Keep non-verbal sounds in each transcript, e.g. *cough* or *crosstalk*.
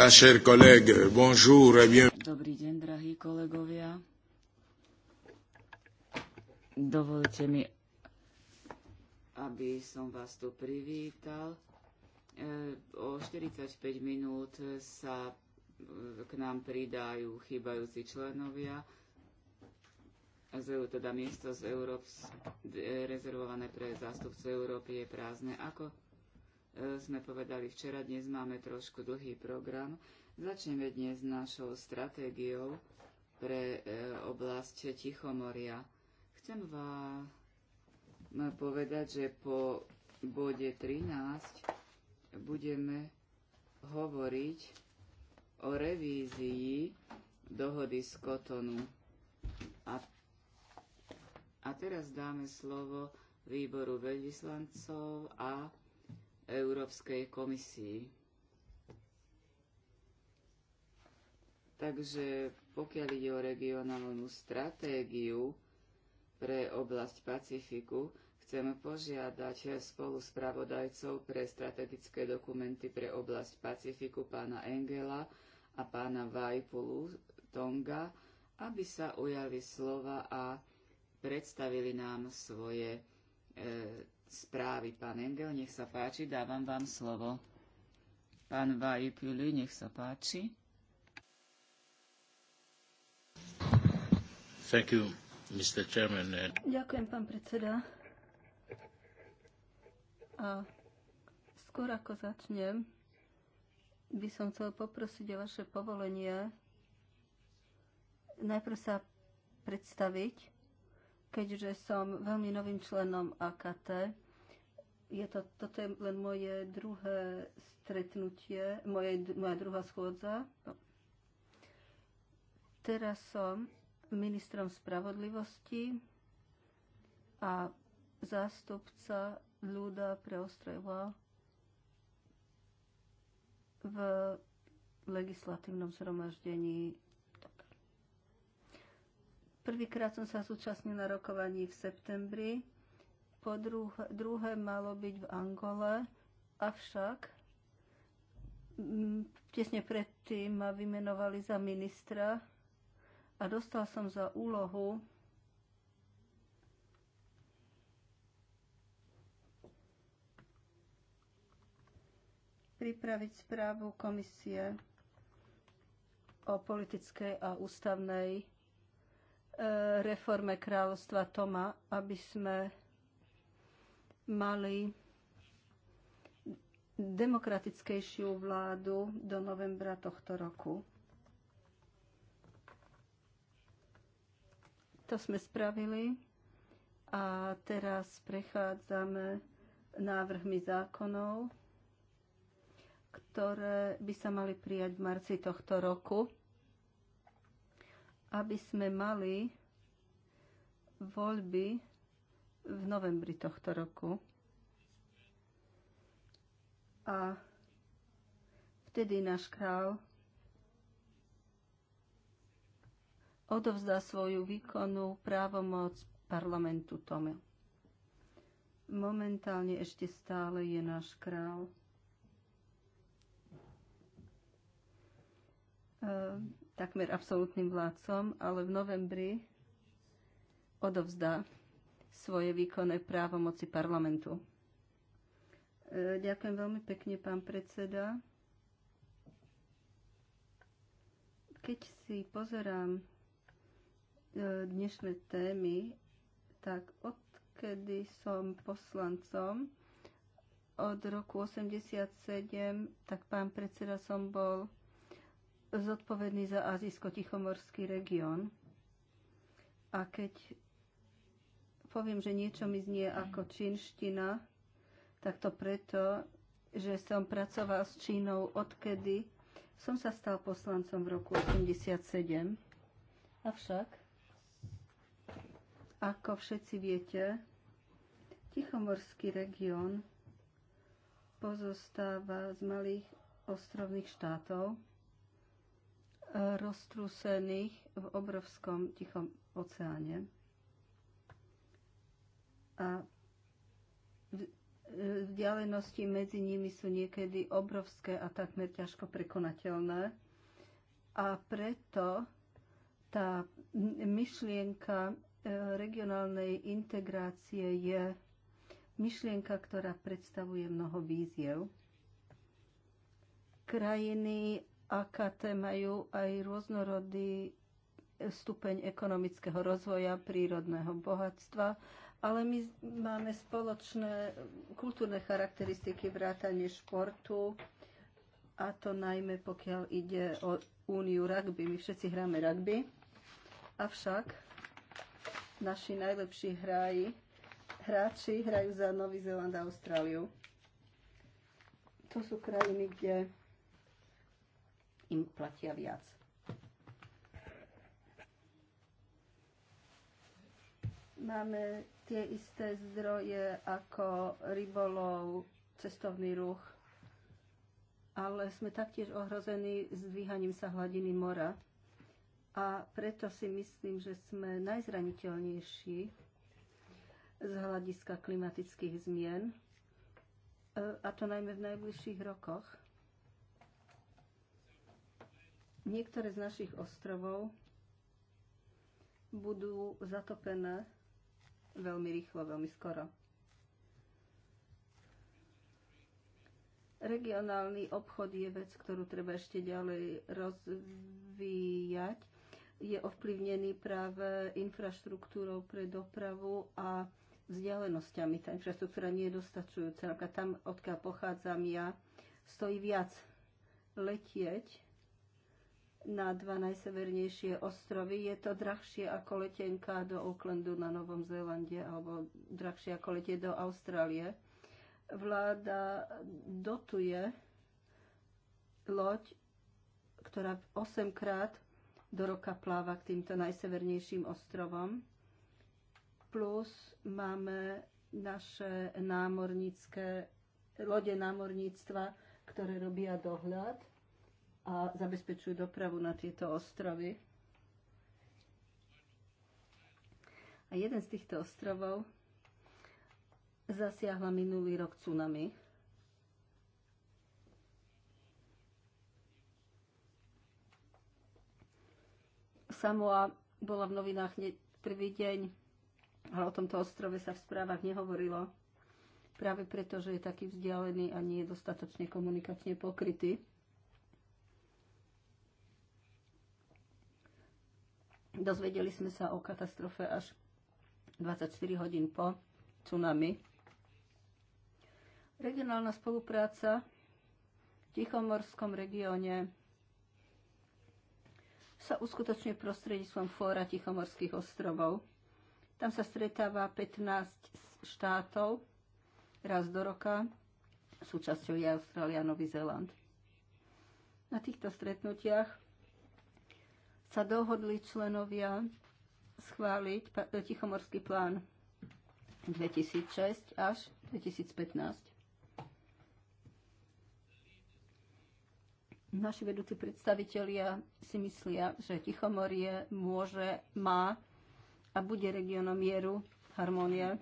Voilà, chers collègues, bonjour et bien... Dobrý deň, drahí kolegovia. Dovolte mi, aby som vás tu privítal. E, o 45 minút sa e, k nám pridajú chýbajúci členovia. Zajú Teda miesto z Európs, e, rezervované pre zástupcu Európy je prázdne. Ako E, sme povedali včera, dnes máme trošku dlhý program. Začneme dnes našou stratégiou pre e, oblasť Tichomoria. Chcem vám e, povedať, že po bode 13 budeme hovoriť o revízii dohody z Kotonu. A, a teraz dáme slovo výboru veľvyslancov a Európskej komisii. Takže pokiaľ ide o regionálnu stratégiu pre oblasť Pacifiku, chcem požiadať spolu spravodajcov pre strategické dokumenty pre oblasť Pacifiku pána Engela a pána Vajpulu Tonga, aby sa ujali slova a predstavili nám svoje e, správy. Pán Engel, nech sa páči, dávam vám slovo. Pán Vajupuli, nech sa páči. Thank you, Mr. Chairman. Ďakujem, pán predseda. A skôr ako začnem, by som chcel poprosiť o vaše povolenie najprv sa predstaviť, keďže som veľmi novým členom AKT je to, toto je len moje druhé stretnutie, moje, moja druhá schôdza. Teraz som ministrom spravodlivosti a zástupca ľuda pre ostreva v legislatívnom zhromaždení. Prvýkrát som sa zúčastnila na rokovaní v septembri po druhé, druhé malo byť v Angole, avšak mm, tesne predtým ma vymenovali za ministra a dostal som za úlohu pripraviť správu komisie o politickej a ústavnej e, reforme kráľovstva Toma, aby sme mali demokratickejšiu vládu do novembra tohto roku. To sme spravili a teraz prechádzame návrhmi zákonov, ktoré by sa mali prijať v marci tohto roku, aby sme mali voľby v novembri tohto roku. A vtedy náš král odovzdá svoju výkonu právomoc parlamentu Tome. Momentálne ešte stále je náš král e, takmer absolútnym vládcom, ale v novembri odovzdá svoje výkonné právomoci parlamentu. E, ďakujem veľmi pekne, pán predseda. Keď si pozerám e, dnešné témy, tak odkedy som poslancom, od roku 87, tak pán predseda som bol zodpovedný za Azijsko-Tichomorský región. A keď poviem, že niečo mi znie ako čínština, tak to preto, že som pracoval s Čínou odkedy som sa stal poslancom v roku 87. Avšak, ako všetci viete, Tichomorský región pozostáva z malých ostrovných štátov, roztrúsených v obrovskom Tichom oceáne a e, vzdialenosti medzi nimi sú niekedy obrovské a takmer ťažko prekonateľné. A preto tá myšlienka e, regionálnej integrácie je myšlienka, ktorá predstavuje mnoho víziev. Krajiny AKT majú aj rôznorodý stupeň ekonomického rozvoja, prírodného bohatstva ale my máme spoločné kultúrne charakteristiky vrátanie športu a to najmä pokiaľ ide o úniu rugby. My všetci hráme rugby, avšak naši najlepší hráji, hráči hrajú za Nový Zeland a Austráliu. To sú krajiny, kde im platia viac. Máme tie isté zdroje ako rybolov, cestovný ruch, ale sme taktiež ohrození zdvíhaním sa hladiny mora. A preto si myslím, že sme najzraniteľnejší z hľadiska klimatických zmien, e, a to najmä v najbližších rokoch. Niektoré z našich ostrovov budú zatopené veľmi rýchlo, veľmi skoro. Regionálny obchod je vec, ktorú treba ešte ďalej rozvíjať. Je ovplyvnený práve infraštruktúrou pre dopravu a vzdialenosťami. Tá infraštruktúra nie je dostačujúca. Napríklad tam, odkiaľ pochádzam ja, stojí viac letieť na dva najsevernejšie ostrovy. Je to drahšie ako letenka do Aucklandu na Novom Zélande alebo drahšie ako letie do Austrálie. Vláda dotuje loď, ktorá 8 krát do roka pláva k týmto najsevernejším ostrovom. Plus máme naše námornické lode námorníctva, ktoré robia dohľad a zabezpečujú dopravu na tieto ostrovy. A jeden z týchto ostrovov zasiahla minulý rok tsunami. Samoa bola v novinách prvý deň, ale o tomto ostrove sa v správach nehovorilo, práve preto, že je taký vzdialený a nie je dostatočne komunikačne pokrytý. Dozvedeli sme sa o katastrofe až 24 hodín po tsunami. Regionálna spolupráca v Tichomorskom regióne sa uskutočňuje prostredníctvom fóra Tichomorských ostrovov. Tam sa stretáva 15 štátov raz do roka, súčasťou je Austrália a Nový Zeland. Na týchto stretnutiach sa dohodli členovia schváliť e, Tichomorský plán 2006 až 2015. Naši vedúci predstavitelia si myslia, že Tichomorie môže, má a bude regiónom mieru, harmonie,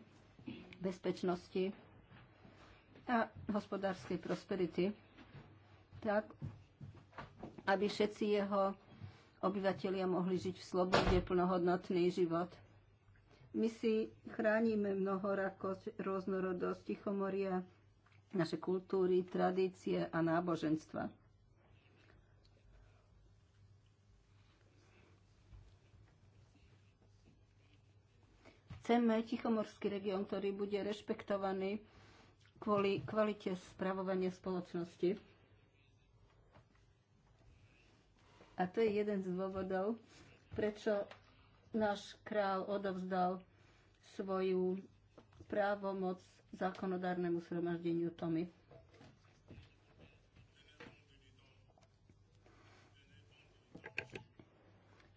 bezpečnosti a hospodárskej prosperity, tak aby všetci jeho obyvatelia mohli žiť v slobode, plnohodnotný život. My si chránime mnoho rakosť, rôznorodosť, tichomoria, naše kultúry, tradície a náboženstva. Chceme tichomorský región, ktorý bude rešpektovaný kvôli kvalite spravovania spoločnosti. A to je jeden z dôvodov, prečo náš král odovzdal svoju právomoc zákonodárnemu sromaždeniu Tomy.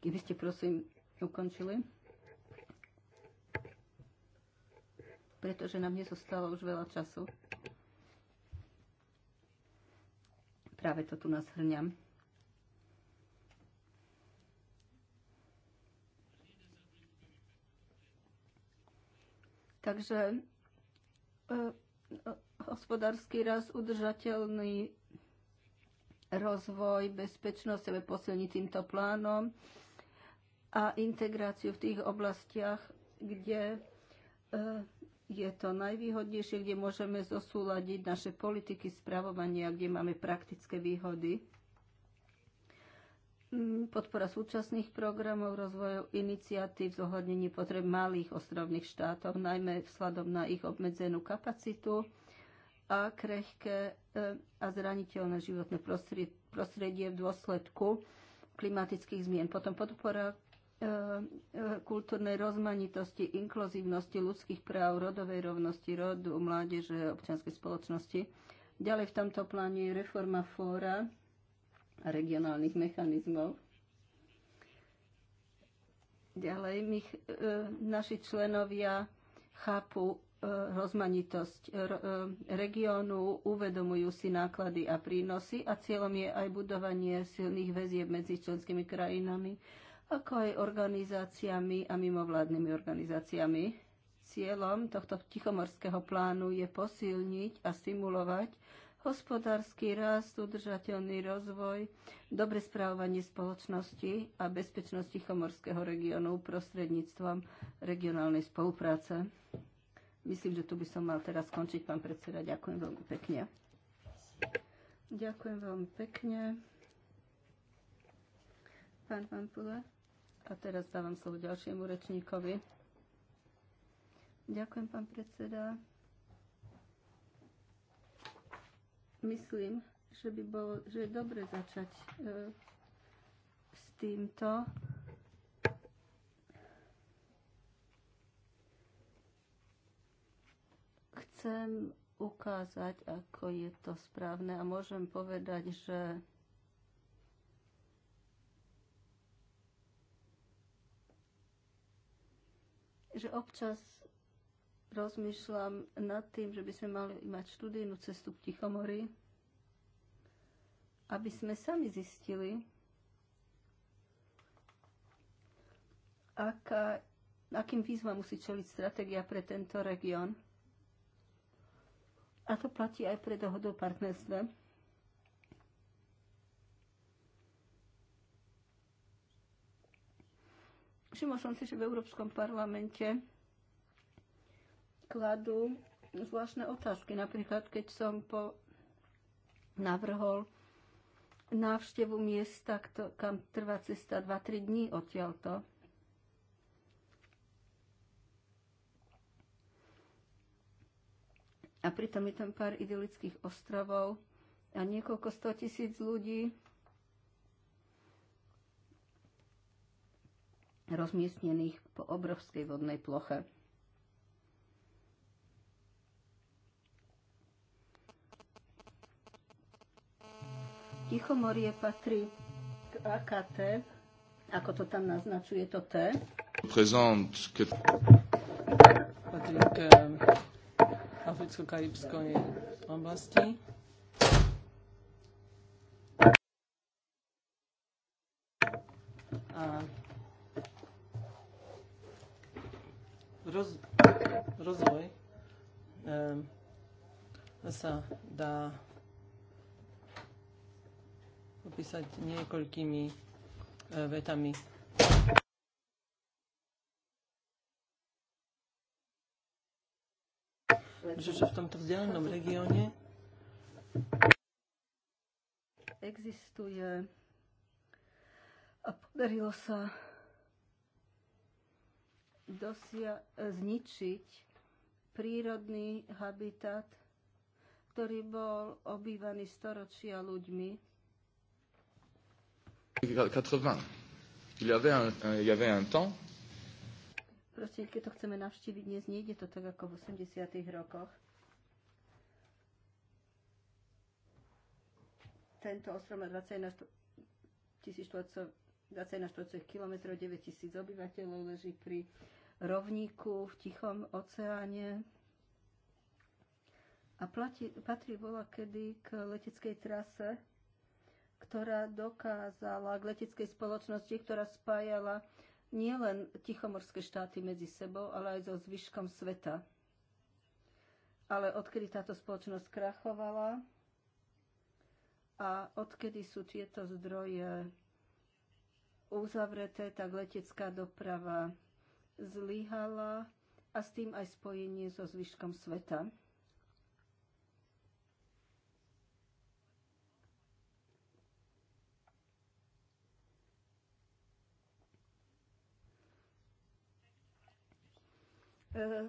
Keby ste prosím ukončili. Pretože nám nezostalo už veľa času. Práve to tu nás hrňam. Takže e, hospodársky rast, udržateľný rozvoj, bezpečnosť chceme posilniť týmto plánom a integráciu v tých oblastiach, kde e, je to najvýhodnejšie, kde môžeme zosúľadiť naše politiky spravovania, kde máme praktické výhody. Mm, podpora súčasných programov rozvojov iniciatív zohľadnení potreb malých ostrovných štátov, najmä vzhľadom na ich obmedzenú kapacitu a krehké e, a zraniteľné životné prostredie v dôsledku klimatických zmien. Potom podpora e, e, kultúrnej rozmanitosti, inkluzívnosti ľudských práv, rodovej rovnosti, rodu, mládeže, občianskej spoločnosti. Ďalej v tomto pláne je reforma fóra regionálnych mechanizmov. Ďalej, my, e, naši členovia chápu e, rozmanitosť e, regiónu, uvedomujú si náklady a prínosy a cieľom je aj budovanie silných väzieb medzi členskými krajinami, ako aj organizáciami a mimovládnymi organizáciami. Cieľom tohto tichomorského plánu je posilniť a stimulovať hospodársky rast, udržateľný rozvoj, dobre správanie spoločnosti a bezpečnosti chomorského regiónu prostredníctvom regionálnej spolupráce. Myslím, že tu by som mal teraz skončiť, pán predseda. Ďakujem veľmi pekne. Ďakujem veľmi pekne. Pán Vampula. A teraz dávam slovo ďalšiemu rečníkovi. Ďakujem, pán predseda. myslím, že by bolo, že je dobre začať e, s týmto. Chcem ukázať, ako je to správne a môžem povedať, že že občas rozmýšľam nad tým, že by sme mali mať študijnú cestu k Tichomorí, aby sme sami zistili, aká, akým výzvam musí čeliť stratégia pre tento región. A to platí aj pre dohodu o partnerstve. Všimol som si, že v Európskom parlamente kladú zvláštne otázky. Napríklad, keď som po, navrhol návštevu miesta, kto, kam trvá cesta 2-3 dní odtiaľto. A pritom je tam pár idylických ostrovov a niekoľko stotisíc ľudí rozmiestnených po obrovskej vodnej ploche. Tichomorie patrí k AKT, ako to tam naznačuje to T. Prezent, ke... Patrí k um, africko karibskoj oblasti. A roz, rozvoj e, sa dá opísať niekoľkými e, vetami. že v tomto vzdialenom regióne existuje a podarilo sa dosia- e, zničiť prírodný habitat, ktorý bol obývaný storočia ľuďmi. 80. Il y avait un, un, il y avait un temps. Proste, keď to chceme navštíviť dnes, nejde to tak ako v 80 rokoch. Tento ostrov má 21 štvorcových kilometrov, 9 tisíc obyvateľov, leží pri rovníku v Tichom oceáne a platí, patrí bola kedy k leteckej trase ktorá dokázala k leteckej spoločnosti, ktorá spájala nielen tichomorské štáty medzi sebou, ale aj so zvyškom sveta. Ale odkedy táto spoločnosť krachovala a odkedy sú tieto zdroje uzavreté, tak letecká doprava zlyhala a s tým aj spojenie so zvyškom sveta.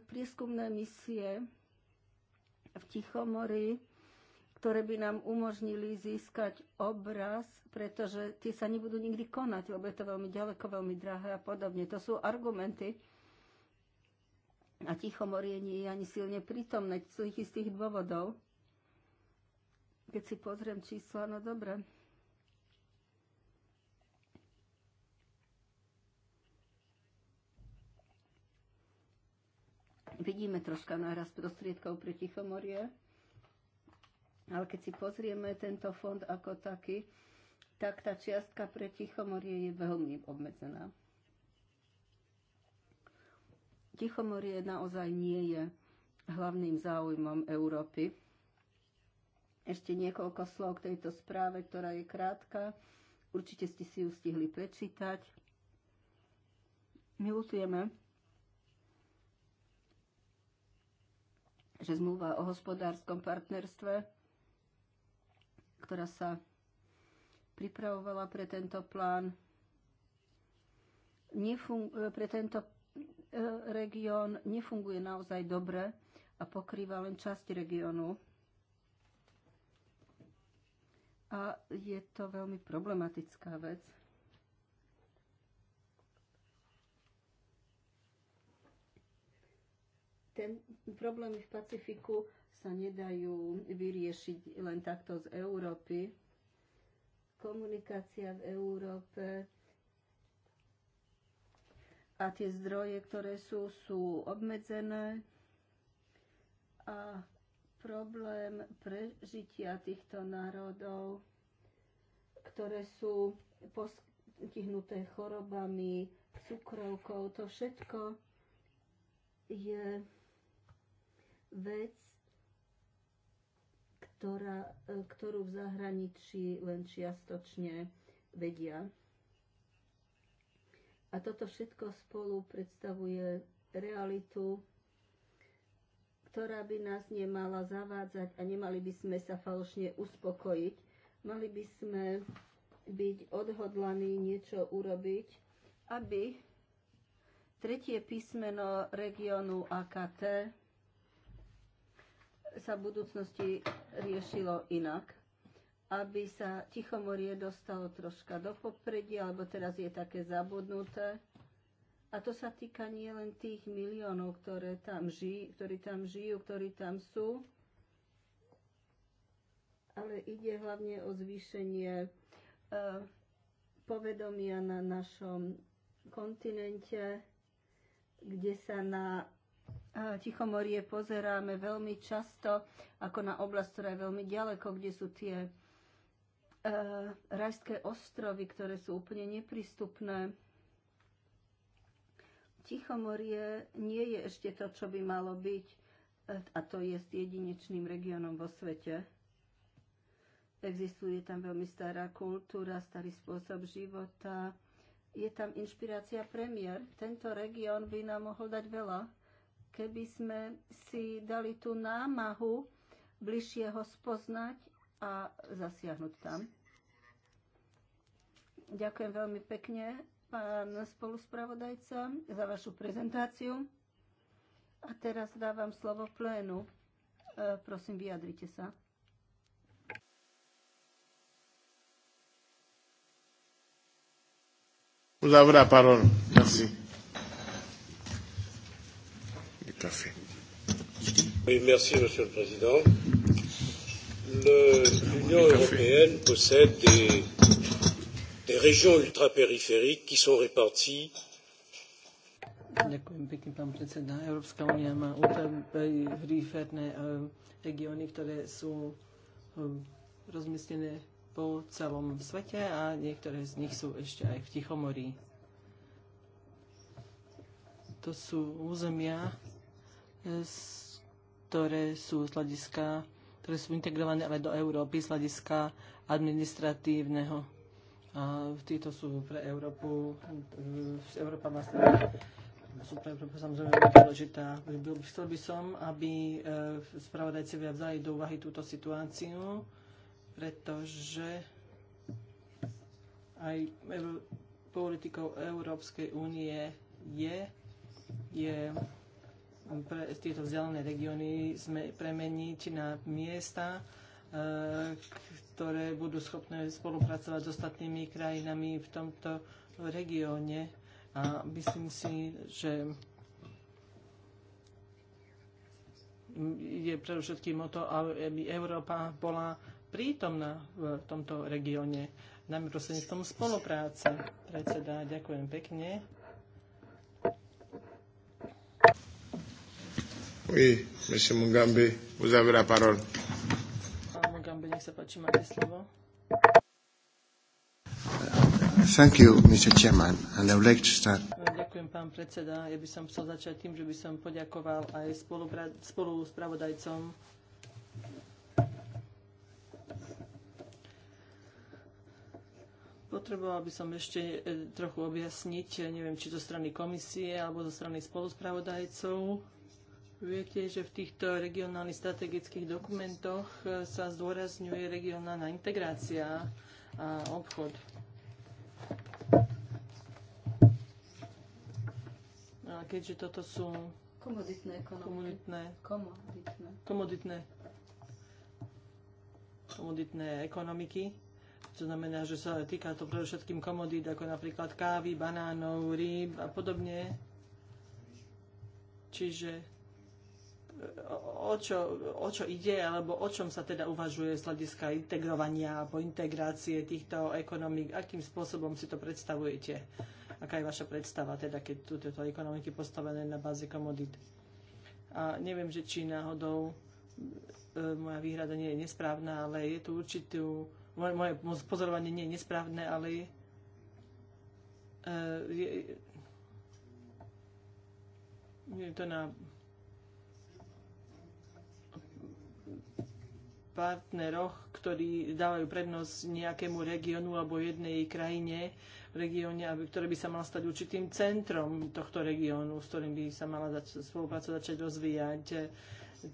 prieskumné misie v Tichomory, ktoré by nám umožnili získať obraz, pretože tie sa nebudú nikdy konať, lebo je to veľmi ďaleko, veľmi drahé a podobne. To sú argumenty. A Tichomorie nie je ani silne prítomné z tých istých dôvodov. Keď si pozriem čísla, no dobre. vidíme troška náraz prostriedkov pre Tichomorie, ale keď si pozrieme tento fond ako taký, tak tá čiastka pre Tichomorie je veľmi obmedzená. Tichomorie naozaj nie je hlavným záujmom Európy. Ešte niekoľko slov k tejto správe, ktorá je krátka. Určite ste si ju stihli prečítať. Milutujeme. že zmluva o hospodárskom partnerstve, ktorá sa pripravovala pre tento plán, e, pre tento e, región nefunguje naozaj dobre a pokrýva len časť regiónu. A je to veľmi problematická vec. Ten problémy v Pacifiku sa nedajú vyriešiť len takto z Európy. Komunikácia v Európe a tie zdroje, ktoré sú, sú obmedzené a problém prežitia týchto národov, ktoré sú postihnuté chorobami, cukrovkou, to všetko je vec, ktorá, e, ktorú v zahraničí len čiastočne vedia. A toto všetko spolu predstavuje realitu, ktorá by nás nemala zavádzať a nemali by sme sa falošne uspokojiť. Mali by sme byť odhodlaní niečo urobiť, aby tretie písmeno regionu AKT sa v budúcnosti riešilo inak, aby sa Tichomorie dostalo troška do popredia, alebo teraz je také zabudnuté. A to sa týka nielen tých miliónov, ktoré tam žijú, ktorí tam žijú, ktorí tam sú, ale ide hlavne o zvýšenie e, povedomia na našom kontinente, kde sa na Tichomorie pozeráme veľmi často ako na oblasť, ktorá je veľmi ďaleko, kde sú tie e, rajské ostrovy, ktoré sú úplne neprístupné. Tichomorie nie je ešte to, čo by malo byť, e, a to je jedinečným regiónom vo svete. Existuje tam veľmi stará kultúra, starý spôsob života. Je tam inšpirácia premiér. Tento región by nám mohol dať veľa keby sme si dali tú námahu bližšie ho spoznať a zasiahnuť tam. Ďakujem veľmi pekne, pán spoluspravodajca, za vašu prezentáciu. A teraz dávam slovo plénu. E, prosím, vyjadrite sa. Uzavrá parol, Ďakujem. Tout à fait. Oui, merci, Monsieur le Président. L'Union européenne possède des, des régions qui sont réparties. Európska únia má ultraperiférne regióny, ktoré sú e, rozmiestnené po celom svete a niektoré z nich sú ešte aj v Tichomorí. To sú územia, ktoré sú z hľadiska, ktoré sú integrované ale do Európy z hľadiska administratívneho. A títo sú pre Európu, e, Európa má sú pre Európu samozrejme veľmi dôležitá. Chcel by som, aby e, spravodajcovia vzali do úvahy túto situáciu, pretože aj politikou Európskej únie je, je pre, tieto vzdialené regióny sme premeniť na miesta, e, ktoré budú schopné spolupracovať s ostatnými krajinami v tomto regióne. A myslím si, že je predovšetkým o to, aby Európa bola prítomná v tomto regióne, najmä prostredníctvom spolupráce. Predseda, ďakujem pekne. Oui, monsieur Mugambe, vous avez la parole. Thank you, Mr. Chairman, and I would like to start. Ďakujem, pán predseda. Ja by som chcel začať tým, že by som poďakoval aj spolu spravodajcom by som ešte e, trochu objasniť, e, neviem, či zo strany komisie alebo zo strany spoluspravodajcov. Viete, že v týchto regionálnych strategických dokumentoch eh, sa zdôrazňuje regionálna integrácia a obchod. A keďže toto sú komoditné ekonomiky. Komunitné. Komoditné. Komoditné. Komoditné ekonomiky. To znamená, že sa týka to pre všetkým komodít, ako napríklad kávy, banánov, rýb a podobne. Čiže o čo, o čo ide, alebo o čom sa teda uvažuje z hľadiska integrovania alebo integrácie týchto ekonomík, akým spôsobom si to predstavujete, aká je vaša predstava, teda keď sú tieto ekonomiky postavené na báze komodít. A neviem, že či náhodou e, moja výhrada nie je nesprávna, ale je tu určitú, moje, moje pozorovanie nie je nesprávne, ale e, je, je to na partneroch, ktorí dávajú prednosť nejakému regiónu alebo jednej krajine v regióne, ktoré by sa mal stať určitým centrom tohto regiónu, s ktorým by sa mala zač- spolupráca začať rozvíjať.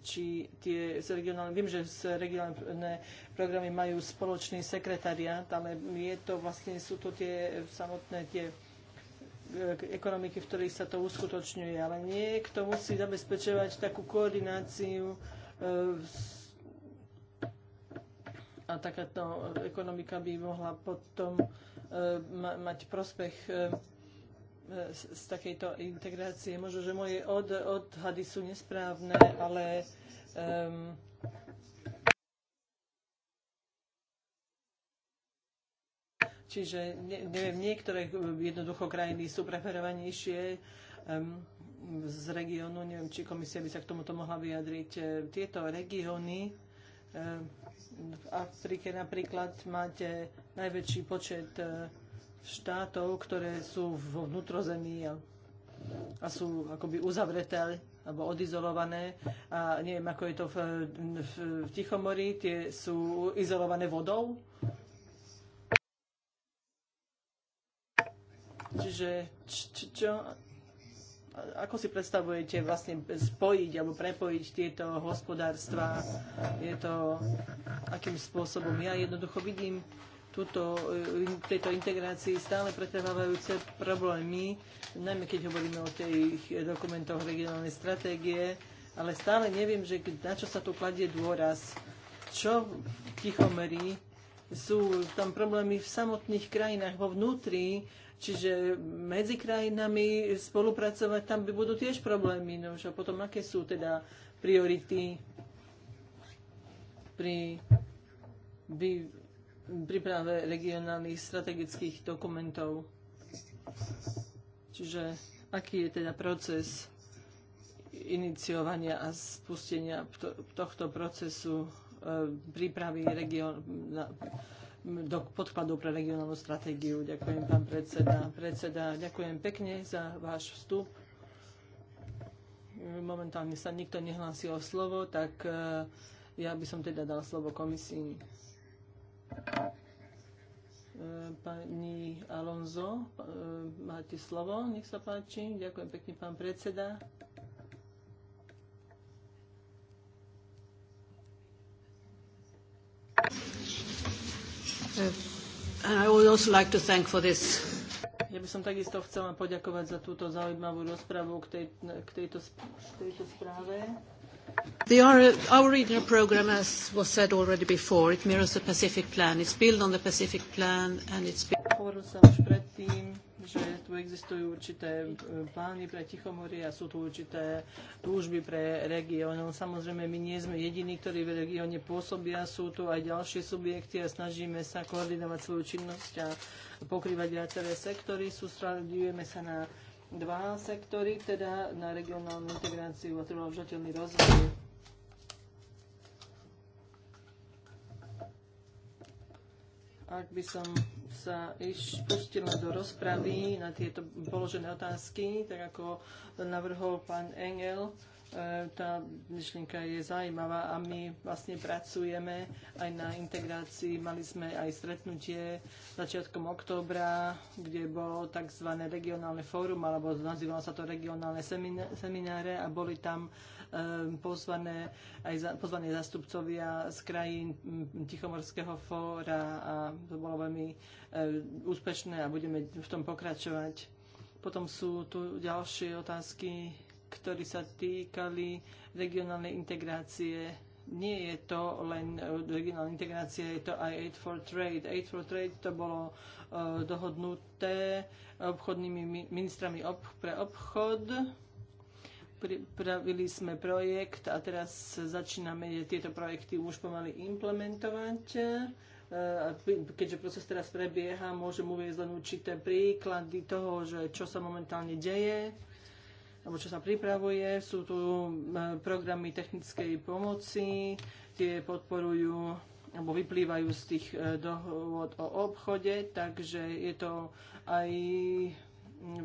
Či tie z regionálne, viem, že z regionálne programy majú spoločný sekretariat, ale je to vlastne, sú to tie samotné tie e, ekonomiky, v ktorých sa to uskutočňuje, ale niekto musí zabezpečovať takú koordináciu e, a takáto ekonomika by mohla potom e, mať prospech e, e, z, takejto integrácie. Možno, že moje od, odhady sú nesprávne, ale um, Čiže ne, neviem, niektoré jednoducho krajiny sú preferovanejšie um, z regiónu. Neviem, či komisia by sa k tomuto mohla vyjadriť. Tieto regióny um, v Afrike napríklad máte najväčší počet e, štátov, ktoré sú vo vnútrozemí a, a sú akoby uzavreté alebo odizolované. A neviem, ako je to v, v, v Tichomorí, tie sú izolované vodou. Čiže č, č, čo ako si predstavujete vlastne spojiť alebo prepojiť tieto hospodárstva? Je to akým spôsobom? Ja jednoducho vidím túto, eh, tejto integrácii stále pretrvávajúce problémy, najmä keď hovoríme o tých eh, dokumentoch regionálnej stratégie, ale stále neviem, že na čo sa tu kladie dôraz, čo tichomerí, sú tam problémy v samotných krajinách, vo vnútri Čiže medzi krajinami spolupracovať tam by budú tiež problémy. No a potom aké sú teda priority pri by, príprave regionálnych strategických dokumentov. Čiže aký je teda proces iniciovania a spustenia tohto procesu e, prípravy regionálnych do podkladu pre regionálnu stratégiu. Ďakujem, pán predseda. Predseda, ďakujem pekne za váš vstup. Momentálne sa nikto nehlási o slovo, tak e, ja by som teda dal slovo komisii. E, pani Alonzo, e, máte slovo, nech sa páči. Ďakujem pekne, pán predseda. I would also like to thank for this. Ja by som takisto chcela poďakovať za túto zaujímavú rozpravu k, tej, k tejto, tejto správe. The, our regional program, as was said already before, it mirrors the Pacific Plan. It's built on the Pacific Plan and it's... Hovoril som už predtým, že tu existujú určité e, plány pre Tichomorie a sú tu určité túžby pre región. No, samozrejme, my nie sme jediní, ktorí v regióne pôsobia. Sú tu aj ďalšie subjekty a snažíme sa koordinovať svoju činnosť a pokrývať viaceré sektory. Sústredujeme sa na dva sektory, teda na regionálnu integráciu a trvalý rozvoj ak by som sa iš pustila do rozpravy na tieto položené otázky, tak ako navrhol pán Engel, e, tá myšlienka je zaujímavá a my vlastne pracujeme aj na integrácii. Mali sme aj stretnutie začiatkom októbra, kde bolo tzv. regionálne fórum, alebo nazývalo sa to regionálne semináre a boli tam uh, pozvané, aj za, pozvané zastupcovia z krajín Tichomorského fóra a to bolo veľmi úspešné a budeme v tom pokračovať. Potom sú tu ďalšie otázky, ktoré sa týkali regionálnej integrácie nie je to len e, regionálna integrácia, je to aj Aid for Trade. Aid for Trade to bolo e, dohodnuté obchodnými ministrami ob- pre obchod pripravili sme projekt a teraz začíname tieto projekty už pomaly implementovať. E, keďže proces teraz prebieha, môžem uvieť len určité príklady toho, že čo sa momentálne deje alebo čo sa pripravuje. Sú tu e, programy technickej pomoci, tie podporujú alebo vyplývajú z tých e, dohod o obchode, takže je to aj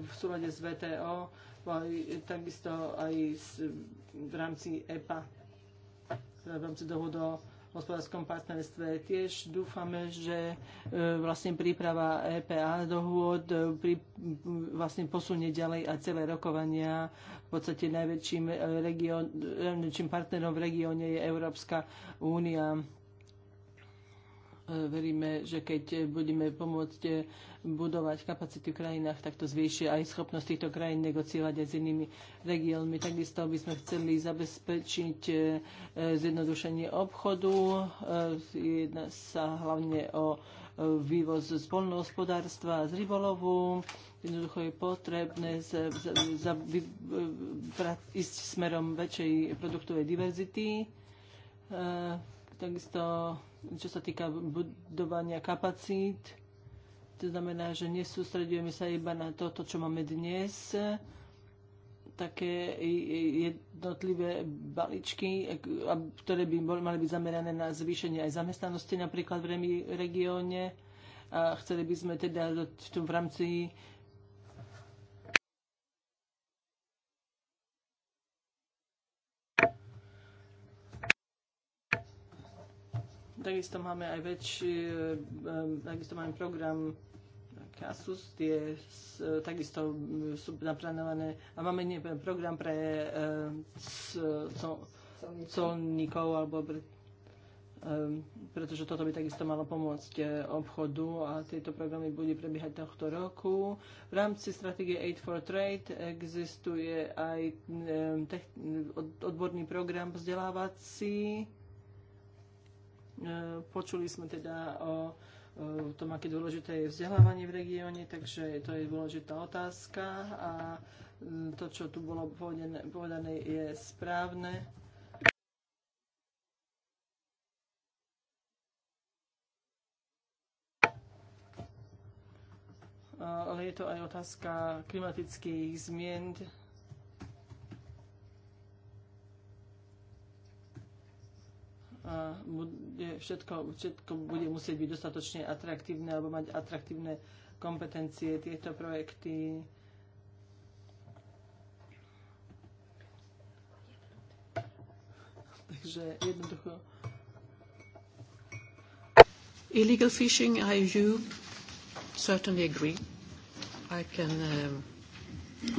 v súlade s VTO aj, takisto aj s, v rámci EPA, v rámci dohodu o hospodárskom partnerstve. Tiež dúfame, že e, vlastne príprava EPA dohôd e, pri, vlastne posunie ďalej a celé rokovania. V podstate najväčším, e, region, e, najväčším partnerom v regióne je Európska únia E, veríme, že keď budeme pomôcť budovať kapacity v krajinách, tak to zvýši aj schopnosť týchto krajín negociovať aj s inými regiónmi. Takisto by sme chceli zabezpečiť e, zjednodušenie obchodu. E, Jedná sa hlavne o vývoz z polnohospodárstva a z rybolovu. Jednoducho je potrebné za, za, za, vy, pra, ísť smerom väčšej produktovej diverzity Takisto, čo sa týka budovania kapacít, to znamená, že nesústredujeme sa iba na toto, čo máme dnes, také jednotlivé baličky, ktoré by mali byť zamerané na zvýšenie aj zamestnanosti napríklad v regióne. A chceli by sme teda v, v rámci Takisto máme aj väčší, eh, takisto máme program Kasus, tie takisto eh, sú naplánované a máme nie, eh, program pre colníkov alebo pre, pretože toto by takisto malo pomôcť obchodu a tieto programy budú prebiehať tohto roku. V rámci stratégie Aid for Trade existuje aj odborný program vzdelávací, E, počuli sme teda o tom, aké dôležité je vzdelávanie v regióne, takže to je dôležitá otázka a e, to, čo tu bolo povedané, povedané je správne. E, ale je to aj otázka klimatických zmien, a bude, všetko, všetko bude musieť byť dostatočne atraktívne alebo mať atraktívne kompetencie tieto projekty. Takže jednoducho. Illegal fishing, I you certainly agree. I can, um,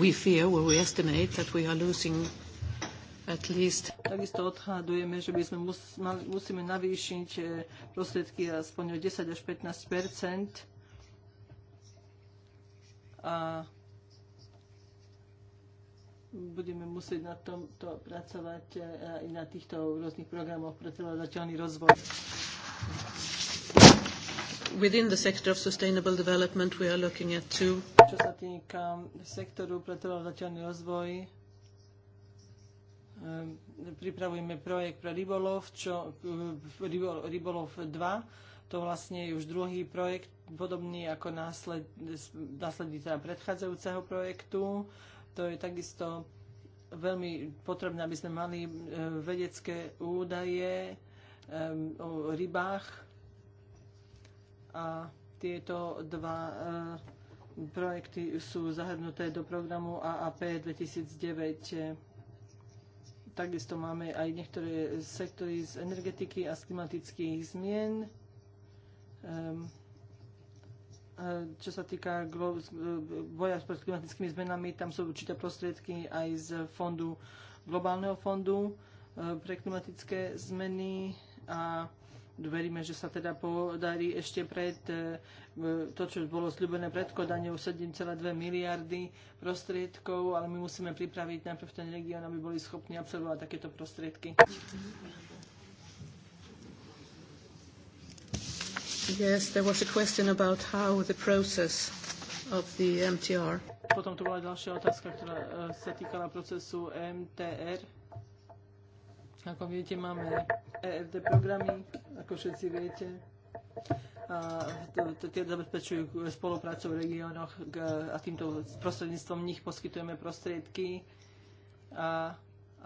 we fear well, we estimate that we are losing at least. Takisto odhadujeme, že by sme mus, mal, musíme navýšiť e, prostriedky aspoň o 10 až 15 a budeme musieť na tomto pracovať e, aj na týchto rôznych programoch pre celozateľný rozvoj. Within the sector of sustainable development we are looking at two. Čo sa týka sektoru pre celozateľný rozvoj, Ehm, pripravujeme projekt pre rybolov, čo, eh, rybolov 2. To vlastne je už druhý projekt, podobný ako násled, následný teda predchádzajúceho projektu. To je takisto veľmi potrebné, aby sme mali eh, vedecké údaje ehm, o rybách. A tieto dva eh, projekty sú zahrnuté do programu AAP 2009 takisto máme aj niektoré sektory z energetiky a z klimatických zmien. Um, čo sa týka e, boja s klimatickými zmenami, tam sú určité prostriedky aj z fondu, globálneho fondu e, pre klimatické zmeny a veríme, že sa teda podarí ešte pred e, to, čo bolo zľúbené pred kodaniou 7,2 miliardy prostriedkov, ale my musíme pripraviť najprv ten región, aby boli schopní absolvovať takéto prostriedky. Yes, there was a question about how the process of the MTR. Potom tu bola ďalšia otázka, ktorá e, sa týkala procesu MTR. Ako viete, máme EFD programy, ako všetci viete. A tie zabezpečujú spoluprácu v regiónoch a týmto prostredníctvom nich poskytujeme prostriedky a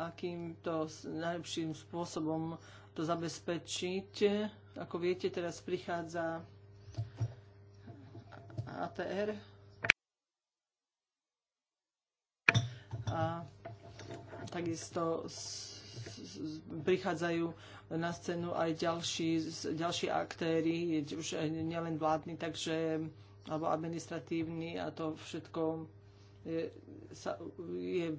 akým to najlepším spôsobom to zabezpečiť. Ako viete, teraz prichádza ATR. A takisto s prichádzajú na scénu aj ďalší, ďalší aktéry, už nielen vládni, takže alebo administratívni a to všetko je, sa, je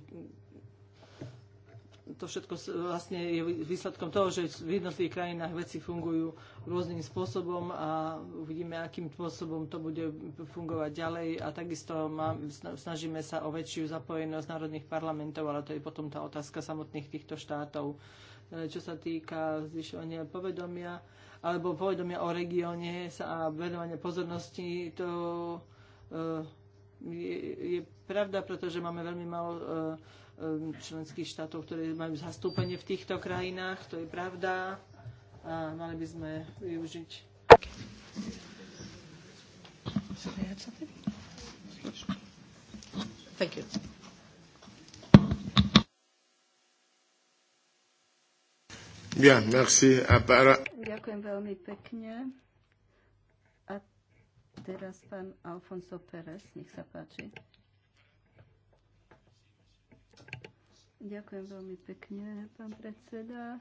to všetko vlastne je výsledkom toho, že v jednotlivých krajinách veci fungujú rôznym spôsobom a uvidíme, akým spôsobom to bude fungovať ďalej a takisto má, snažíme sa o väčšiu zapojenosť národných parlamentov, ale to je potom tá otázka samotných týchto štátov, e, čo sa týka zvyšovania povedomia alebo povedomia o regióne a venovania pozornosti, to e, je, je pravda, pretože máme veľmi málo e, členských štátov, ktoré majú zastúpenie v týchto krajinách, to je pravda a mali by sme využiť. Thank you. Bien, merci. para... Ďakujem veľmi pekne. A teraz pán Alfonso Pérez, nech sa páči. Ďakujem veľmi pekne, pán predseda.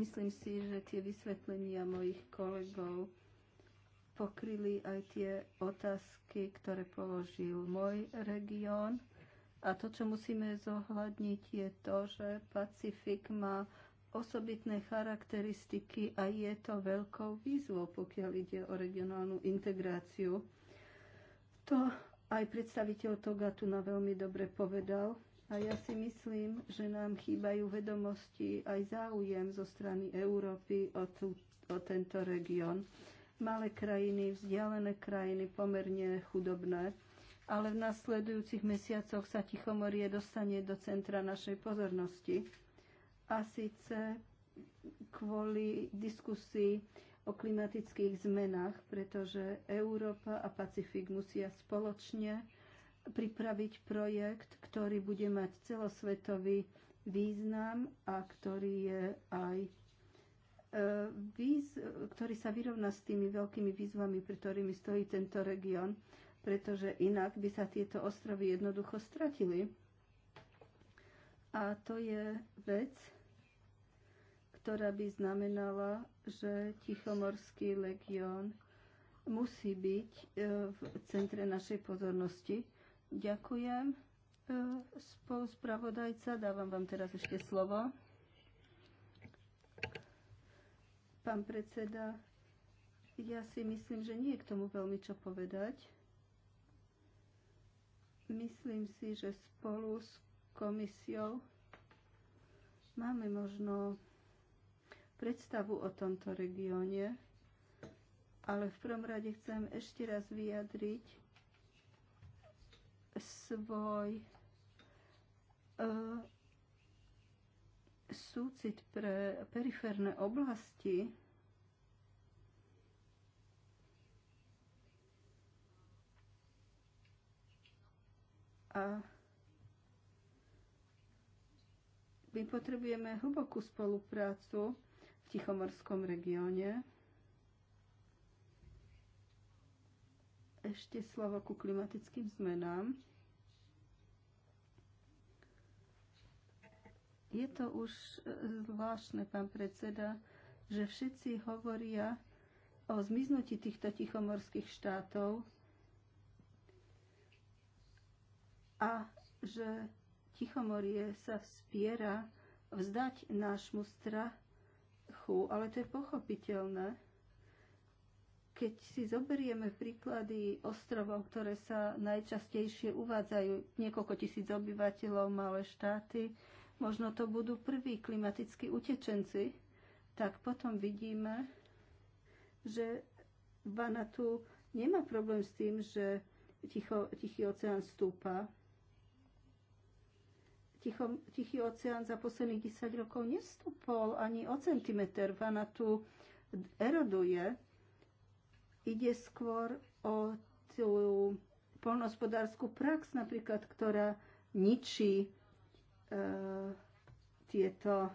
Myslím si, že tie vysvetlenia mojich kolegov pokryli aj tie otázky, ktoré položil môj región. A to, čo musíme zohľadniť, je to, že Pacifik má osobitné charakteristiky a je to veľkou výzvou, pokiaľ ide o regionálnu integráciu. To aj predstaviteľ tu na veľmi dobre povedal. A ja si myslím, že nám chýbajú vedomosti aj záujem zo strany Európy o, tú, o tento región. Malé krajiny, vzdialené krajiny, pomerne chudobné, ale v nasledujúcich mesiacoch sa Tichomorie dostane do centra našej pozornosti. A síce kvôli diskusii o klimatických zmenách, pretože Európa a Pacifik musia spoločne pripraviť projekt, ktorý bude mať celosvetový význam a ktorý je aj e, výz, ktorý sa vyrovná s tými veľkými výzvami, pre ktorými stojí tento región, pretože inak by sa tieto ostrovy jednoducho stratili. A to je vec, ktorá by znamenala, že Tichomorský legión musí byť e, v centre našej pozornosti Dziękuję. E, Sprawodajca, dawam Wam teraz jeszcze słowo. Pan predseda, ja si myślę, že nie je mu tomu co čo Myślę si, że spolu z komisją mamy možno predstavu o tomto regionie, ale v prvom rade chcę jeszcze raz vyjadriť svoj e, súcit pre periférne oblasti a my potrebujeme hlbokú spoluprácu v Tichomorskom regióne Ešte slovo ku klimatickým zmenám. Je to už e, zvláštne, pán predseda, že všetci hovoria o zmiznutí týchto tichomorských štátov a že Tichomorie sa vzpiera vzdať nášmu strachu, ale to je pochopiteľné. Keď si zoberieme príklady ostrovov, ktoré sa najčastejšie uvádzajú, niekoľko tisíc obyvateľov, malé štáty, možno to budú prví klimatickí utečenci, tak potom vidíme, že Vanatu nemá problém s tým, že ticho, Tichý oceán stúpa. Ticho, tichý oceán za posledných 10 rokov nestúpol ani o centimeter. Vanatu eroduje. Ide skôr o tú polnospodárskú prax napríklad, ktorá ničí e, tieto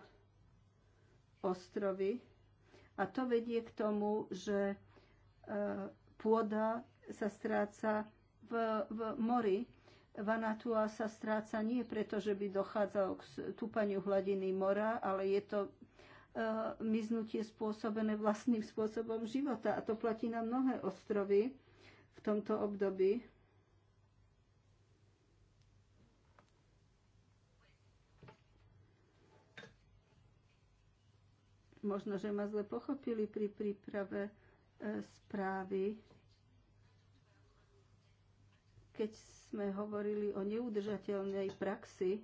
ostrovy. A to vedie k tomu, že e, pôda sa stráca v, v mori. Vanatua sa stráca nie preto, že by dochádzalo k stúpaniu hladiny mora, ale je to Eh, miznutie spôsobené vlastným spôsobom života. A to platí na mnohé ostrovy v tomto období. Možno, že ma zle pochopili pri príprave eh, správy, keď sme hovorili o neudržateľnej praxi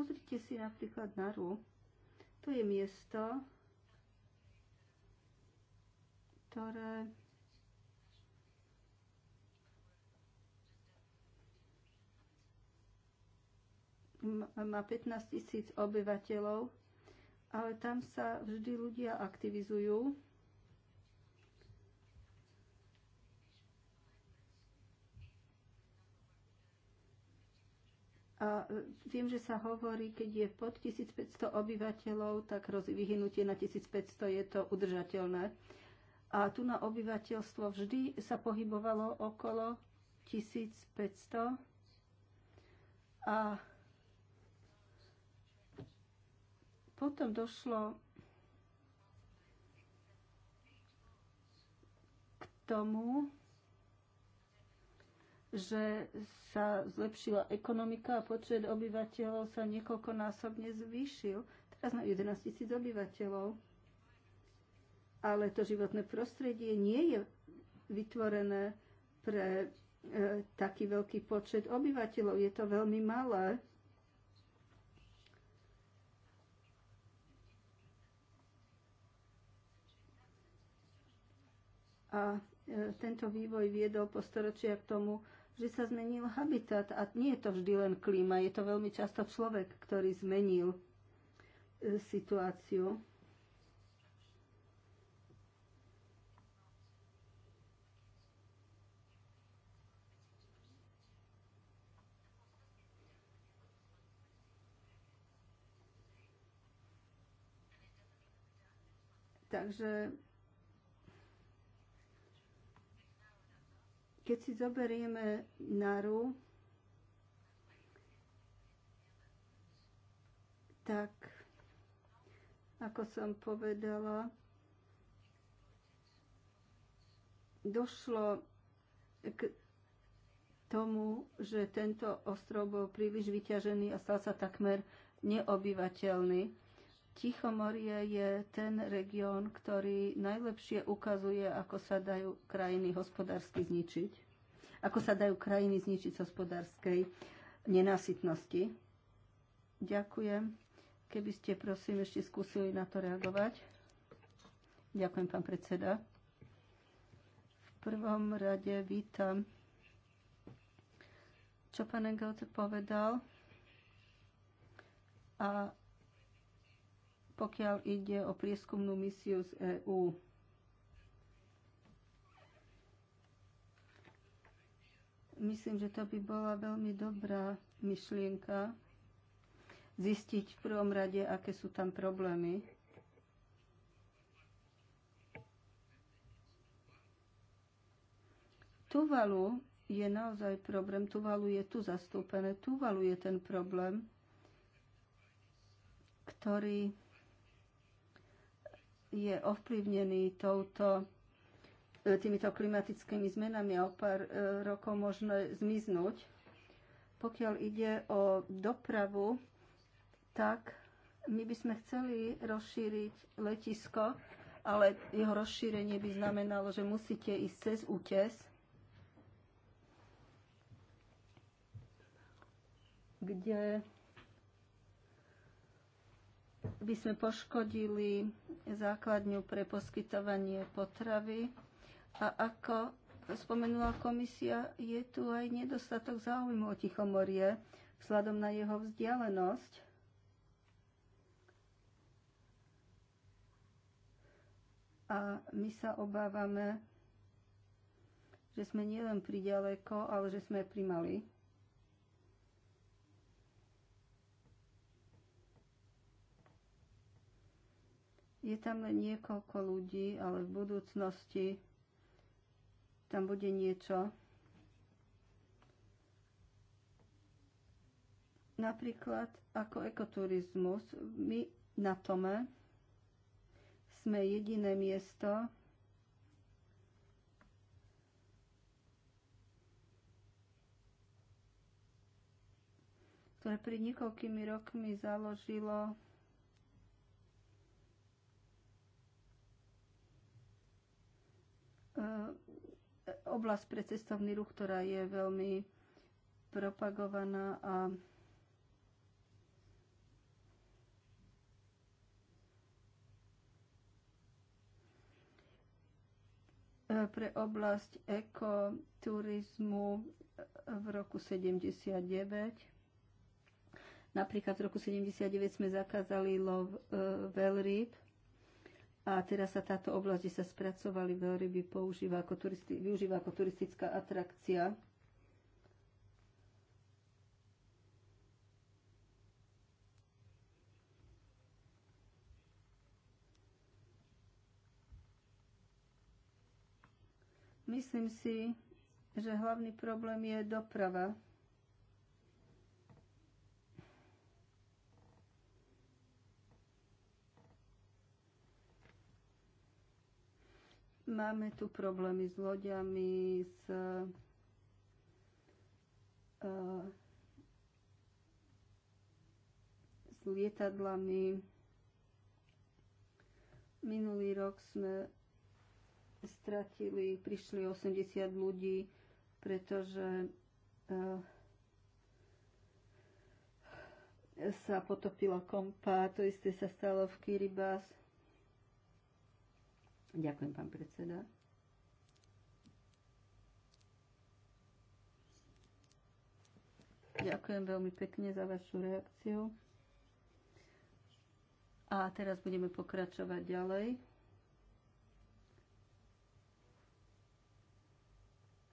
Pozrite si napríklad na Naru. To je miesto, ktoré má 15 tisíc obyvateľov, ale tam sa vždy ľudia aktivizujú A e, viem, že sa hovorí, keď je pod 1500 obyvateľov, tak vyhynutie na 1500 je to udržateľné. A tu na obyvateľstvo vždy sa pohybovalo okolo 1500. A potom došlo k tomu, že sa zlepšila ekonomika a počet obyvateľov sa niekoľkonásobne zvýšil. Teraz na 11 tisíc obyvateľov. Ale to životné prostredie nie je vytvorené pre e, taký veľký počet obyvateľov. Je to veľmi malé. A e, tento vývoj viedol po storočia k tomu, že sa zmenil habitat a nie je to vždy len klíma, je to veľmi často človek, ktorý zmenil e, situáciu. Takže Keď si zoberieme naru, tak ako som povedala, došlo k tomu, že tento ostrov bol príliš vyťažený a stal sa takmer neobyvateľný. Tichomorie je ten region, ktorý najlepšie ukazuje, ako sa dajú krajiny hospodársky zničiť, ako sa dajú krajiny zničiť z hospodárskej nenásytnosti. Ďakujem. Keby ste, prosím, ešte skúsili na to reagovať. Ďakujem, pán predseda. V prvom rade vítam, čo pán Engelte povedal. A pokiaľ ide o prieskumnú misiu z EÚ. Myslím, že to by bola veľmi dobrá myšlienka zistiť v prvom rade, aké sú tam problémy. Tuvalu je naozaj problém. Tuvalu je tu zastúpené. Tuvalu je ten problém, ktorý je ovplyvnený touto, e, týmito klimatickými zmenami a o pár e, rokov možno zmiznúť. Pokiaľ ide o dopravu, tak my by sme chceli rozšíriť letisko, ale jeho rozšírenie by znamenalo, že musíte ísť cez útes, kde by sme poškodili základňu pre poskytovanie potravy. A ako spomenula komisia, je tu aj nedostatok záujmu o Tichomorie vzhľadom na jeho vzdialenosť. A my sa obávame, že sme nielen priďaleko, ale že sme pri mali Je tam len niekoľko ľudí, ale v budúcnosti tam bude niečo. Napríklad ako ekoturizmus. My na Tome sme jediné miesto, ktoré pred niekoľkými rokmi založilo E, oblasť pre cestovný ruch, ktorá je veľmi propagovaná a e, pre oblasť ekoturizmu v roku 79. Napríklad v roku 79 sme zakázali lov e, veľrýb a teraz sa táto oblasť, kde sa spracovali veľryby, používa ako turisti- využíva ako turistická atrakcia. Myslím si, že hlavný problém je doprava. Máme tu problémy s loďami, s e, s lietadlami. Minulý rok sme stratili, prišli 80 ľudí, pretože e, sa potopila kompa, to isté sa stalo v Kiribati. Ďakujem, pán predseda. Ďakujem veľmi pekne za vašu reakciu. A teraz budeme pokračovať ďalej.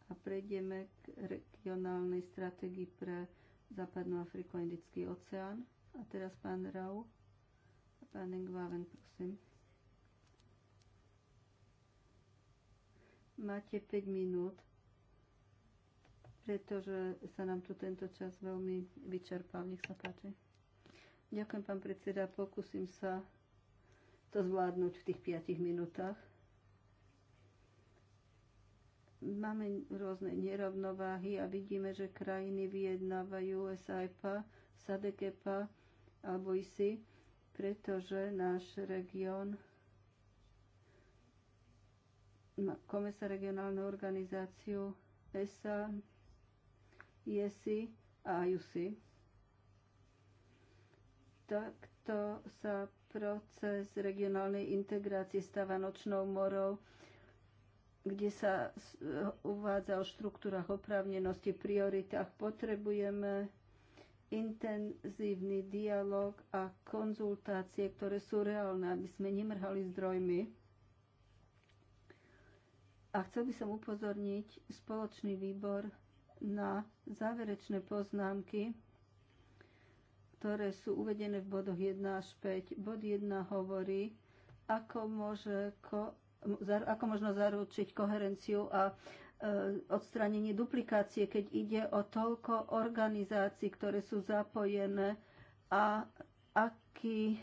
A prejdeme k regionálnej stratégii pre Západnú Afriku a Indický oceán. A teraz pán Rau a pán Engváven, prosím. Máte 5 minút, pretože sa nám tu tento čas veľmi vyčerpal. Nech sa páči. Ďakujem, pán predseda. Pokúsim sa to zvládnuť v tých 5 minútach. Máme rôzne nerovnováhy a vidíme, že krajiny vyjednávajú USAIPA, SADEKEPA alebo ISI, pretože náš región Máme sa regionálnu organizáciu ESA, IESI a IUSI. Takto sa proces regionálnej integrácie stáva nočnou morou, kde sa uvádza o štruktúrach oprávnenosti, prioritách. Potrebujeme intenzívny dialog a konzultácie, ktoré sú reálne, aby sme nemrhali zdrojmi A chcel by som upozorniť spoločný výbor na záverečné poznámky, ktoré sú uvedené v bodoch 1 až 5. Bod 1 hovorí, ako, môže ko, ako možno zaručiť koherenciu a e, odstránenie duplikácie, keď ide o toľko organizácií, ktoré sú zapojené a aký,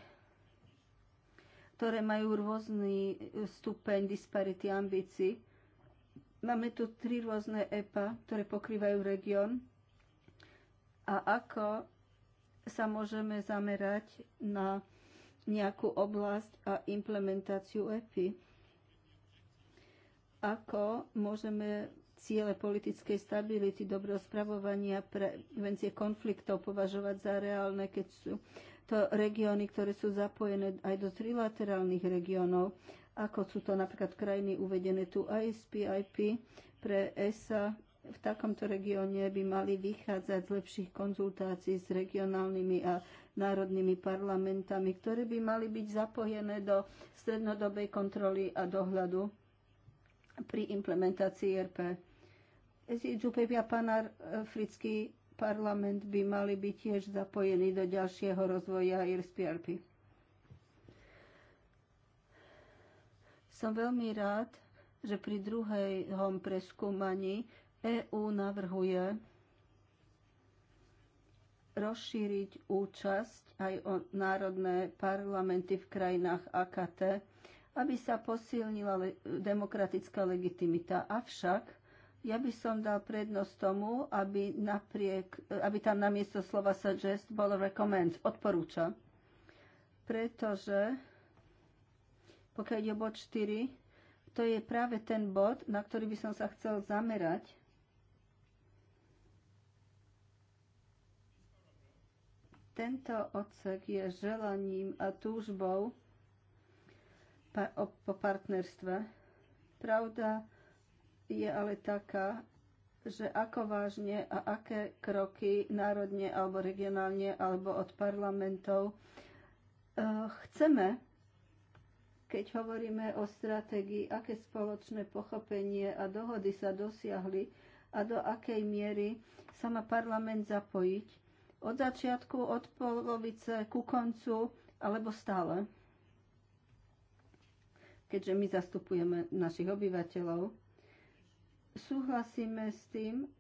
ktoré majú rôzny stupeň disparity ambícií. Máme tu tri rôzne EPA, ktoré pokrývajú región. A ako sa môžeme zamerať na nejakú oblasť a implementáciu EPI? Ako môžeme ciele politickej stability, dobrého spravovania, prevencie konfliktov považovať za reálne, keď sú to regióny, ktoré sú zapojené aj do trilaterálnych regiónov ako sú to napríklad krajiny uvedené tu ISP, IP pre ESA, v takomto regióne by mali vychádzať z lepších konzultácií s regionálnymi a národnými parlamentami, ktoré by mali byť zapojené do strednodobej kontroly a dohľadu pri implementácii RP. Džupevia Panar, africký parlament by mali byť tiež zapojení do ďalšieho rozvoja IRSPRP. Som veľmi rád, že pri druhom preskúmaní EÚ navrhuje rozšíriť účasť aj o národné parlamenty v krajinách AKT, aby sa posilnila le- demokratická legitimita. Avšak ja by som dal prednosť tomu, aby, napriek, aby tam namiesto slova suggest bolo recommend, odporúča. Pretože Pokiaľ ide o bod 4, to je práve ten bod, na ktorý by som sa chcel zamerať. Tento odsek je želaním a túžbou po partnerstve. Pravda je ale taká, že ako vážne a aké kroky národne alebo regionálne alebo od parlamentov eh, chceme Keď hovoríme o stratégii, aké spoločné pochopenie a dohody sa dosiahli a do akej miery sa má parlament zapojiť? Od začiatku, od polovice, ku koncu alebo stále? Keďže my zastupujeme našich obyvateľov, súhlasíme s tým,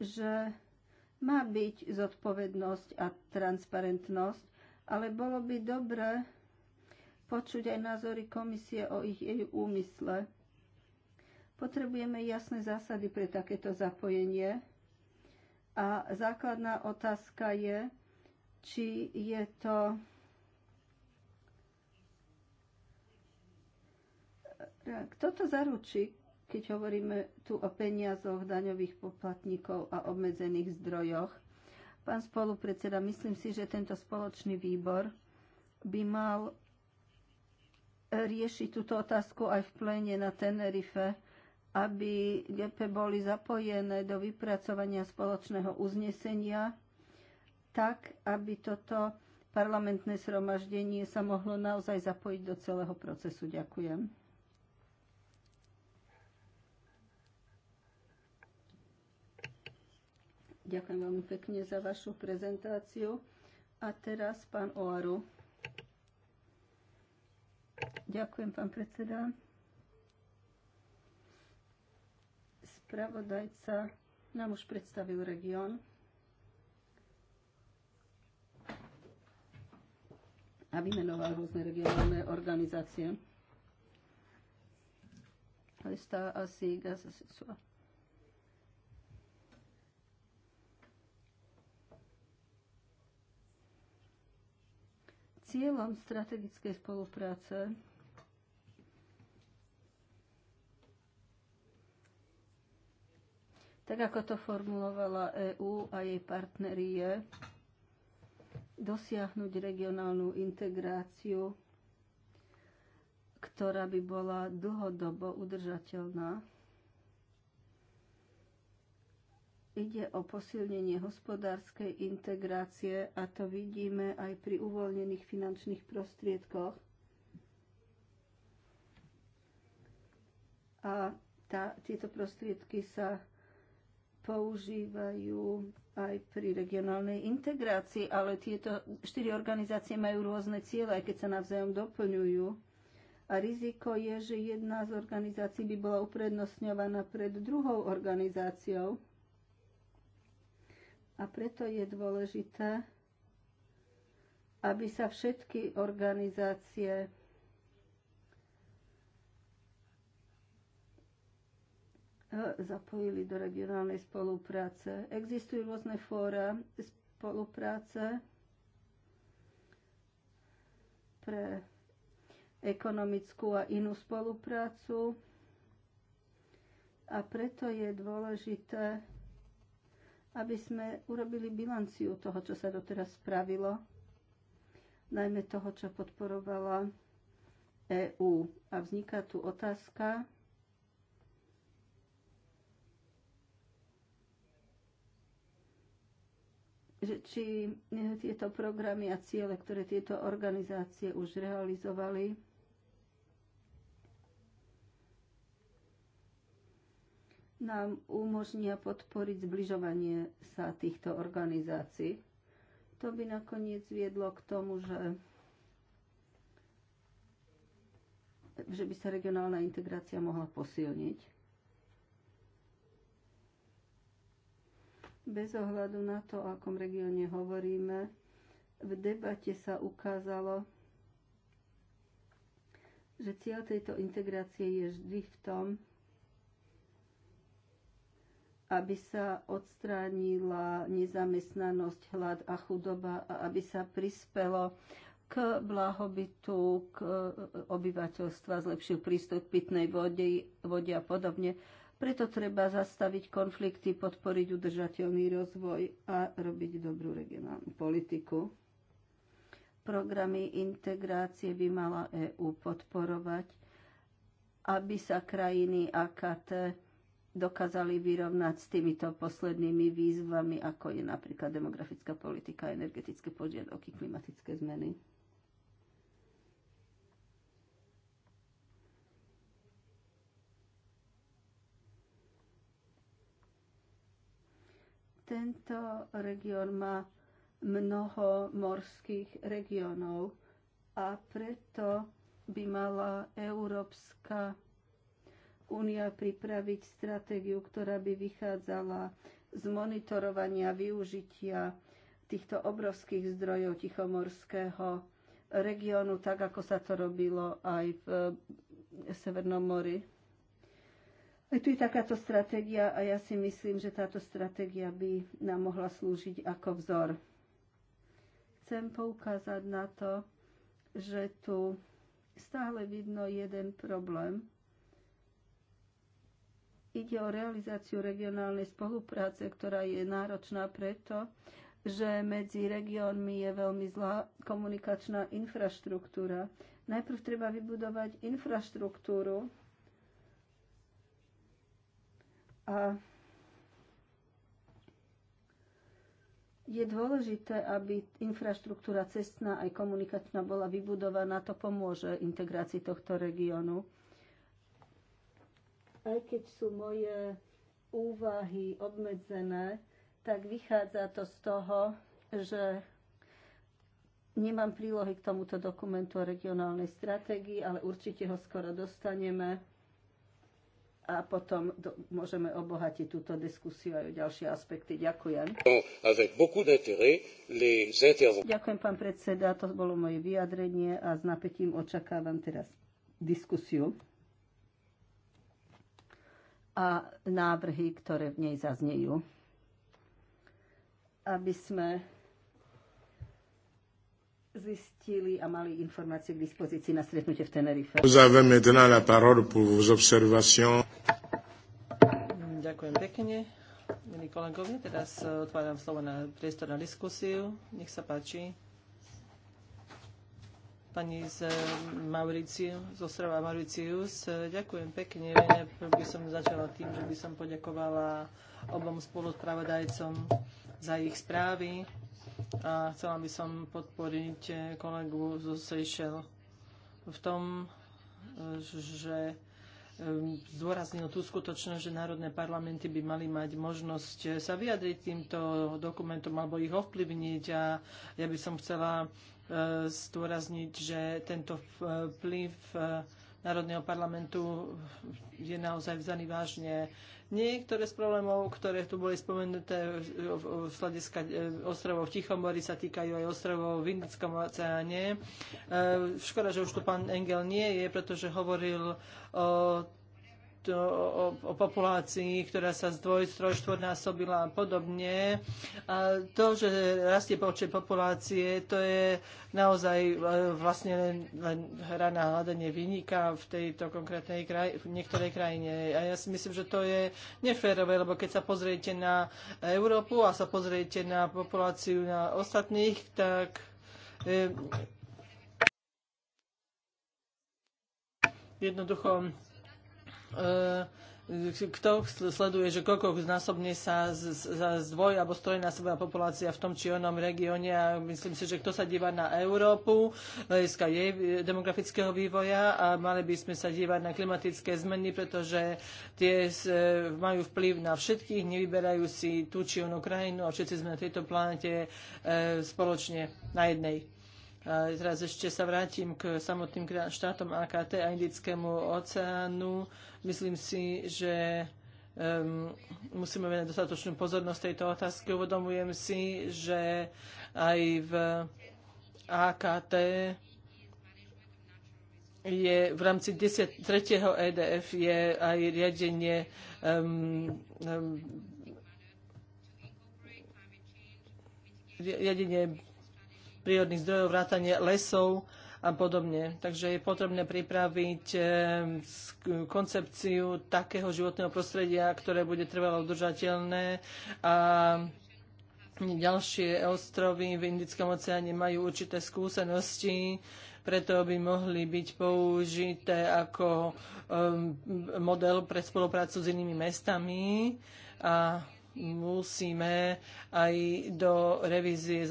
že má byť zodpovednosť a transparentnosť, ale bolo by dobre počuť aj názory komisie o ich jej úmysle. Potrebujeme jasné zásady pre takéto zapojenie. A základná otázka je, či je to Kto to zaručí, keď hovoríme tu o peniazoch daňových poplatníkov a obmedzených zdrojoch? Pán spolupredseda, myslím si, že tento spoločný výbor by mal riešiť túto otázku aj v pléne na Tenerife, aby DP boli zapojené do vypracovania spoločného uznesenia, tak aby toto parlamentné sromaždenie sa mohlo naozaj zapojiť do celého procesu. Ďakujem. Ďakujem veľmi pekne za vašu prezentáciu. A teraz pán Oaru. Ďakujem, pán predseda. Spravodajca nám už predstavil región. a vymenoval rôzne regionálne organizácie. Lista asi Gaza Cieľom strategickej spolupráce tak ako to formulovala EÚ a jej partneri, je dosiahnuť regionálnu integráciu, ktorá by bola dlhodobo udržateľná. Ide o posilnenie hospodárskej integrácie a to vidíme aj pri uvoľnených finančných prostriedkoch. A tá, tieto prostriedky sa používajú aj pri regionálnej integrácii, ale tieto štyri organizácie majú rôzne cieľe, aj keď sa navzájom doplňujú. A riziko je, že jedna z organizácií by bola uprednostňovaná pred druhou organizáciou. A preto je dôležité, aby sa všetky organizácie zapojili do regionálnej spolupráce. Existujú rôzne fóra spolupráce pre ekonomickú a inú spoluprácu a preto je dôležité, aby sme urobili bilanciu toho, čo sa doteraz spravilo, najmä toho, čo podporovala EÚ. A vzniká tu otázka, že či eh, tieto programy a ciele, ktoré tieto organizácie už realizovali, nám umožnia podporiť zbližovanie sa týchto organizácií. To by nakoniec viedlo k tomu, že, že by sa regionálna integrácia mohla posilniť. Bez ohľadu na to, o akom regióne hovoríme, v debate sa ukázalo, že cieľ tejto integrácie je vždy v tom, aby sa odstránila nezamestnanosť, hlad a chudoba a aby sa prispelo k blahobytu, k e, e, obyvateľstva, zlepšil prístup k pitnej vode, vode a podobne. Preto treba zastaviť konflikty, podporiť udržateľný rozvoj a robiť dobrú regionálnu politiku. Programy integrácie by mala EÚ podporovať, aby sa krajiny AKT dokázali vyrovnať s týmito poslednými výzvami, ako je napríklad demografická politika, energetické požiadavky, klimatické zmeny. Tento region má mnoho morských regionov a preto by mala Európska únia pripraviť stratégiu, ktorá by vychádzala z monitorovania využitia týchto obrovských zdrojov Tichomorského regiónu, tak ako sa to robilo aj v Severnom mori. Je tu je takáto stratégia a ja si myslím, že táto stratégia by nám mohla slúžiť ako vzor. Chcem poukázať na to, že tu stále vidno jeden problém. Ide o realizáciu regionálnej spolupráce, ktorá je náročná preto, že medzi regiónmi je veľmi zlá komunikačná infraštruktúra. Najprv treba vybudovať infraštruktúru, A je dôležité, aby infraštruktúra cestná aj komunikačná bola vybudovaná. To pomôže integrácii tohto regiónu. Aj keď sú moje úvahy obmedzené, tak vychádza to z toho, že nemám prílohy k tomuto dokumentu o regionálnej stratégii, ale určite ho skoro dostaneme a potom do, môžeme obohatiť túto diskusiu aj o ďalšie aspekty. Ďakujem. Ďakujem, pán predseda, to bolo moje vyjadrenie a s napätím očakávam teraz diskusiu a návrhy, ktoré v nej zaznejú, aby sme zistili a mali informace k dispozícii na stretnutie v Tenerife. Vous avez maintenant la parole pour vos observations. Ďakujem pekne, milí kolegovia. Teraz eh, otváram slovo na priestor na diskusiu. Nech sa páči. Pani z eh, Mauriciu, z ostrova Mauricius. Eh, ďakujem pekne. Najprv by som začala tým, že by som poďakovala obom spoluspravodajcom za ich správy a chcela by som podporiť eh, kolegu zo Seychelles v tom, eh, že eh, zdôraznil tú skutočnosť, že národné parlamenty by mali mať možnosť sa vyjadriť týmto dokumentom alebo ich ovplyvniť a ja by som chcela zdôrazniť, že tento vplyv Národného parlamentu je naozaj vzaný vážne. Niektoré z problémov, ktoré tu boli spomenuté v sladiska e, ostrovov v Tichomori, sa týkajú aj ostrovov v Indickom oceáne. E, škoda, že už tu pán Engel nie je, pretože hovoril o o, o populácii, ktorá sa zdvoj, stroj, štvornásobila a podobne. A to, že rastie počet populácie, to je naozaj e, vlastne len, len hra na hľadanie vynika v tejto konkrétnej kraj, v niektorej krajine. A ja si myslím, že to je neférové, lebo keď sa pozriete na Európu a sa pozriete na populáciu na ostatných, tak e, jednoducho E, kto sleduje, že koľko násobne sa za zdvoj alebo strojná svoja populácia v tom či onom regióne a myslím si, že kto sa díva na Európu, hľadiska jej demografického vývoja a mali by sme sa dívať na klimatické zmeny, pretože tie e, majú vplyv na všetkých, nevyberajú si tú či onú krajinu a všetci sme na tejto planete e, spoločne na jednej. Teraz ešte sa vrátim k samotným štátom AKT a Indickému oceánu. Myslím si, že um, musíme venať dostatočnú pozornosť tejto otázky. Uvedomujem si, že aj v AKT je v rámci 10, 3. EDF je aj riadenie um, um, riadenie prírodných zdrojov, vrátanie lesov a podobne. Takže je potrebné pripraviť eh, koncepciu takého životného prostredia, ktoré bude trvalo udržateľné a ďalšie ostrovy v Indickom oceáne majú určité skúsenosti, preto by mohli byť použité ako um, model pre spoluprácu s inými mestami. A musíme aj do revízie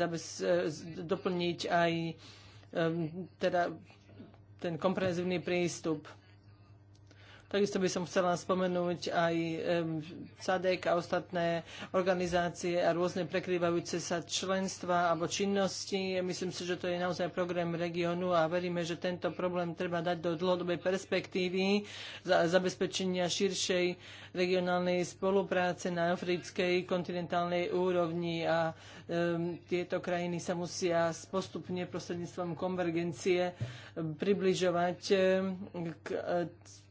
doplniť aj teda ten komprehenzívny prístup. Takisto by som chcela spomenúť aj SADEK a ostatné organizácie a rôzne prekrývajúce sa členstva alebo činnosti. Myslím si, že to je naozaj program regiónu a veríme, že tento problém treba dať do dlhodobej perspektívy za zabezpečenia širšej regionálnej spolupráce na africkej kontinentálnej úrovni a um, tieto krajiny sa musia postupne prostredníctvom konvergencie približovať k, k, e, k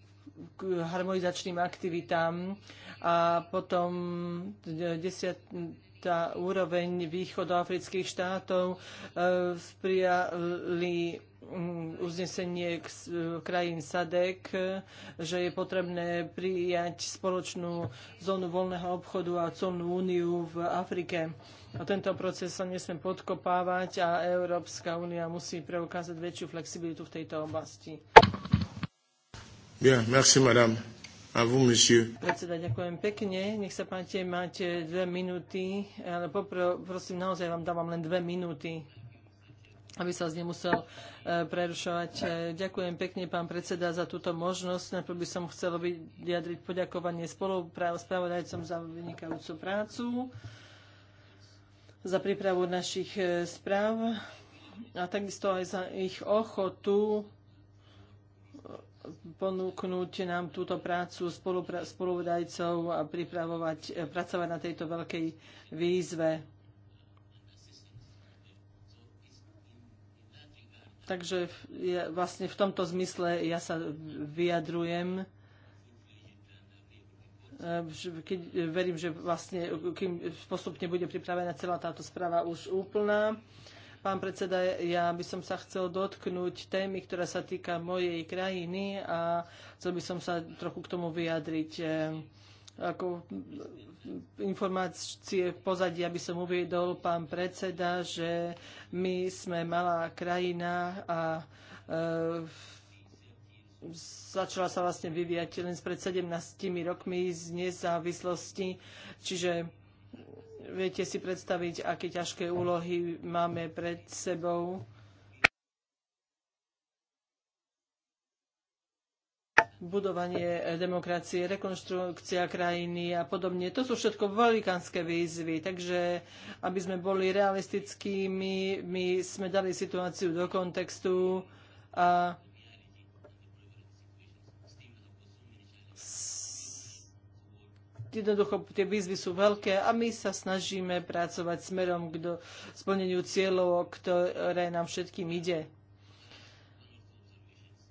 k harmonizačným aktivitám a potom desiatá úroveň východoafrických štátov sprijali e, mm, uznesenie krajín SADEK, že je potrebné prijať spoločnú zónu voľného obchodu a colnú úniu v Afrike. A tento proces sa nesme podkopávať a Európska únia musí preukázať väčšiu flexibilitu v tejto oblasti. Bien, merci madame. A vous, monsieur. Predseda, ďakujem pekne. Nech sa páte, máte dve minúty, ale popro, prosím, naozaj vám dávam len dve minúty aby sa z nemusel e, prerušovať. E, ďakujem pekne, pán predseda, za túto možnosť. Najprv by som chcel vyjadriť poďakovanie spolupravodajcom za vynikajúcu prácu, za prípravu našich e, správ a takisto aj za ich ochotu ponúknuť nám túto prácu spoluvodajcov a pripravovať, e, pracovať na tejto veľkej výzve. Takže ja, vlastne v tomto zmysle ja sa vyjadrujem. E, keď, verím, že vlastne kým postupne bude pripravená celá táto správa už úplná. Pán predseda, ja by som sa chcel dotknúť témy, ktorá sa týka mojej krajiny a chcel by som sa trochu k tomu vyjadriť eh, ako informácie pozadí, aby som uviedol pán predseda, že my sme malá krajina a e, začala sa vlastne vyvíjať len pred 17 rokmi z nezávislosti, čiže Viete si predstaviť, aké ťažké úlohy máme pred sebou. budovanie eh, demokracie, rekonštrukcia krajiny a podobne. To sú všetko velikánske výzvy, takže aby sme boli realistickí, my, my sme dali situáciu do kontextu a jednoducho tie výzvy sú veľké a my sa snažíme pracovať smerom k do, splneniu cieľov, o ktoré nám všetkým ide.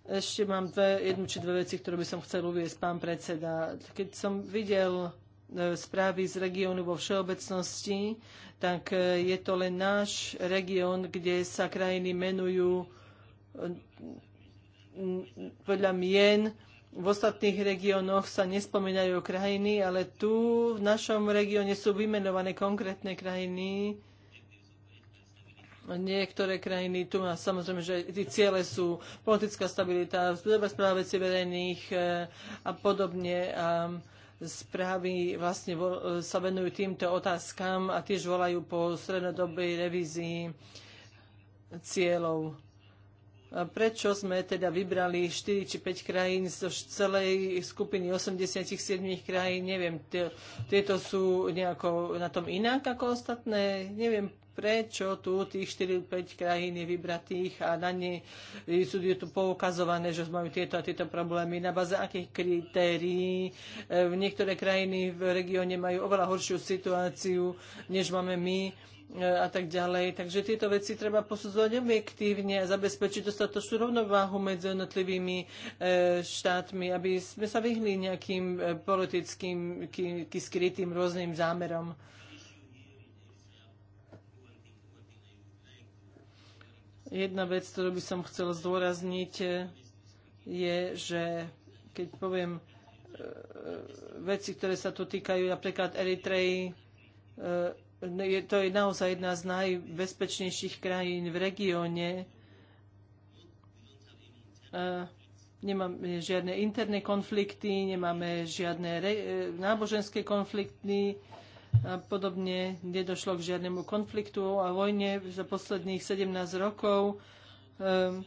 Ešte mám dve, jednu či dve veci, ktoré by som chcel uvieť, pán predseda. Keď som videl e, správy z regiónu vo všeobecnosti, tak e, je to len náš región, kde sa krajiny menujú e, podľa mien v ostatných regiónoch sa nespomínajú krajiny, ale tu v našom regióne sú vymenované konkrétne krajiny. Niektoré krajiny, tu má samozrejme, že tie ciele sú politická stabilita, veci verejných e, a podobne. A správy vlastne sa venujú týmto otázkam a tiež volajú po strednodobej revízii cieľov prečo sme teda vybrali 4 či 5 krajín zo celej skupiny 87 krajín, neviem, tieto sú nejako na tom inak ako ostatné, neviem prečo tu tých 4-5 krajín je vybratých a na ne e, sú tu poukazované, že majú tieto a tieto problémy. Na baze akých kritérií e, V niektoré krajiny v regióne majú oveľa horšiu situáciu, než máme my e, a tak ďalej. Takže tieto veci treba posudzovať objektívne a zabezpečiť dostatočnú rovnováhu medzi jednotlivými štátmi, aby sme sa vyhli nejakým politickým skrytým rôznym zámerom. Jedna vec, ktorú by som chcel zdôrazniť, je, že keď poviem e, e, veci, ktoré sa tu týkajú napríklad Eritreji, e, je, to je naozaj jedna z najbezpečnejších krajín v regióne. Nemáme žiadne interné konflikty, nemáme žiadne náboženské konflikty, podobne nedošlo k žiadnemu konfliktu a vojne za posledných 17 rokov. Ehm,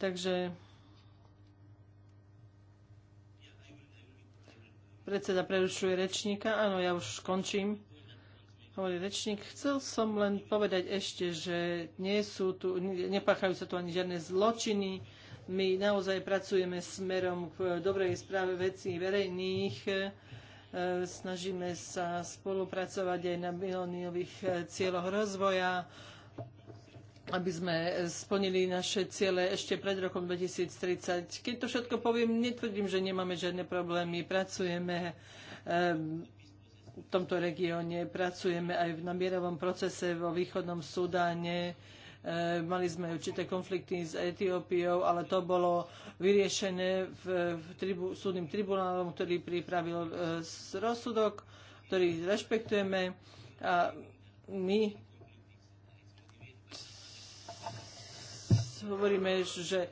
takže predseda prerušuje rečníka. Áno, ja už končím hovorí rečník. Chcel som len povedať ešte, že nie sú tu, nepáchajú sa tu ani žiadne zločiny. My naozaj pracujeme smerom k dobrej správe vecí verejných. E, snažíme sa spolupracovať aj na milóniových e, cieľoch rozvoja aby sme splnili naše ciele ešte pred rokom 2030. Keď to všetko poviem, netvrdím, že nemáme žiadne problémy. Pracujeme e, v tomto regióne. Pracujeme aj na mierovom procese vo východnom Sudáne. E, mali sme určité konflikty s Etiópiou, ale to bolo vyriešené v, v tribu, súdnym tribunálom, ktorý pripravil e, rozsudok, ktorý rešpektujeme. A my hovoríme, že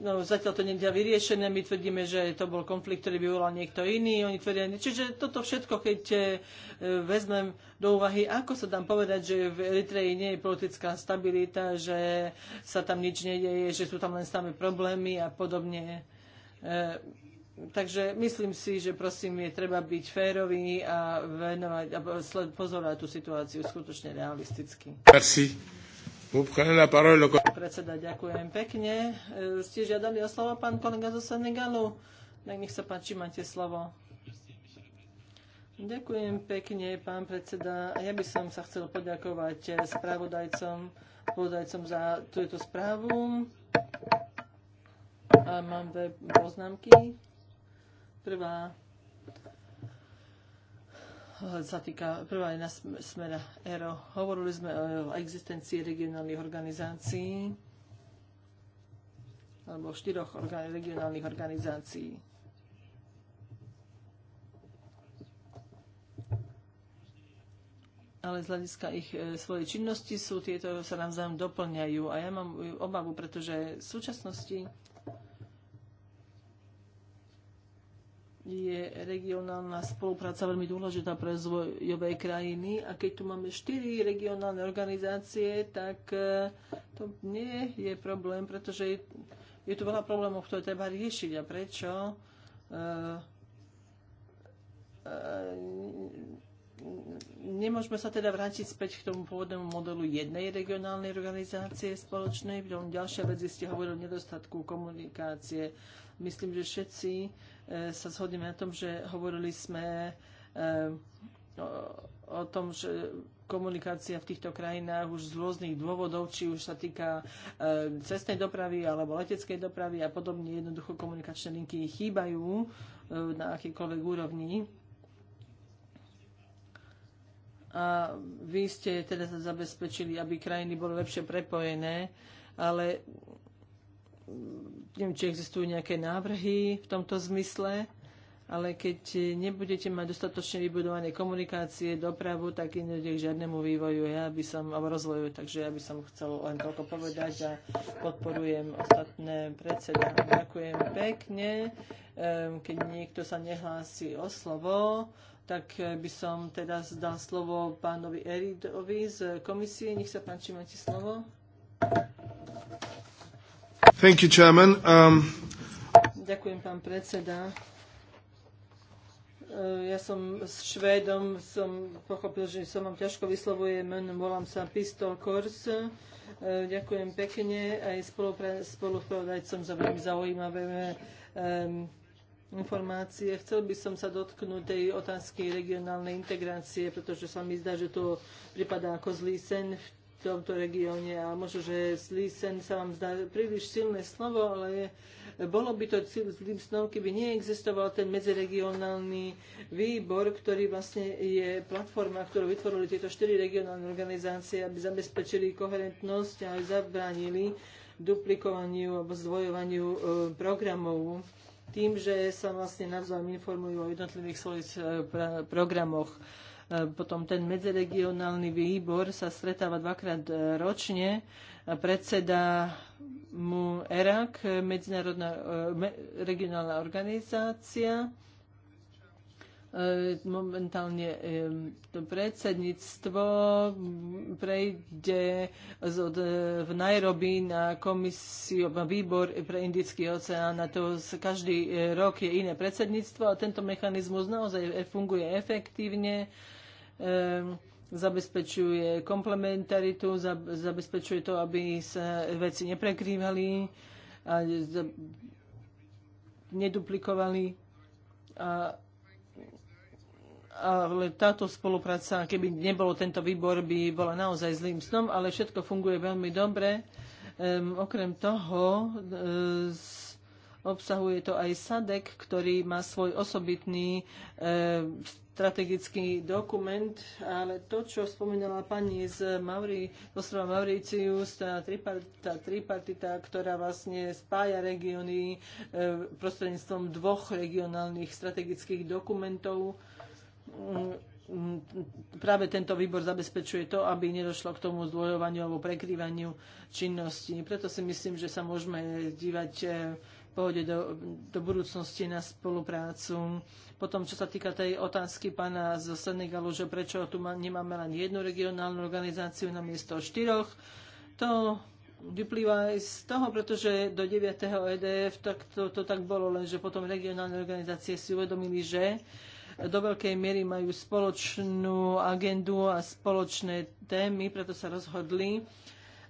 no, zatiaľ to nedia vyriešené, my tvrdíme, že to bol konflikt, ktorý vyvolal niekto iný, oni tvrdia, čiže toto všetko, keď e, vezmem do úvahy, ako sa tam povedať, že v Eritreji nie je politická stabilita, že sa tam nič nedieje, že sú tam len samé problémy a podobne. E, takže myslím si, že prosím, je treba byť férový a venovať a pozorovať tú situáciu skutočne realisticky. Merci. Predseda, ďakujem pekne. Ste žiadali o slovo, pán kolega zo Senegalu? Tak nech sa páči, máte slovo. Ďakujem pekne, pán predseda. Ja by som sa chcel poďakovať spravodajcom, spravodajcom za túto správu. A mám dve poznámky. Prvá sa týka prvá je na smera ERO. Hovorili sme o existencii regionálnych organizácií alebo štyroch orgán, regionálnych organizácií. ale z hľadiska ich e, svojej činnosti sú tieto sa navzájom doplňajú. A ja mám obavu, pretože v súčasnosti je regionálna spolupráca veľmi dôležitá pre rozvojové krajiny a keď tu máme štyri regionálne organizácie, tak e, to nie je problém, pretože je, tu veľa problémov, ktoré treba riešiť a prečo e, e, nemôžeme sa teda vrátiť späť k tomu pôvodnému modelu jednej regionálnej organizácie spoločnej. Ďalšia vec, ste hovorili o nedostatku komunikácie Myslím, že všetci e, sa zhodneme na tom, že hovorili sme e, o tom, že komunikácia v týchto krajinách už z rôznych dôvodov, či už sa týka e, cestnej dopravy alebo leteckej dopravy a podobne, jednoducho komunikačné linky chýbajú na akýkoľvek úrovni. A vy ste teda zabezpečili, aby krajiny boli lepšie prepojené, ale neviem, či existujú nejaké návrhy v tomto zmysle, ale keď nebudete mať dostatočne vybudované komunikácie, dopravu, tak nedojde k žiadnemu vývoju, ja by som, alebo rozvoju, takže ja by som chcel len toľko povedať a podporujem ostatné predseda. Ďakujem pekne. Keď niekto sa nehlási o slovo, tak by som teda dal slovo pánovi Eridovi z komisie. Nech sa páči, máte slovo. Thank you, Chairman. Um... Ďakujem, pán predseda e, ja som s Švédom, som pochopil, že som vám ťažko vyslovuje meno, volám sa Pistol Kors. E, ďakujem pekne aj spolupravodajcom za veľmi zaujímavé e, informácie. Chcel by som sa dotknúť tej otázky regionálnej integrácie, pretože sa mi zdá, že to pripadá ako zlý sen v tomto regióne. A možno, že Slisen sa vám zdá príliš silné slovo, ale bolo by to zlým snom, keby neexistoval ten medziregionálny výbor, ktorý vlastne je platforma, ktorú vytvorili tieto štyri regionálne organizácie, aby zabezpečili koherentnosť a aj zabránili duplikovaniu alebo zdvojovaniu e, programov tým, že sa vlastne navzájom informujú o jednotlivých svojich e, programoch. E, potom ten medziregionálny výbor sa stretáva dvakrát e, ročne. E, predseda mu ERAK, medzinárodná regionálna organizácia momentálne to predsedníctvo prejde od, v Nairobi na komisiu, na výbor pre Indický oceán a to každý rok je iné predsedníctvo a tento mechanizmus naozaj funguje efektívne zabezpečuje komplementaritu, zabezpečuje to, aby sa veci neprekrývali a neduplikovali. A, ale táto spolupráca, keby nebolo tento výbor, by bola naozaj zlým snom, ale všetko funguje veľmi dobre. Um, okrem toho, um, Obsahuje to aj SADEK, ktorý má svoj osobitný e, strategický dokument, ale to, čo spomínala pani z Mauri, ostrova Mauricius, tá tripartita, tripartita, ktorá vlastne spája regióny e, prostredníctvom dvoch regionálnych strategických dokumentov, mm, práve tento výbor zabezpečuje to, aby nedošlo k tomu zdvojovaniu alebo prekrývaniu činnosti. Preto si myslím, že sa môžeme dívať e, pôjde do, do budúcnosti na spoluprácu. Potom, čo sa týka tej otázky pána z Senegalu, že prečo tu nemáme len jednu regionálnu organizáciu na miesto štyroch, to vyplýva aj z toho, pretože do 9. EDF tak to, to tak bolo, lenže potom regionálne organizácie si uvedomili, že do veľkej miery majú spoločnú agendu a spoločné témy, preto sa rozhodli,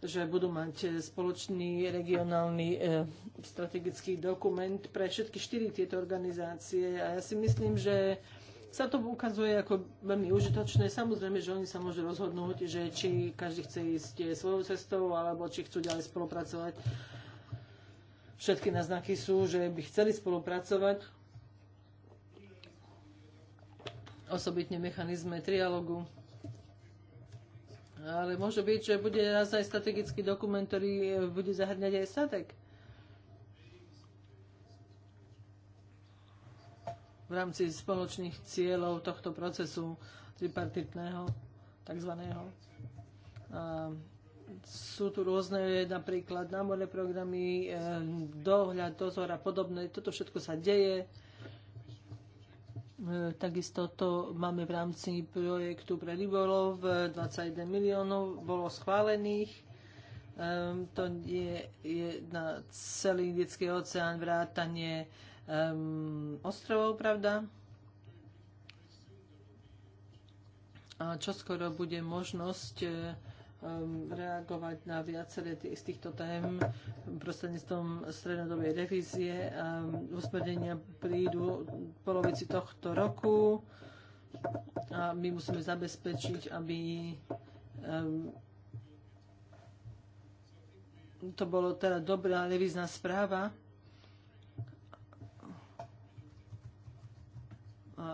že budú mať e, spoločný regionálny e, strategický dokument pre všetky štyri tieto organizácie. A ja si myslím, že sa to ukazuje ako veľmi užitočné. Samozrejme, že oni sa môžu rozhodnúť, že či každý chce ísť e, svojou cestou, alebo či chcú ďalej spolupracovať. Všetky naznaky sú, že by chceli spolupracovať. Osobitne mechanizme trialogu Ale môže byť, že bude raz aj strategický dokument, ktorý e, bude zahrňať aj statek. v rámci spoločných cieľov tohto procesu tripartitného, takzvaného. A sú tu rôzne napríklad námorné programy, e, dohľad, dozor a podobné. Toto všetko sa deje. E, takisto to máme v rámci projektu pre rybolov 21 e, miliónov bolo schválených. Um, to je, je na celý Indický oceán vrátanie um, ostrovov, pravda? A čoskoro bude možnosť uh, Um, reagovať na viaceré z týchto tém prostredníctvom strednodobej revízie. Usmernenia prídu v polovici tohto roku a my musíme zabezpečiť, aby um, to bolo teda dobrá revízna správa,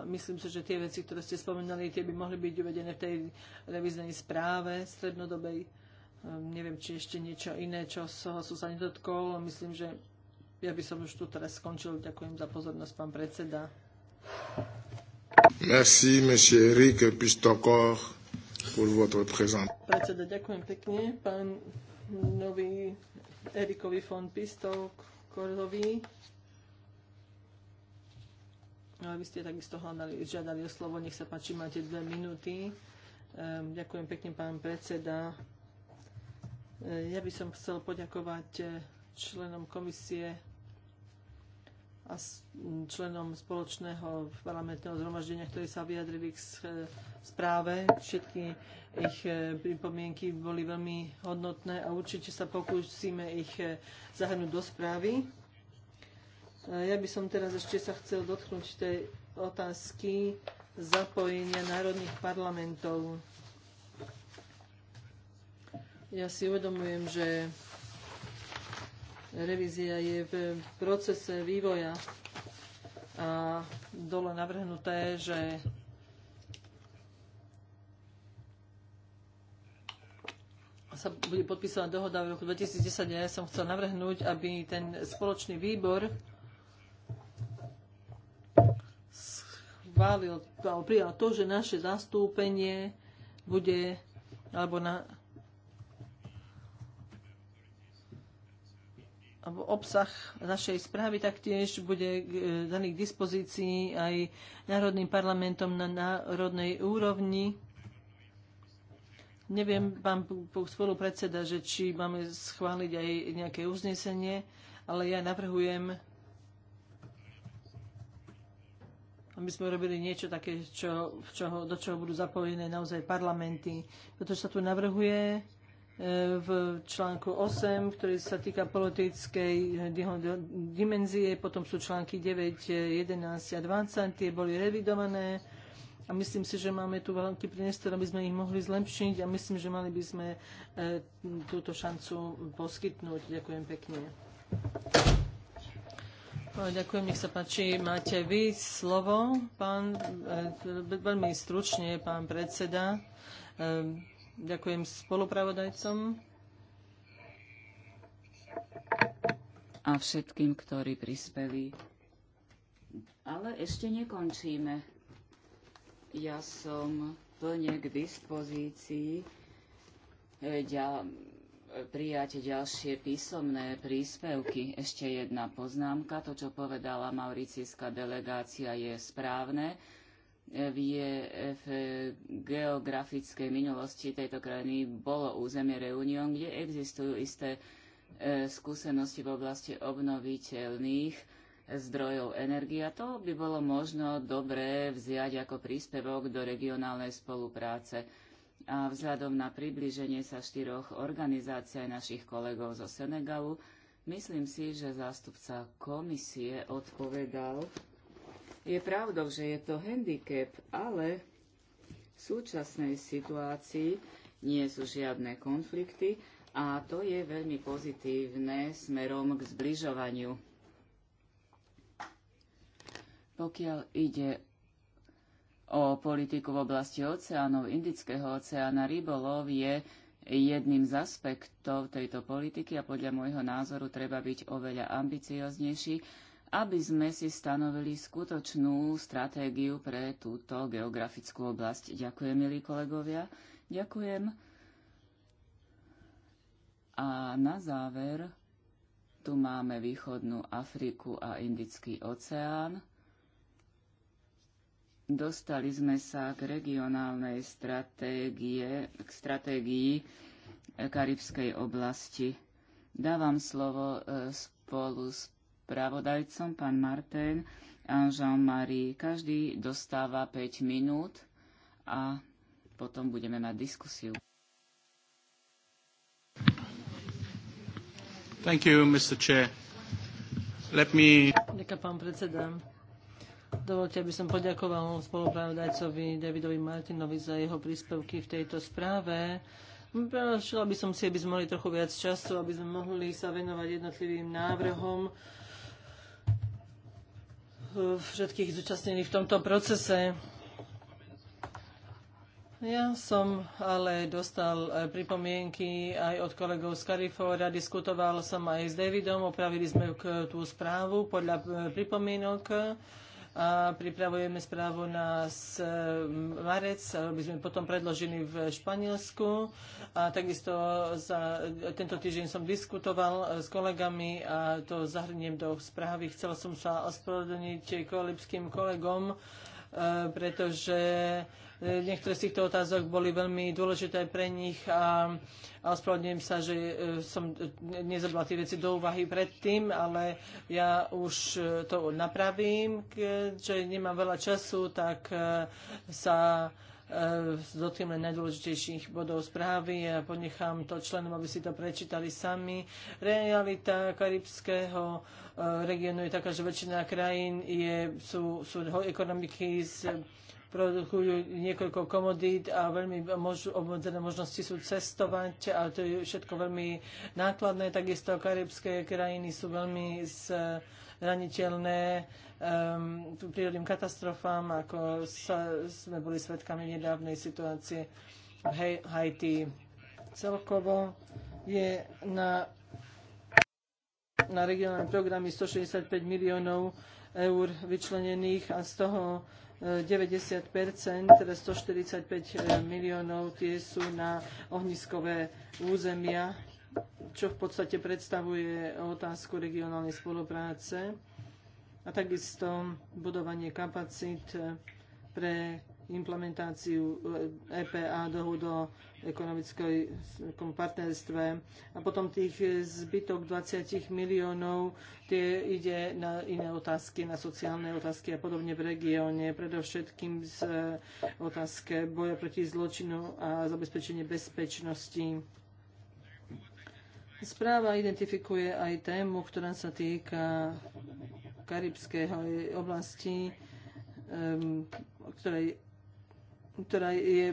myslím si, že tie veci, ktoré ste spomínali, tie by mohli byť uvedené v tej reviznej správe strednodobej. Ehm, neviem, či ešte niečo iné, čo so, sú sa nedotkol. Myslím, že ja by som už tu teraz skončil. Ďakujem za pozornosť, pán predseda. Merci, monsieur Eric Pistokor, pour votre présence. Predseda, ďakujem pekne, pán nový Erikovi von Pistokorovi. No, vy ste takisto hľadali, žiadali o slovo. Nech sa páči, máte dve minúty. Ehm, ďakujem pekne, pán predseda. Ehm, ja by som chcel poďakovať eh, členom komisie a členom spoločného parlamentného zhromaždenia, ktorí sa vyjadrili k eh, správe. Všetky ich eh, pripomienky boli veľmi hodnotné a určite sa pokúsime ich zahrnúť do správy. Ja by som teraz ešte sa chcel dotknúť tej otázky zapojenia národných parlamentov. Ja si uvedomujem, že revízia je v procese vývoja a dole navrhnuté, že sa bude podpísaná dohoda v roku 2010 ja som chcel navrhnúť, aby ten spoločný výbor chválil, ale prijal to, že naše zastúpenie bude alebo na alebo obsah našej správy taktiež bude eh, daný k dispozícii aj Národným parlamentom na národnej úrovni. Neviem, pán spolupredseda, že či máme schváliť aj nejaké uznesenie, ale ja navrhujem aby sme robili niečo také, čo, v čoho, do čoho budú zapojené naozaj parlamenty. Pretože sa tu navrhuje e, v článku 8, ktorý sa týka politickej e, dimenzie, potom sú články 9, 11 e, a 20, tie boli revidované a myslím si, že máme tu veľký priestor, aby sme ich mohli zlepšiť a myslím, že mali by sme túto šancu poskytnúť. Ďakujem pekne. Ďakujem, nech sa páči. Máte vy slovo, pán, e, veľmi stručne, pán predseda. E, ďakujem spolupravodajcom. A všetkým, ktorí prispeli. Ale ešte nekončíme. Ja som plne k dispozícii. Ja e, prijať ďalšie písomné príspevky. Ešte jedna poznámka. To, čo povedala mauricijská delegácia, je správne. V, v e geografickej minulosti tejto krajiny bolo územie Reunion, kde existujú isté e, skúsenosti v oblasti obnoviteľných zdrojov energie. A to by bolo možno dobré vziať ako príspevok do regionálnej spolupráce vzhľadom na priblíženie sa štyroch organizácií našich kolegov zo Senegalu, myslím si, že zástupca komisie odpovedal, je pravdou, že je to handicap, ale v súčasnej situácii nie sú žiadne konflikty a to je veľmi pozitívne smerom k zbližovaniu. Pokiaľ ide o politiku v oblasti oceánov, Indického oceána, rybolov je jedným z aspektov tejto politiky a podľa môjho názoru treba byť oveľa ambicioznejší, aby sme si stanovili skutočnú stratégiu pre túto geografickú oblasť. Ďakujem, milí kolegovia. Ďakujem. A na záver tu máme východnú Afriku a Indický oceán. Dostali sme sa k regionálnej stratégie, k stratégii e, Karibskej oblasti. Dávam slovo e, spolu s pravodajcom, pán Martin a Jean-Marie. Každý dostáva 5 minút a potom budeme mať diskusiu. Thank you, Mr. Chair. Let me... Ďakujem, pán predseda. Dovolte, aby som poďakoval spolupravodajcovi Davidovi Martinovi za jeho príspevky v tejto správe. Prešla by som si, aby sme mali trochu viac času, aby sme mohli sa venovať jednotlivým návrhom všetkých zúčastnených v tomto procese. Ja som ale dostal eh, pripomienky aj od kolegov z Carifora, diskutoval som aj s Davidom, opravili sme tú správu podľa eh, pripomienok pripravujeme správu na marec, aby sme potom predložili v Španielsku. A takisto za tento týždeň som diskutoval e, s kolegami a to zahrniem do správy. Chcel som sa ospravedlniť kolipským kolegom, e, pretože E, niektoré z týchto otázok boli veľmi dôležité pre nich a, a ospravedlňujem sa, že e, som e, nezobral tie veci do úvahy predtým, ale ja už to napravím, keďže nemám veľa času, tak sa dotknem len najdôležitejších bodov správy a ja ponechám to členom, aby si to prečítali sami. Realita karibského regiónu je taká, že väčšina krajín je, sú, sú ekonomiky z produkujú niekoľko komodít a veľmi mož, obmedzené možnosti sú cestovať a to je všetko veľmi nákladné. Takisto karibské krajiny sú veľmi zraniteľné um, prírodným katastrofám, ako sa, sme boli svedkami nedávnej situácie v Haiti. Celkovo je na, na regionálne programy 165 miliónov eur vyčlenených a z toho 90 teda 145 eh, miliónov tie sú na ohniskové územia, čo v podstate predstavuje otázku regionálnej spolupráce a takisto budovanie kapacít eh, pre implementáciu EPA eh, e dohod o ekonomickej partnerstve. A potom tých zbytok 20 miliónov tie ide na iné otázky, na sociálne otázky a podobne v regióne, predovšetkým z e, otázke boja proti zločinu a zabezpečenie bezpečnosti. Správa identifikuje aj tému, ktorá sa týka karibského oblasti, ktorá je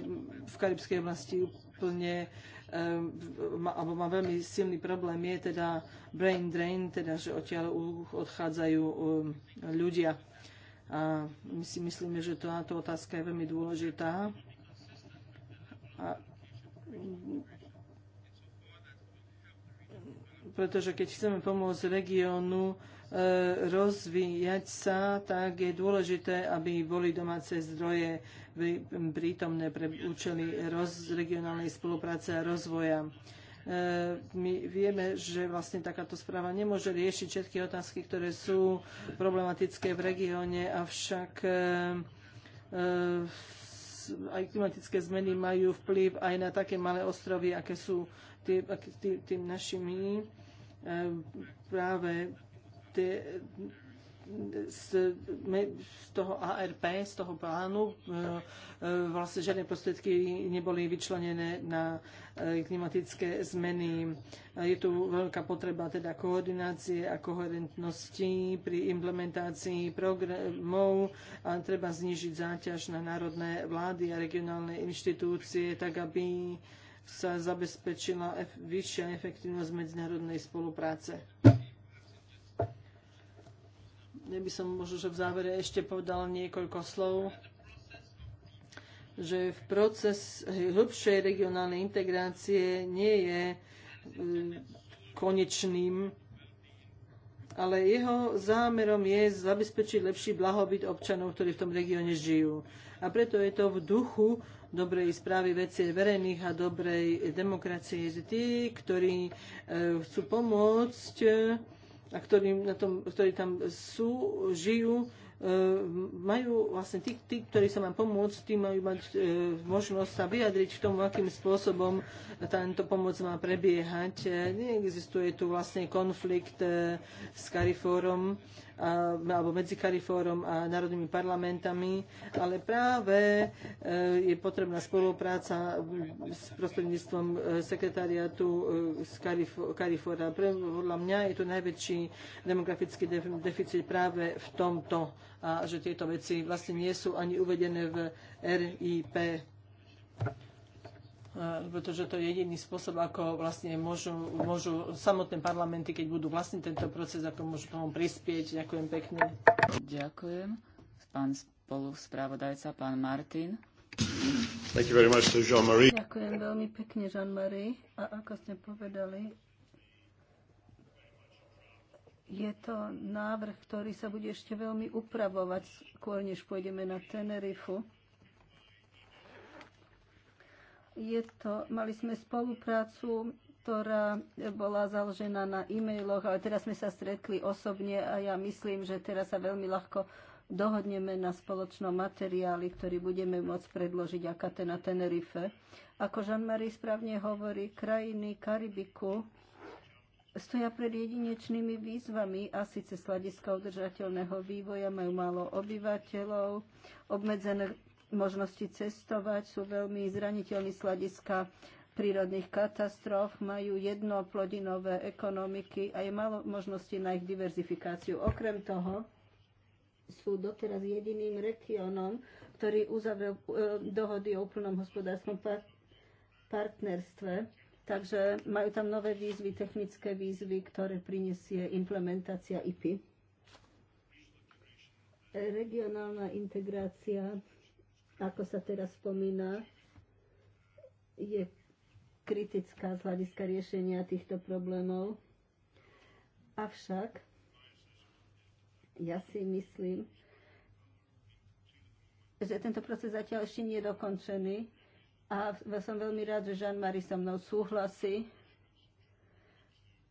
v karibskej oblasti úplne eh, alebo má veľmi silný problém je teda brain drain, teda že odtiaľ odchádzajú eh, ľudia. A my si myslíme, že táto otázka je veľmi dôležitá. A pretože keď chceme pomôcť regiónu, E, rozvíjať sa, tak je dôležité, aby boli domáce zdroje prítomné pre účely roz, regionálnej spolupráce a rozvoja. E, my vieme, že vlastne takáto správa nemôže riešiť všetky otázky, ktoré sú problematické v regióne, avšak e, aj klimatické zmeny majú vplyv aj na také malé ostrovy, aké sú tým našimi práve z, z toho ARP, z toho plánu, vlastne žiadne prostriedky neboli vyčlenené na e, klimatické zmeny. Je tu veľká potreba teda koordinácie a koherentnosti pri implementácii programov a treba znižiť záťaž na národné vlády a regionálne inštitúcie, tak aby sa zabezpečila vyššia efektivnosť medzinárodnej spolupráce ja by som možno, že v závere ešte povedal niekoľko slov, že v proces hĺbšej regionálnej integrácie nie je e, konečným, ale jeho zámerom je zabezpečiť lepší blahobyt občanov, ktorí v tom regióne žijú. A preto je to v duchu dobrej správy veci verejných a dobrej demokracie. Tí, ktorí e, chcú pomôcť a ktorí, na tom, ktorí tam sú, žijú, e, majú vlastne tí, tí, ktorí sa mám pomôcť, tí majú mať e, možnosť sa vyjadriť v tom, akým spôsobom táto pomoc má prebiehať. E, neexistuje tu vlastne konflikt e, s Carifórom alebo medzi Kariforom a národnými parlamentami, ale práve e, je potrebná spolupráca s prostredníctvom e, sekretariatu e, z Karifóra. Podľa mňa je to najväčší demografický deficit práve v tomto a že tieto veci vlastne nie sú ani uvedené v RIP pretože to je jediný spôsob, ako vlastne môžu, môžu samotné parlamenty, keď budú vlastne tento proces, ako môžu tomu prispieť. Ďakujem pekne. Ďakujem. Pán spoluspravodajca, pán Martin. Thank you very much to Jean-Marie. Ďakujem veľmi pekne, Jean-Marie. A ako ste povedali, je to návrh, ktorý sa bude ešte veľmi upravovať, skôr než pôjdeme na Tenerifu. Je to, mali sme spoluprácu, ktorá bola založená na e-mailoch, ale teraz sme sa stretli osobne a ja myslím, že teraz sa veľmi ľahko dohodneme na spoločnom materiáli, ktorý budeme môcť predložiť akate na Tenerife. Ako Jean-Marie správne hovorí, krajiny Karibiku stoja pred jedinečnými výzvami a síce z hľadiska udržateľného vývoja majú málo obyvateľov, obmedzené možnosti cestovať, sú veľmi zraniteľní z hľadiska prírodných katastrof, majú jednoplodinové ekonomiky a je malo možností na ich diverzifikáciu. Okrem toho sú doteraz jediným regiónom, ktorý uzavrel e, dohody o úplnom hospodárskom par- partnerstve. Takže majú tam nové výzvy, technické výzvy, ktoré prinesie implementácia IPI. Regionálna integrácia ako sa teraz spomína, je kritická z hľadiska riešenia týchto problémov. Avšak ja si myslím, že tento proces zatiaľ ešte nie je dokončený a som veľmi rád, že Jean-Marie so mnou súhlasí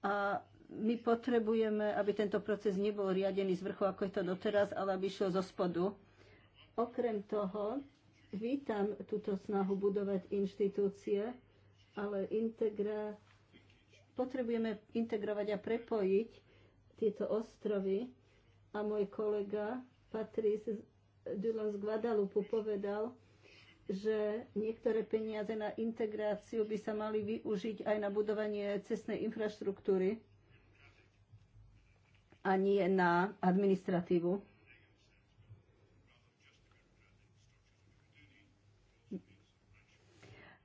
a my potrebujeme, aby tento proces nebol riadený z vrchu, ako je to doteraz, ale aby išiel zo spodu. Okrem toho, Vítam túto snahu budovať inštitúcie, ale integra... potrebujeme integrovať a prepojiť tieto ostrovy. A môj kolega Patrice Dulon z Guadalupu povedal, že niektoré peniaze na integráciu by sa mali využiť aj na budovanie cestnej infraštruktúry a nie na administratívu.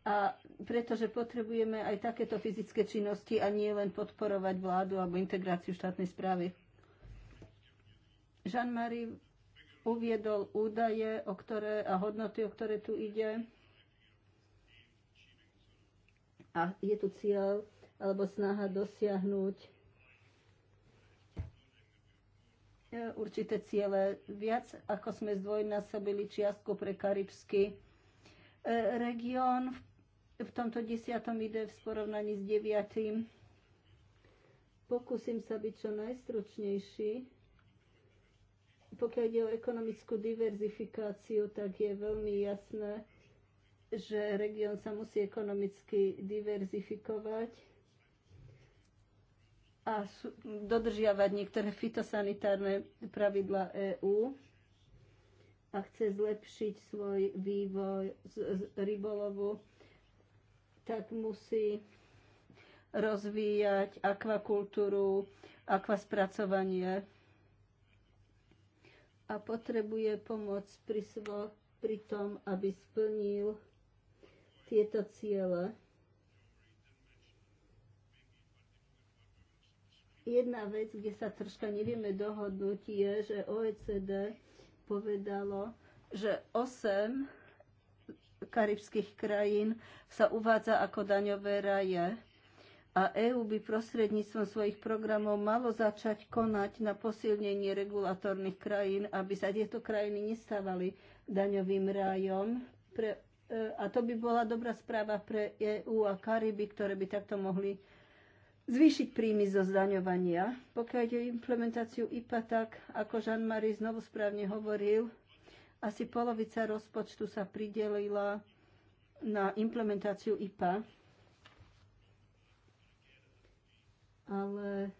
a pretože potrebujeme aj takéto fyzické činnosti a nie len podporovať vládu alebo integráciu štátnej správy. Jean-Marie uviedol údaje o ktoré, a hodnoty, o ktoré tu ide. A je tu cieľ alebo snaha dosiahnuť určité ciele. Viac ako sme zdvojnásobili čiastku pre karibský e, region v v tomto desiatom ide v porovnaní s deviatým. Pokúsim sa byť čo najstručnejší. Pokiaľ ide o ekonomickú diverzifikáciu, tak je veľmi jasné, že región sa musí ekonomicky diverzifikovať a dodržiavať niektoré fitosanitárne pravidla EÚ a chce zlepšiť svoj vývoj z, z rybolovu tak musí rozvíjať akvakultúru, akvaspracovanie a potrebuje pomoc pri, svo, pri tom, aby splnil tieto ciele. Jedna vec, kde sa troška nevieme dohodnúť, je, že OECD povedalo, že 8 karibských krajín sa uvádza ako daňové raje. A EÚ by prostredníctvom svojich programov malo začať konať na posilnenie regulatórnych krajín, aby sa tieto krajiny nestávali daňovým rájom. Pre, e, a to by bola dobrá správa pre EÚ a Kariby, ktoré by takto mohli zvýšiť príjmy zo zdaňovania. Pokiaľ ide o implementáciu IPA, tak ako Jean-Marie znovu správne hovoril, Asi polovica rozpočtu sa pridelila na implementáciu IPA, ale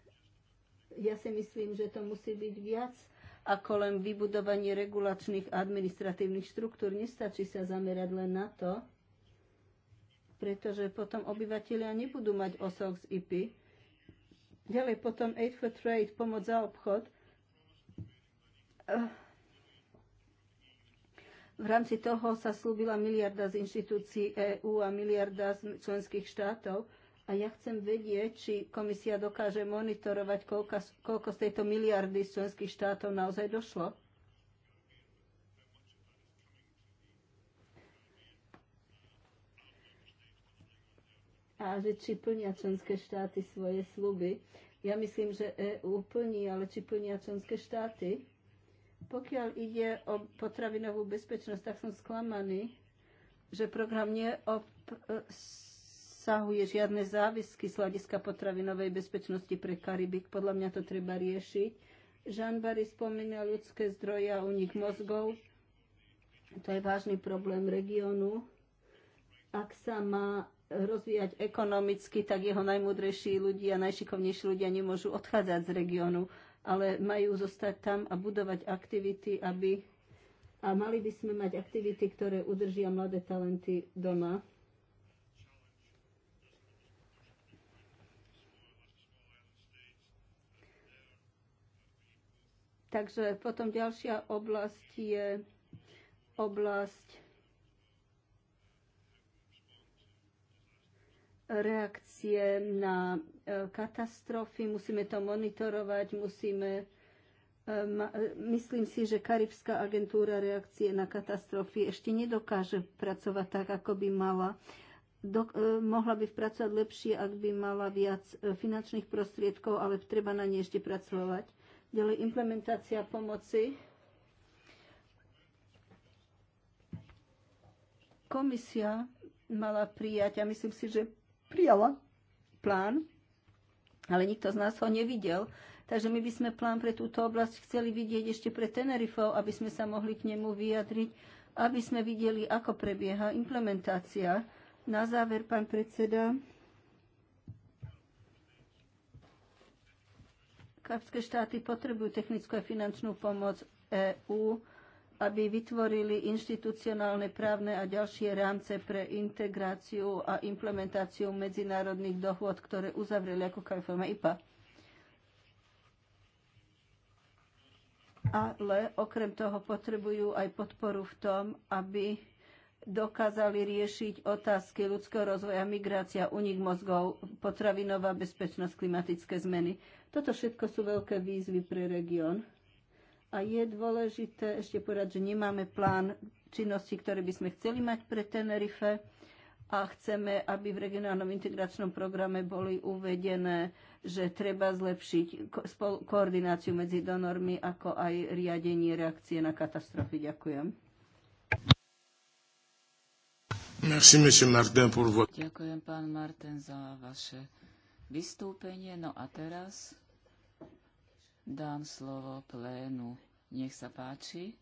ja si myslím, že to musí byť viac ako len vybudovanie regulačných administratívnych štruktúr. Nestačí sa zamerať len na to, pretože potom obyvateľia nebudú mať osoch z IP. Ďalej potom Aid for Trade, pomoc za obchod. Uh V rámci toho sa slúbila miliarda z inštitúcií EÚ a miliarda z členských štátov. A ja chcem vedieť, či komisia dokáže monitorovať, koľko, koľko z tejto miliardy z členských štátov naozaj došlo. A že či plnia členské štáty svoje sluby. Ja myslím, že EÚ plní, ale či plnia členské štáty? Pokiaľ ide o potravinovú bezpečnosť, tak som sklamaný, že program neobsahuje žiadne závisky z hľadiska potravinovej bezpečnosti pre Karibik. Podľa mňa to treba riešiť. Jean Barry spomína ľudské zdroje a unik mozgov. To je vážny problém regiónu. Ak sa má rozvíjať ekonomicky, tak jeho najmudrejší ľudia, najšikovnejší ľudia nemôžu odchádzať z regiónu ale majú zostať tam a budovať aktivity, aby a mali by sme mať aktivity, ktoré udržia mladé talenty doma. Takže potom ďalšia oblasť je oblasť E, e, e, reakcie na katastrofy, musimy to monitorować, musimy, myślę si, že Karibská Agentura reakcie na katastrofy nie dokaże pracować tak, ako by mala. Do, mohla by pracovať lepšie, ak by mala viac finančných prostriedkov, ale treba na nej ešte pracovať. Ďalej implementácia pomoci. Komisia mala prijať, a myslím si, že prijala plán, ale nikto z nás ho nevidel. Takže my by sme plán pre túto oblasť chceli vidieť ešte pre Tenerife, aby sme sa mohli k nemu vyjadriť, aby sme videli, ako prebieha implementácia. Na záver, pán predseda, Kapské štáty potrebujú technickú a finančnú pomoc EÚ aby vytvorili inštitucionálne, právne a ďalšie rámce pre integráciu a implementáciu medzinárodných dohôd, ktoré uzavreli ako KFM IPA. Ale okrem toho potrebujú aj podporu v tom, aby dokázali riešiť otázky ľudského rozvoja, migrácia, unik mozgov, potravinová bezpečnosť, klimatické zmeny. Toto všetko sú veľké výzvy pre región. A je dôležité ešte povedať, že nemáme plán činnosti, ktoré by sme chceli mať pre Tenerife a chceme, aby v regionálnom integračnom programe boli uvedené, že treba zlepšiť ko- koordináciu medzi donormi, ako aj riadenie reakcie na katastrofy. Ďakujem. Merci, Martin, pour... Ďakujem, pán Martin, za vaše vystúpenie. No a teraz dám slovo plénu. Nech sa páči.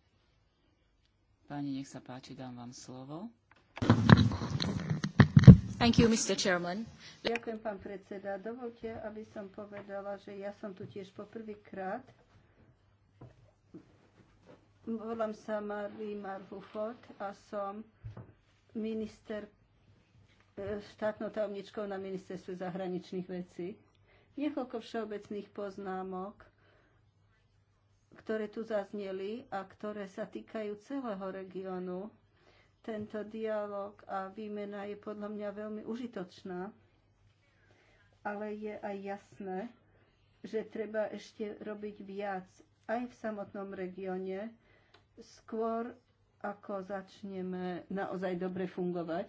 Pani, nech sa páči, dám vám slovo. Thank you, Mr. Chairman. Ďakujem, pán predseda. Dovolte, aby som povedala, že ja som tu tiež poprvýkrát. Volám sa Marie Marhufot a som minister e, štátnou tajomničkou na ministerstve zahraničných vecí. Niekoľko všeobecných poznámok ktoré tu zazneli a ktoré sa týkajú celého regiónu. Tento dialog a výmena je podľa mňa veľmi užitočná, ale je aj jasné, že treba ešte robiť viac aj v samotnom regióne, skôr ako začneme naozaj dobre fungovať.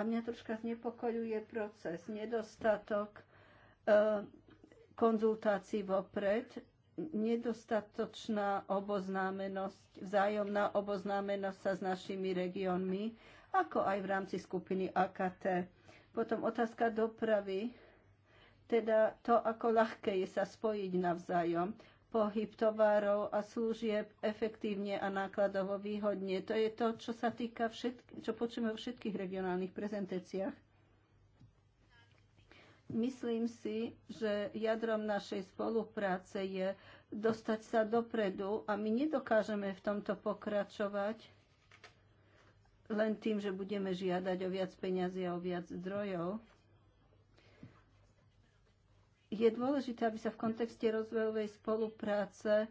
A mňa troška znepokojuje proces, nedostatok e, konzultácií vopred, nedostatočná oboznámenosť, vzájomná oboznámenosť sa s našimi regiónmi, ako aj v rámci skupiny AKT. Potom otázka dopravy, teda to, ako ľahké je sa spojiť navzájom, pohyb tovarov a služieb efektívne a nákladovo výhodne. To je to, čo sa týka všetk- čo počujeme vo všetkých regionálnych prezentáciách. Myslím si, že jadrom našej spolupráce je dostať sa dopredu a my nedokážeme v tomto pokračovať len tým, že budeme žiadať o viac peňazí a o viac zdrojov. Je dôležité, aby sa v kontexte rozvojovej spolupráce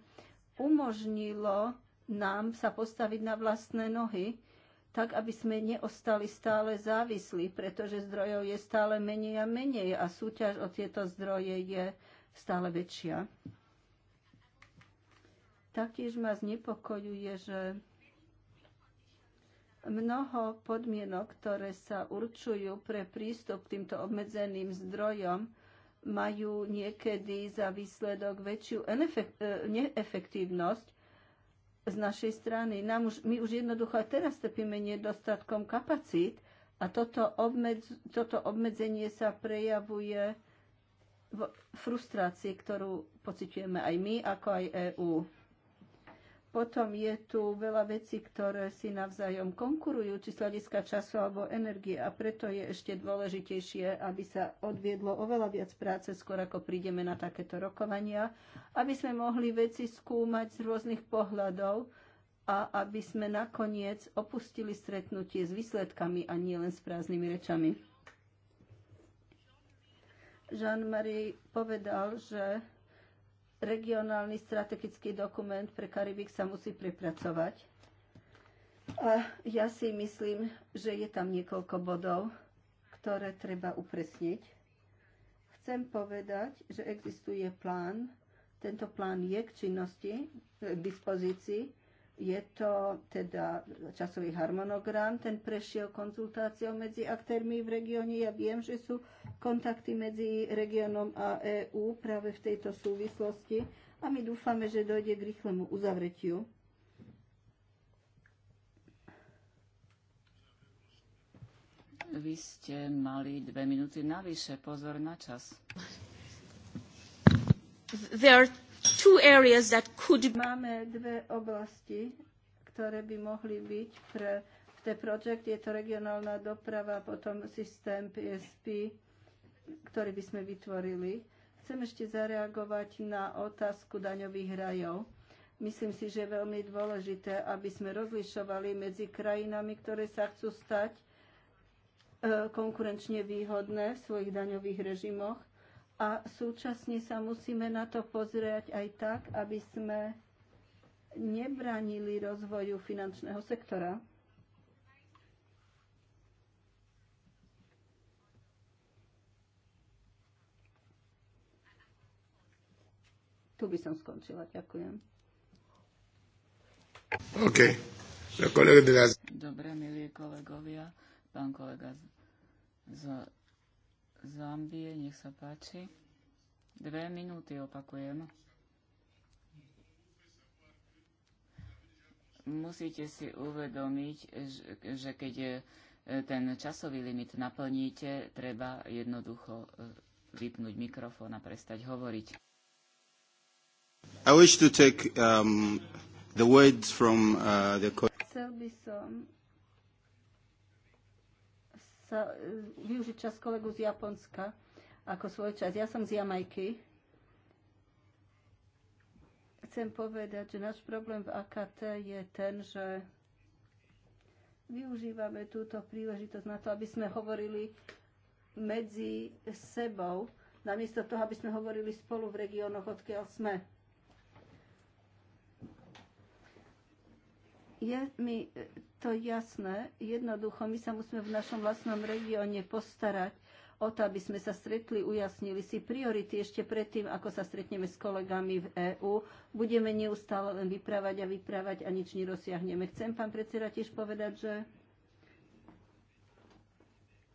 umožnilo nám sa postaviť na vlastné nohy tak aby sme neostali stále závislí, pretože zdrojov je stále menej a menej a súťaž o tieto zdroje je stále väčšia. Taktiež ma znepokojuje, že mnoho podmienok, ktoré sa určujú pre prístup k týmto obmedzeným zdrojom, majú niekedy za výsledok väčšiu e, neefektívnosť, z našej strany. Nám už, my už jednoducho aj teraz trpíme nedostatkom kapacít a toto, obmedz, toto obmedzenie sa prejavuje v frustrácii, ktorú pociťujeme aj my, ako aj EÚ. Potom je tu veľa vecí, ktoré si navzájom konkurujú, či z hľadiska času alebo energie a preto je ešte dôležitejšie, aby sa odviedlo oveľa viac práce skôr ako prídeme na takéto rokovania, aby sme mohli veci skúmať z rôznych pohľadov a aby sme nakoniec opustili stretnutie s výsledkami a nie len s prázdnymi rečami. Jean-Marie povedal, že Regionálny strategický dokument pre Karibik sa musí prepracovať. A ja si myslím, že je tam niekoľko bodov, ktoré treba upresniť. Chcem povedať, že existuje plán. Tento plán je k činnosti, k dispozícii je to teda časový harmonogram, ten prešiel konzultáciou medzi aktérmi v regióne. Ja viem, že sú kontakty medzi regiónom a EÚ práve v tejto súvislosti a my dúfame, že dojde k rýchlemu uzavretiu. Vy ste mali dve minúty navyše. Pozor na čas. There are two areas that could Máme dve oblasti, ktoré by mohli byť pre te projekt. Je to regionálna doprava, potom systém PSP, ktorý by sme vytvorili. Chcem ešte zareagovať na otázku daňových rajov. Myslím si, že je veľmi dôležité, aby sme rozlišovali medzi krajinami, ktoré sa chcú stať e, konkurenčne výhodné v svojich daňových režimoch a súčasne sa musíme na to pozrieť aj tak, aby sme nebranili rozvoju finančného sektora. Tu by som skončila. Ďakujem. OK. Dobre, milí kolegovia, pán kolega z Zambie, nech sa páči. Dve minúty opakujem. Musíte si uvedomiť, že keď e, ten časový limit naplníte, treba jednoducho e, vypnúť mikrofón a prestať hovoriť. Chcel by som sa, e, využiť čas kolegu z Japonska ako svoj čas. Ja som z Jamajky. Chcem povedať, že náš problém v AKT je ten, že využívame túto príležitosť na to, aby sme hovorili medzi sebou, namiesto toho, aby sme hovorili spolu v regiónoch, odkiaľ sme. Je mi to jasné. Jednoducho, my sa musíme v našom vlastnom regióne postarať o to, aby sme sa stretli, ujasnili si priority ešte predtým, ako sa stretneme s kolegami v EÚ. Budeme neustále len vyprávať a vyprávať a nič nerozsiahneme. Chcem, pán predseda, tiež povedať, že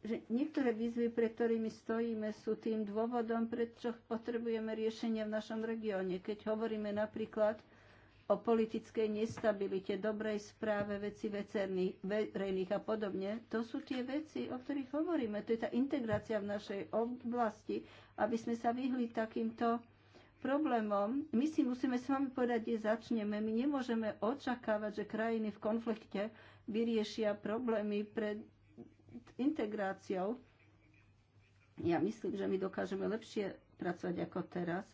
že niektoré výzvy, pre ktorými stojíme, sú tým dôvodom, prečo potrebujeme riešenia v našom regióne. Keď hovoríme napríklad o politickej nestabilite, dobrej správe, veci vecerných, verejných a podobne. To sú tie veci, o ktorých hovoríme. To je tá integrácia v našej oblasti, aby sme sa vyhli takýmto problémom. My si musíme s vami povedať, kde začneme. My nemôžeme očakávať, že krajiny v konflikte vyriešia problémy pred integráciou. Ja myslím, že my dokážeme lepšie pracovať ako teraz.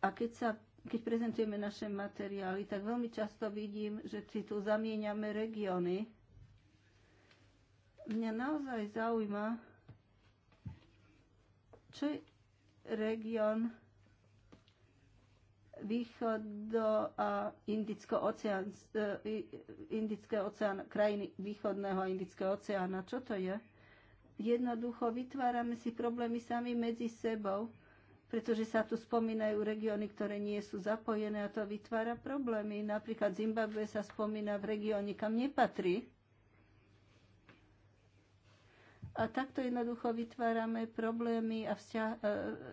A keď sa keď prezentujeme naše materiály, tak veľmi často vidím, že si tu zamieňame regióny. Mňa naozaj zaujíma, čo je región východo a Indicko oceán, e, Indické oceán, krajiny východného a Indického oceána. Čo to je? Jednoducho vytvárame si problémy sami medzi sebou pretože sa tu spomínajú regióny, ktoré nie sú zapojené a to vytvára problémy. Napríklad Zimbabwe sa spomína v regióne, kam nepatrí. A takto jednoducho vytvárame problémy a vzťah, e,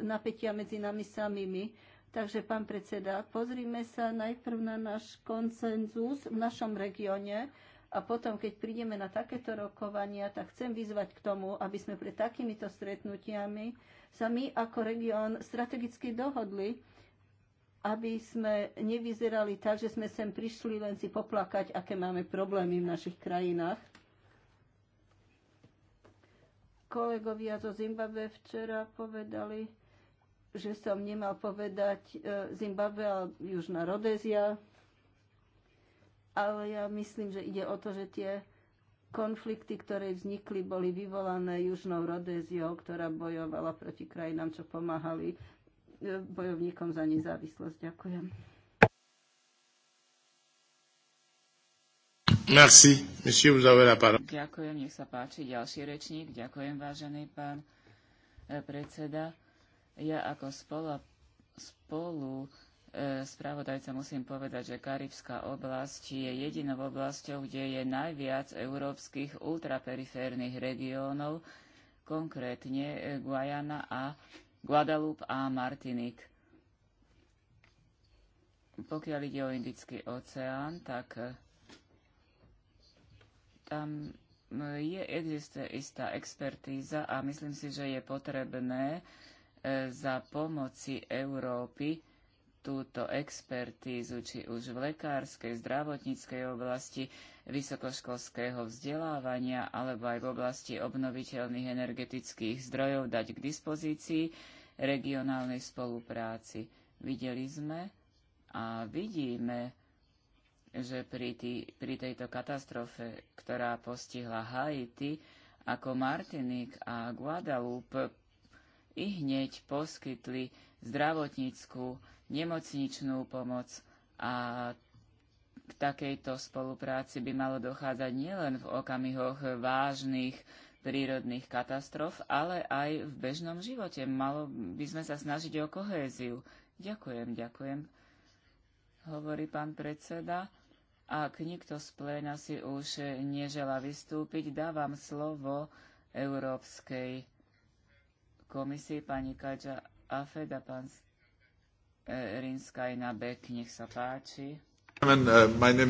napätia medzi nami samými. Takže, pán predseda, pozrime sa najprv na náš koncenzus v našom regióne A potom, keď prídeme na takéto rokovania, tak chcem vyzvať k tomu, aby sme pre takýmito stretnutiami sa my ako región strategicky dohodli, aby sme nevyzerali tak, že sme sem prišli len si poplakať, aké máme problémy v našich krajinách. Kolegovia zo Zimbabwe včera povedali, že som nemal povedať e, Zimbabwe, ale Južná Rodezia, ale ja myslím, že ide o to, že tie konflikty, ktoré vznikli, boli vyvolané Južnou Rodéziou, ktorá bojovala proti krajinám, čo pomáhali e, bojovníkom za nezávislosť. Ďakujem. Merci. Monsieur, vous avez la parole. Ďakujem, nech sa páči. Ďalší rečník. Ďakujem, vážený pán e, predseda. Ja ako spolu, spolu spravodajca musím povedať, že Karibská oblasť je jedinou oblasťou, kde je najviac európskych ultraperiférnych regiónov, konkrétne eh, Guajana a Guadalupe a Martinique. Pokiaľ ide o Indický oceán, tak eh, tam eh, je, existuje istá expertíza a myslím si, že je potrebné za pomoci Európy túto expertízu, či už v lekárskej, zdravotníckej oblasti, vysokoškolského vzdelávania alebo aj v oblasti obnoviteľných energetických zdrojov dať k dispozícii regionálnej spolupráci. Videli sme a vidíme, že pri, tý, pri tejto katastrofe, ktorá postihla Haiti, ako Martinik a Guadalupe i hneď poskytli zdravotníckú, nemocničnú pomoc a k takejto spolupráci by malo dochádzať nielen v okamihoch vážnych prírodných katastrof, ale aj v bežnom živote. Malo by sme sa snažiť o kohéziu. Ďakujem, ďakujem, hovorí pán predseda. Ak nikto z pléna si už nežela vystúpiť, dávam slovo Európskej komisii pani Kaďa Afed a pán e, Rinskajna Bek. Nech sa páči. Uh,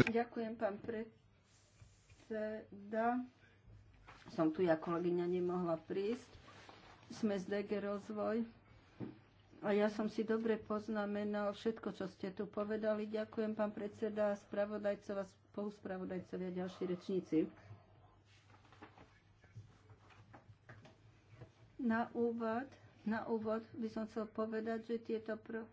Ďakujem, pán predseda. Som tu, ja kolegyňa nemohla prísť. Sme z DG Rozvoj. A ja som si dobre poznamenal všetko, čo ste tu povedali. Ďakujem, pán predseda, spravodajcov a spoluspravodajcovia, ďalší rečníci. Na úvod, na úvod by som chcel povedať, že tieto pro,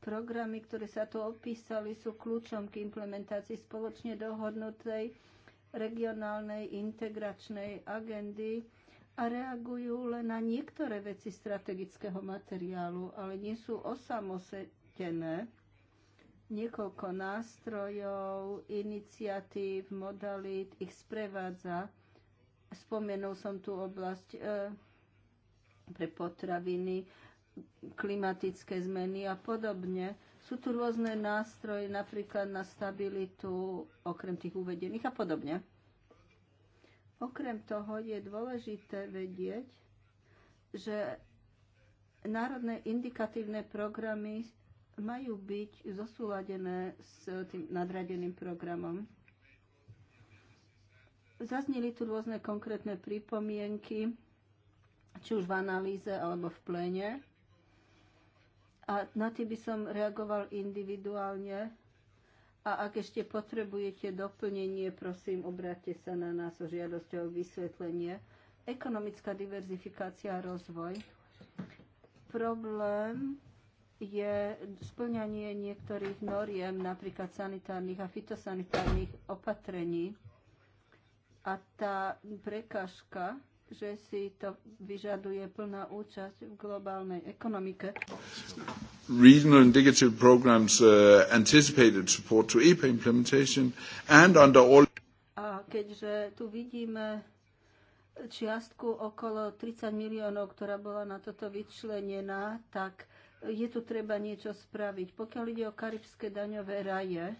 programy, ktoré sa tu opísali, sú kľúčom k implementácii spoločne dohodnutej regionálnej integračnej agendy a reagujú len na niektoré veci strategického materiálu, ale nie sú osamosetené. Niekoľko nástrojov, iniciatív, modalít ich sprevádza Spomenul som tu oblasť e, pre potraviny, klimatické zmeny a podobne. Sú tu rôzne nástroje, napríklad na stabilitu, okrem tých uvedených a podobne. Okrem toho je dôležité vedieť, že národné indikatívne programy majú byť zosúladené s tým nadradeným programom. Zazneli tu rôzne konkrétne pripomienky, či už v analýze alebo v plene. A na tie by som reagoval individuálne. A ak ešte potrebujete doplnenie, prosím, obráťte sa na nás o žiadosť o vysvetlenie. Ekonomická diverzifikácia a rozvoj. Problém je splňanie niektorých noriem, napríklad sanitárnych a fitosanitárnych opatrení A tá prekážka, že si to vyžaduje plná účasť v globálnej ekonomike. Regional indicative programs uh, anticipated support to EPA implementation and under all... A keďže tu vidíme čiastku okolo 30 miliónov, ktorá bola na toto vyčlenená, tak je tu treba niečo spraviť. Pokiaľ ide o karibské daňové raje,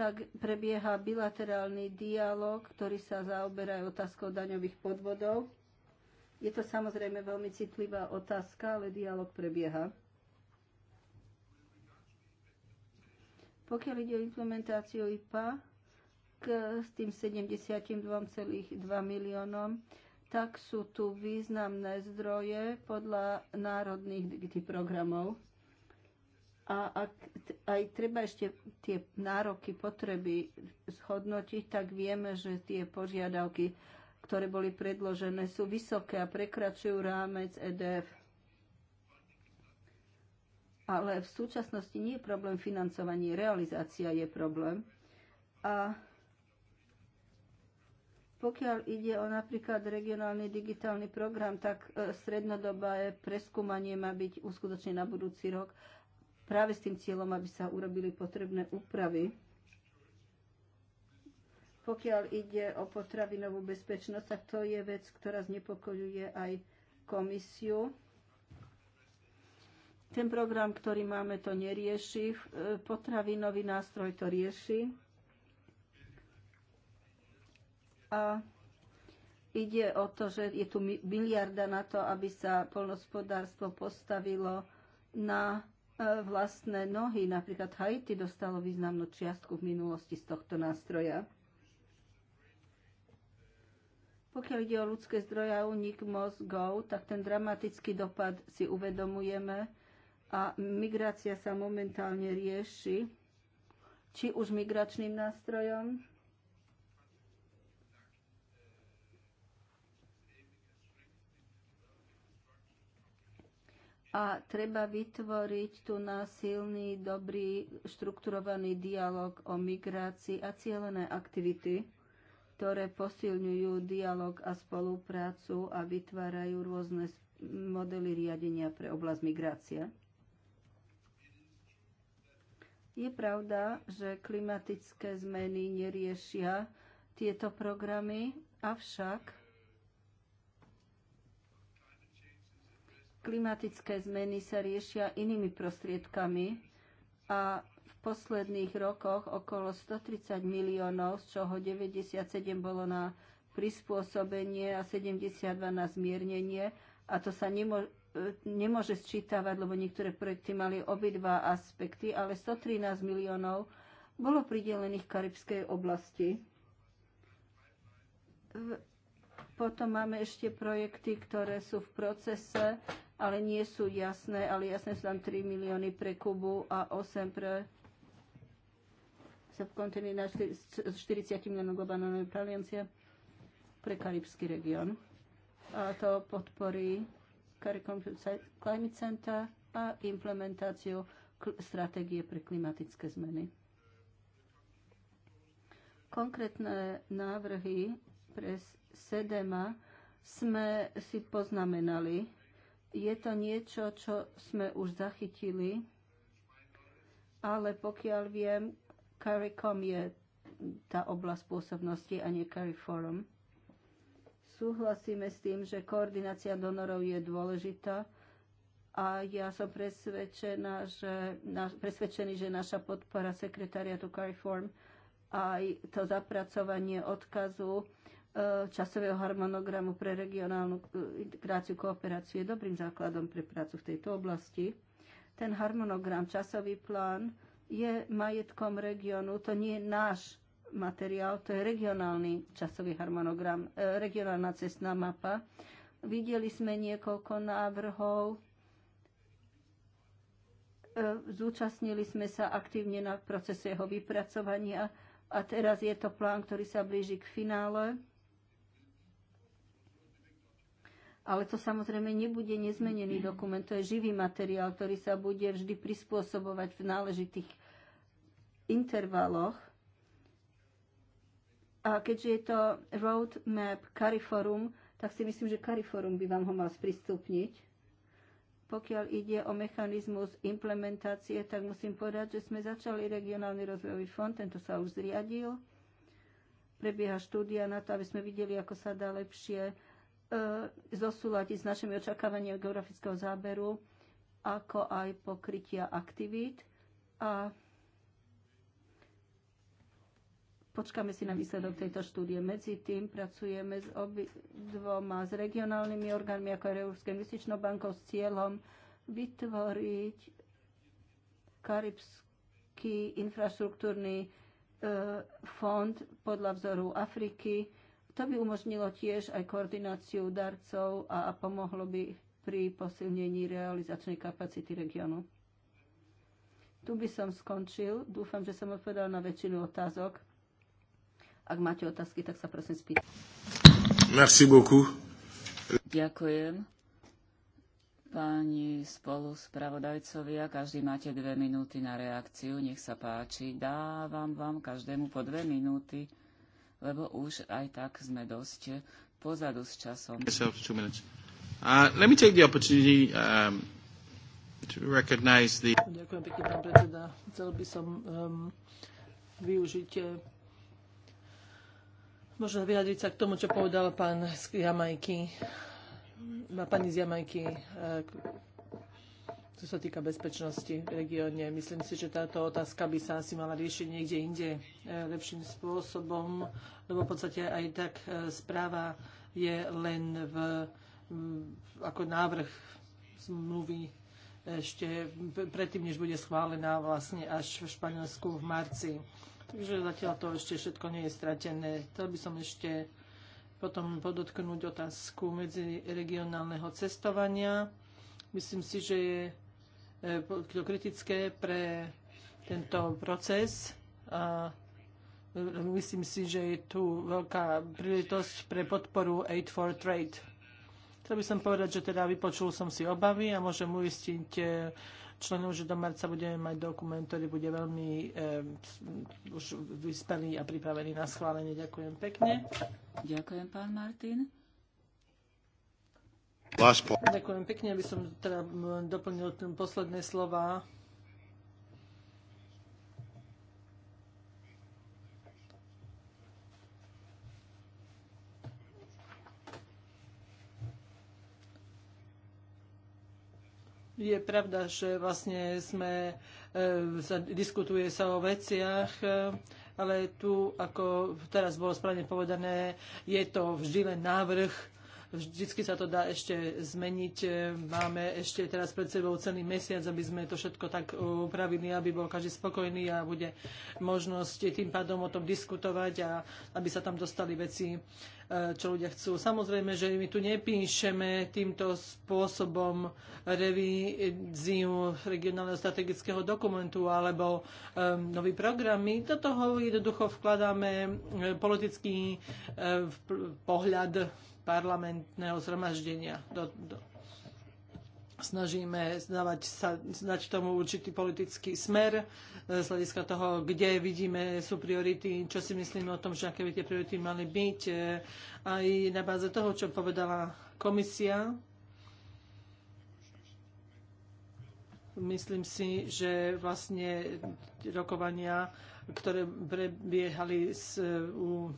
tak prebieha bilaterálny dialog, ktorý sa zaoberá aj otázkou daňových podvodov. Je to samozrejme veľmi citlivá otázka, ale dialog prebieha. Pokiaľ ide o implementáciu IPA k, s tým 72,2 miliónom, tak sú tu významné zdroje podľa národných digity programov a ak aj treba ešte tie nároky, potreby zhodnotiť, tak vieme, že tie požiadavky, ktoré boli predložené, sú vysoké a prekračujú rámec EDF. Ale v súčasnosti nie je problém financovanie, realizácia je problém. A pokiaľ ide o napríklad regionálny digitálny program, tak e, strednodobé preskúmanie má byť uskutočne na budúci rok práve s tým cieľom, aby sa urobili potrebné úpravy. Pokiaľ ide o potravinovú bezpečnosť, tak to je vec, ktorá znepokojuje aj komisiu. Ten program, ktorý máme, to nerieši. E, potravinový nástroj to rieši. A ide o to, že je tu miliarda na to, aby sa polnospodárstvo postavilo na E, vlastné nohy. Napríklad Haiti dostalo významnú čiastku v minulosti z tohto nástroja. Pokiaľ ide o ľudské zdroje a unik mozgov, tak ten dramatický dopad si uvedomujeme a migrácia sa momentálne rieši, či už migračným nástrojom, a treba vytvoriť tu násilný, dobrý, štrukturovaný dialog o migrácii a cieľené aktivity, ktoré posilňujú dialog a spoluprácu a vytvárajú rôzne modely riadenia pre oblasť migrácie. Je pravda, že klimatické zmeny neriešia tieto programy, avšak klimatické zmeny sa riešia inými prostriedkami a v posledných rokoch okolo 130 miliónov, z čoho 97 bolo na prispôsobenie a 72 na zmiernenie. A to sa nemôže nemôže sčítavať, lebo niektoré projekty mali obidva aspekty, ale 113 miliónov bolo pridelených Karibskej oblasti. Potom máme ešte projekty, ktoré sú v procese ale nie sú jasné, ale jasné sú tam 3 milióny pre Kubu a 8 pre subkontinent na 40 miliónov globálnej aliancie pre karibský región. A to podporí CARICOM Climate Center a implementáciu stratégie pre klimatické zmeny. Konkrétne návrhy pre SEDEMA sme si poznamenali je to niečo, čo sme už zachytili, ale pokiaľ viem, CARICOM je tá oblasť pôsobnosti a nie CARIFORUM. Súhlasíme s tým, že koordinácia donorov je dôležitá a ja som presvedčená, že, na, presvedčený, že naša podpora sekretariatu CARIFORM aj to zapracovanie odkazu E, časového harmonogramu pre regionálnu e, integráciu kooperáciu je dobrým základom pre prácu v tejto oblasti. Ten harmonogram, časový plán je majetkom regionu, to nie je náš materiál, to je regionálny časový harmonogram, e, regionálna cestná mapa. Videli sme niekoľko návrhov, zúčastnili sme sa aktívne na procese jeho vypracovania a teraz je to plán, ktorý sa blíži k finále Ale to samozrejme nebude nezmenený dokument, to je živý materiál, ktorý sa bude vždy prispôsobovať v náležitých intervaloch. A keďže je to roadmap Cariforum, tak si myslím, že Cariforum by vám ho mal sprístupniť pokiaľ ide o mechanizmus implementácie, tak musím povedať, že sme začali regionálny rozvojový fond, tento sa už zriadil. Prebieha štúdia na to, aby sme videli, ako sa dá lepšie E, zosúľadiť s našimi očakávaniami geografického záberu, ako aj pokrytia aktivít a počkáme si na výsledok tejto štúdie. Medzi tým pracujeme s obi dvoma s regionálnymi orgánmi, ako aj Európskej investičnou bankou, s cieľom vytvoriť karibský infraštruktúrny e, fond podľa vzoru Afriky, To by umožnilo tiež aj koordináciu darcov a pomohlo by pri posilnení realizačnej kapacity regionu. Tu by som skončil. Dúfam, že som odpovedal na väčšinu otázok. Ak máte otázky, tak sa prosím spýtajte. Merci beaucoup. Ďakujem. Páni spolu spravodajcovia, každý máte dve minúty na reakciu. Nech sa páči. Dávam vám každému po dve minúty lebo už aj tak sme dosť pozadu s časom. Uh, um, Ďakujem pekne, pán predseda. Chcel by som um, využiť eh, možno vyjadriť sa k tomu, čo povedal pán z Jamajky, pani z Jamajky, eh, čo sa týka bezpečnosti v regióne. Myslím si, že táto otázka by sa asi mala riešiť niekde inde e, lepším spôsobom, lebo v podstate aj tak e, správa je len v, ako návrh zmluvy e, ešte predtým, než bude schválená vlastne až v Španielsku v marci. Takže zatiaľ to ešte všetko nie je stratené. Chcel by som ešte potom podotknúť otázku medziregionálneho cestovania. Myslím si, že je E, kritické pre tento proces. A myslím si, že je tu veľká príležitosť pre podporu Aid for Trade. Chcel by som povedať, že teda vypočul som si obavy a môžem uistiť e, členov, že do marca budeme mať dokument, ktorý bude veľmi eh, už vyspelý a pripravený na schválenie. Ďakujem pekne. Ďakujem, pán Martin. Ďakujem pekne, aby som teda doplnil posledné slova. Je pravda, že vlastne sme, e, sa, diskutuje sa o veciach, e, ale tu, ako teraz bolo správne povedané, je to vždy len návrh Vždycky sa to dá ešte zmeniť. E, Máme ešte teraz pred sebou celý mesiac, aby sme to všetko tak e, upravili, aby bol každý spokojný a bude možnosť tým pádom o tom diskutovať a aby sa tam dostali veci, e, čo ľudia chcú. Samozrejme, že my tu nepíšeme týmto spôsobom revíziu regionálneho strategického dokumentu alebo um, nový program. My do toho jednoducho vkladáme politický um, pohľad parlamentného zhromaždenia. Do, do, snažíme dávať sa, dať tomu určitý politický smer e, z hľadiska toho, kde vidíme sú priority, čo si myslíme o tom, že aké by tie priority mali byť. E, aj na báze toho, čo povedala komisia, myslím si, že vlastne rokovania, ktoré prebiehali s, e, u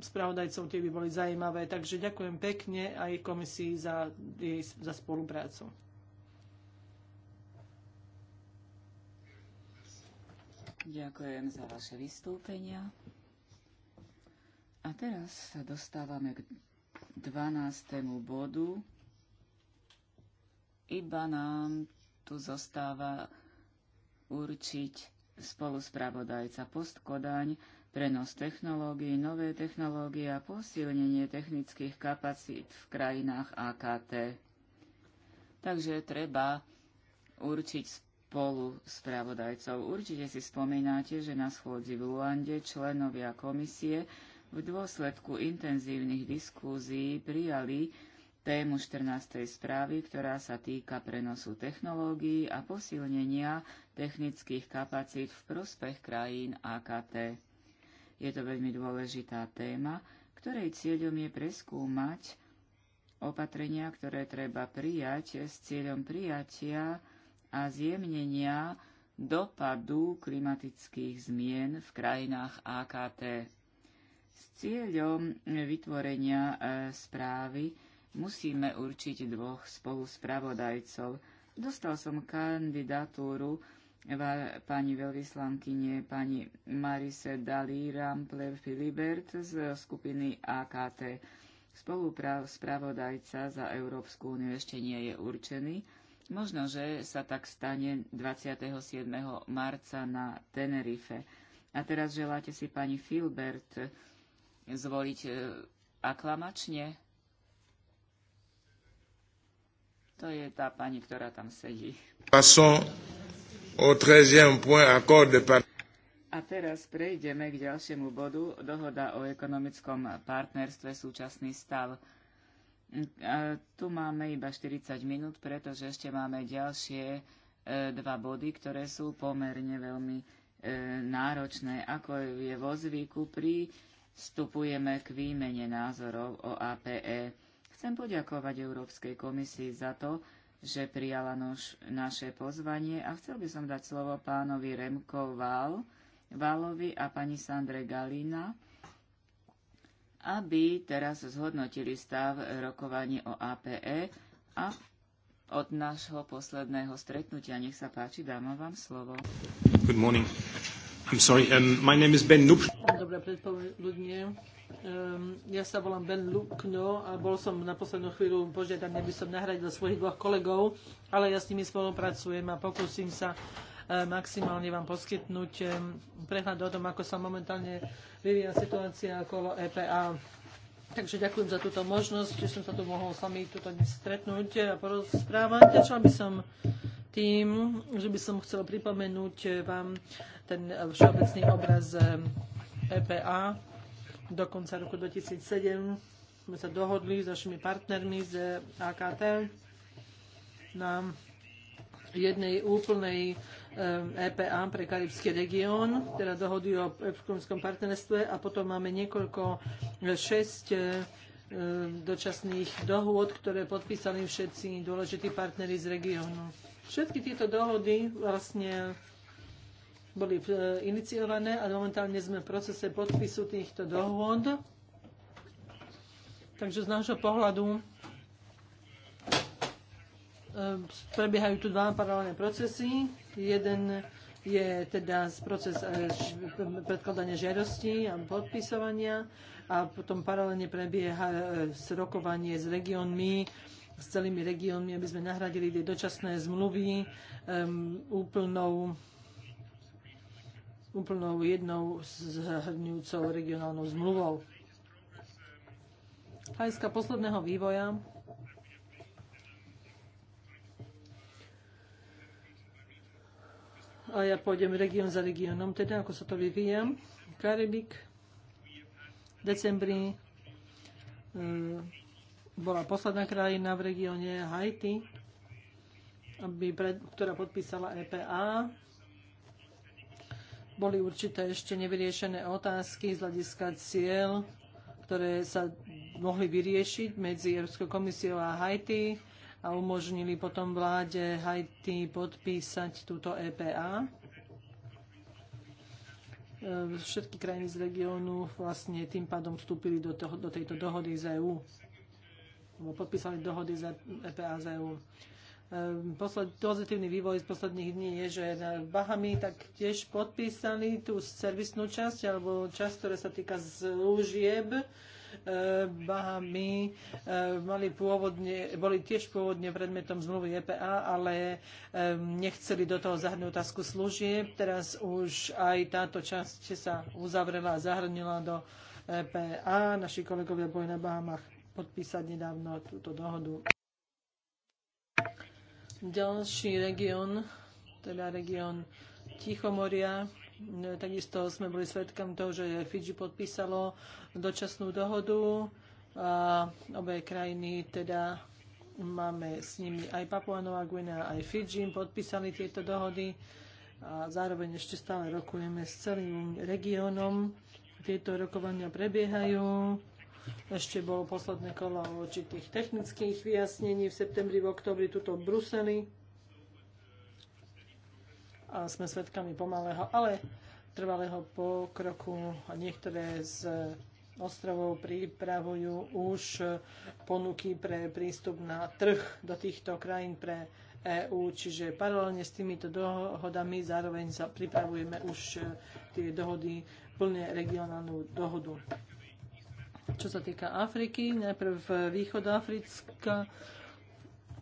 spravodajcov tie by boli zaujímavé. Takže ďakujem pekne aj komisii za, jej, za spoluprácu. Ďakujem za vaše vystúpenia. A teraz sa dostávame k 12. bodu. Iba nám tu zostáva určiť spoluspravodajca postkodaň prenos technológií, nové technológie a posilnenie technických kapacít v krajinách AKT. Takže treba určiť spolu spravodajcov. Určite si spomínate, že na schôdzi v Luande členovia komisie v dôsledku intenzívnych diskúzií prijali tému 14. správy, ktorá sa týka prenosu technológií a posilnenia technických kapacít v prospech krajín AKT. Je to veľmi dôležitá téma, ktorej cieľom je preskúmať opatrenia, ktoré treba prijať s cieľom prijatia a zjemnenia dopadu klimatických zmien v krajinách AKT. S cieľom vytvorenia e, správy musíme určiť dvoch spoluspravodajcov. Dostal som kandidatúru pani veľvyslankyne pani Marise Dalí Rampler Filibert z skupiny AKT. Spolupravodajca za Európsku úniu ešte nie je určený. Možno, že sa tak stane 27. marca na Tenerife. A teraz želáte si pani Filbert zvoliť e, aklamačne? To je tá pani, ktorá tam sedí. Façon au 13 point de par... A teraz prejdeme k ďalšiemu bodu, dohoda o ekonomickom partnerstve súčasný stav. Mm, tu máme iba 40 minút, pretože ešte máme ďalšie e, dva body, ktoré sú pomerne veľmi e, náročné. Ako je vo zvyku, pristupujeme k výmene názorov o APE. Chcem poďakovať Európskej komisii za to, že prijala nož, naše pozvanie a chcel by som dať slovo pánovi Remko Val, Valovi a pani Sandre Galina, aby teraz zhodnotili stav rokovanie o APE a od nášho posledného stretnutia. Nech sa páči, dám vám slovo. Good morning. I'm sorry, um, my name is Ben Nup. Dobre predpoludne. Um, ja sa volám Ben Lukno a bol som na poslednú chvíľu požiadaný, aby som nahradil svojich dvoch kolegov, ale ja s nimi spolupracujem a pokúsim sa eh, maximálne vám poskytnúť ehm, prehľad o tom, ako sa momentálne vyvíja situácia okolo EPA. Takže ďakujem za túto možnosť, že som sa tu mohol s vami tuto dnes stretnúť a porozprávať. Začal by som tým, že by som chcel pripomenúť eh, vám ten eh, všeobecný obraz EPA e do konca roku 2007 sme sa dohodli s našimi partnermi z AKT na jednej úplnej EPA eh, e pre Karibský región, teda dohody o ekonomickom partnerstve a potom máme niekoľko, eh, šesť eh, dočasných dohôd, ktoré podpísali všetci dôležití partnery z regiónu. Všetky tieto dohody vlastne boli e, iniciované a momentálne sme v procese podpisu týchto dohôd. Takže z nášho pohľadu e, prebiehajú tu dva paralelné procesy. Jeden je teda proces e, predkladania žiadosti a podpisovania a potom paralelne prebieha rokovanie s regiónmi, s celými regiónmi, aby sme nahradili tie dočasné zmluvy um, úplnou úplnou jednou zhrňujúcou regionálnou zmluvou. Hľadiska posledného vývoja a ja pôjdem región za regiónom, teda ako sa to vyvíja. Karibik v decembri um, bola posledná krajina v regióne Haiti, aby pred, ktorá podpísala EPA boli určité ešte nevyriešené otázky z hľadiska cieľ, ktoré sa mohli vyriešiť medzi Európskou komisiou a Haiti a umožnili potom vláde Haiti podpísať túto EPA. E, všetky krajiny z regiónu vlastne tým pádom vstúpili do, toho, do tejto dohody z EÚ. Podpísali dohody z EPA z EÚ. Ehm, posled, pozitívny vývoj z posledných dní je, že na Bahami tak tiež podpísali tú servisnú časť alebo časť, ktorá sa týka služieb. Ehm, Bahami ehm, mali pôvodne, boli tiež pôvodne predmetom zmluvy EPA, ale nechceli do toho zahrnúť otázku služieb. Teraz už aj táto časť sa uzavrela a zahrnila do EPA. Naši kolegovia boli na Bahamach podpísať nedávno túto dohodu. Ďalší región, teda región Tichomoria, e, takisto sme boli svedkami toho, že Fidži podpísalo dočasnú dohodu a obe krajiny teda máme s nimi aj Papua Nová Guinea, aj Fidži podpísali tieto dohody a zároveň ešte stále rokujeme s celým regiónom. Tieto rokovania prebiehajú. Ešte bolo posledné kolo určitých technických vyjasnení v septembri, v oktobri tuto v Bruseli. A sme svedkami pomalého, ale trvalého pokroku a niektoré z ostrovov pripravujú už ponuky pre prístup na trh do týchto krajín pre EÚ, čiže paralelne s týmito dohodami zároveň sa pripravujeme už tie dohody plne regionálnu dohodu. Čo sa týka Afriky, najprv východ Africka,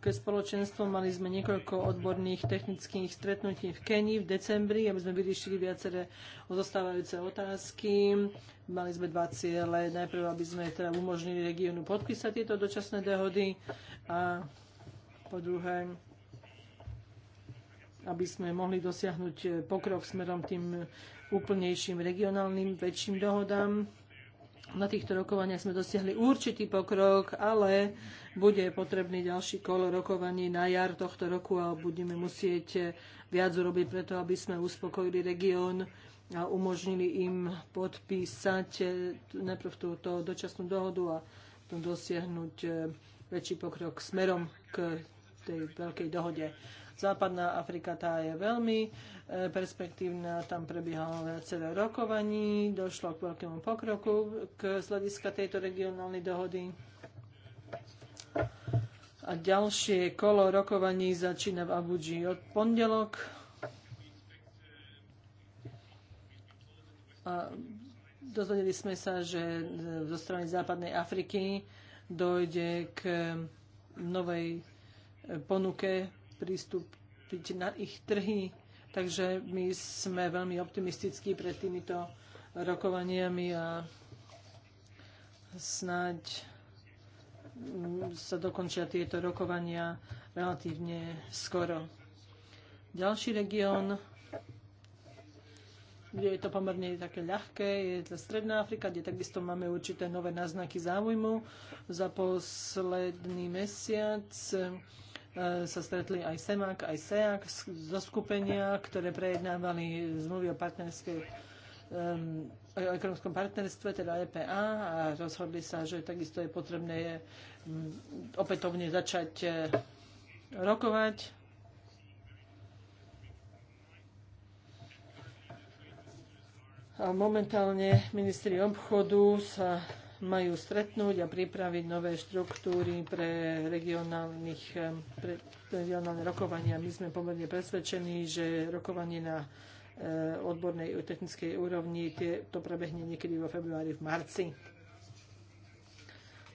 ke spoločenstvo. Mali sme niekoľko odborných technických stretnutí v Kenii v decembri, aby sme vyriešili viaceré zostávajúce otázky. Mali sme dva ciele. Najprv, aby sme teda umožnili regiónu podpísať tieto dočasné dohody a po druhé, aby sme mohli dosiahnuť pokrok smerom tým úplnejším regionálnym väčším dohodám na týchto rokovaniach sme dosiahli určitý pokrok, ale bude potrebný ďalší kolo rokovaní na jar tohto roku a budeme musieť viac urobiť preto, aby sme uspokojili región a umožnili im podpísať e, najprv túto dočasnú dohodu a dosiahnuť e, väčší pokrok smerom k tej veľkej dohode. Západná Afrika tá je veľmi e, perspektívna, tam prebiehalo celé rokovaní, došlo k veľkému pokroku k z hľadiska tejto regionálnej dohody. A ďalšie kolo rokovaní začína v Abuji od pondelok. A dozvedeli sme sa, že e, zo strany západnej Afriky dojde k novej e, ponuke pristúpiť na ich trhy. Takže my sme veľmi optimistickí pred týmito rokovaniami a snáď mm, sa dokončia tieto rokovania relatívne skoro. Ďalší región, kde je to pomerne také ľahké, je to Stredná Afrika, kde takisto máme určité nové náznaky záujmu. Za posledný mesiac E, sa stretli aj SEMAK, aj SEAK zo skupenia, ktoré prejednávali zmluvy o partnerskej o ekonomickom partnerstve, teda EPA, a rozhodli sa, že takisto je potrebné opätovne začať e, rokovať. A momentálne ministri obchodu sa majú stretnúť a pripraviť nové štruktúry pre, regionálnych, eh, pre regionálne rokovania. My sme pomerne presvedčení, že rokovanie na eh, odbornej technickej úrovni tie, to prebehne niekedy vo februári, v marci.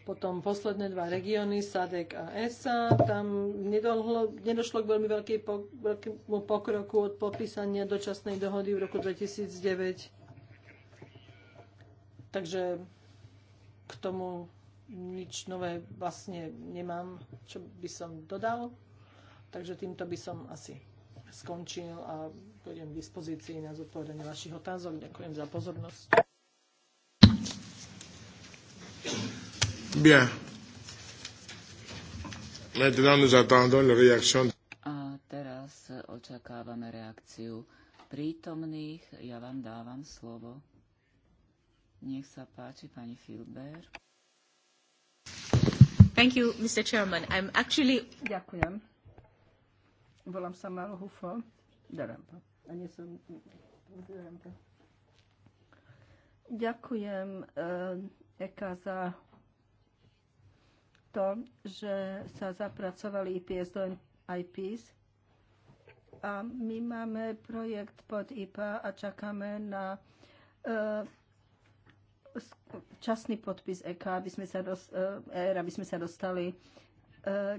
Potom posledné dva regióny, SADEK a ESA, tam nedohlo, nedošlo k veľmi veľkej po, veľkému pokroku od popísania dočasnej dohody v roku 2009. Takže k tomu nič nové vlastne nemám, čo by som dodal. Takže týmto by som asi skončil a budem k dispozícii na zodpovedanie vašich otázok. Ďakujem za pozornosť. Bien. Maintenant nous attendons la réaction. A teraz očakávame reakciu prítomných. Ja vám dávam slovo. Nech sa páči, pani Filber. Thank you, Mr. Chairman. I'm actually... Ďakujem. Volám sa Mal Hufo. Darampa. A nie som... Darampa. Ďakujem, eh, Eka, za to, že sa zapracovali IPS do IPS. A my máme projekt pod IPA a čakáme na e, časný podpis EK, aby sme sa, dos, ER, aby sme sa dostali e,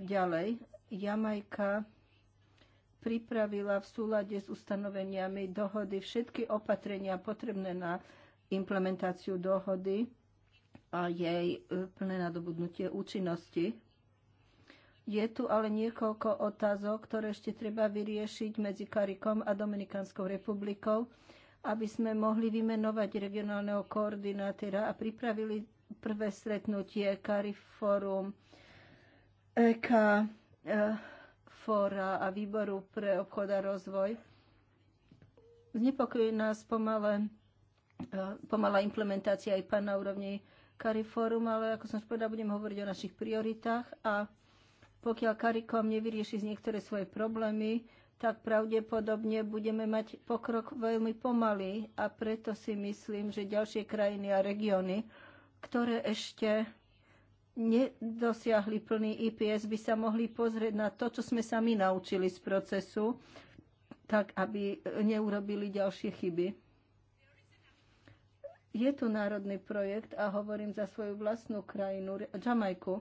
ďalej. Jamajka pripravila v súlade s ustanoveniami dohody všetky opatrenia potrebné na implementáciu dohody a jej e, plné nadobudnutie účinnosti. Je tu ale niekoľko otázok, ktoré ešte treba vyriešiť medzi Karikom a Dominikánskou republikou aby sme mohli vymenovať regionálneho koordinátora a pripravili prvé stretnutie Cariforum, EK, e, Fora a Výboru pre obchod a rozvoj. Znepokojuje nás pomalé, e, pomalá implementácia aj pána úrovni Cariforum, ale ako som už povedala, budem hovoriť o našich prioritách a pokiaľ CARICOM nevyrieši niektoré svoje problémy, tak pravdepodobne budeme mať pokrok veľmi pomaly a preto si myslím, že ďalšie krajiny a regióny, ktoré ešte nedosiahli plný IPS, by sa mohli pozrieť na to, čo sme sami naučili z procesu, tak aby neurobili ďalšie chyby. Je tu národný projekt a hovorím za svoju vlastnú krajinu, Jamajku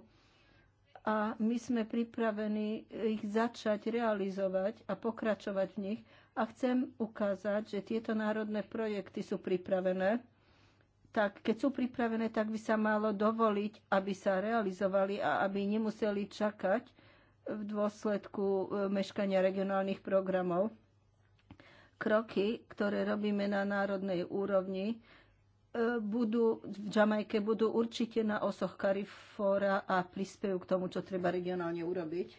a my sme pripravení ich začať realizovať a pokračovať v nich. A chcem ukázať, že tieto národné projekty sú pripravené. Tak keď sú pripravené, tak by sa malo dovoliť, aby sa realizovali a aby nemuseli čakať v dôsledku e, meškania regionálnych programov. Kroky, ktoré robíme na národnej úrovni, E, budú, v Jamajke budú určite na osoch Karifora a prispejú k tomu, čo treba regionálne urobiť.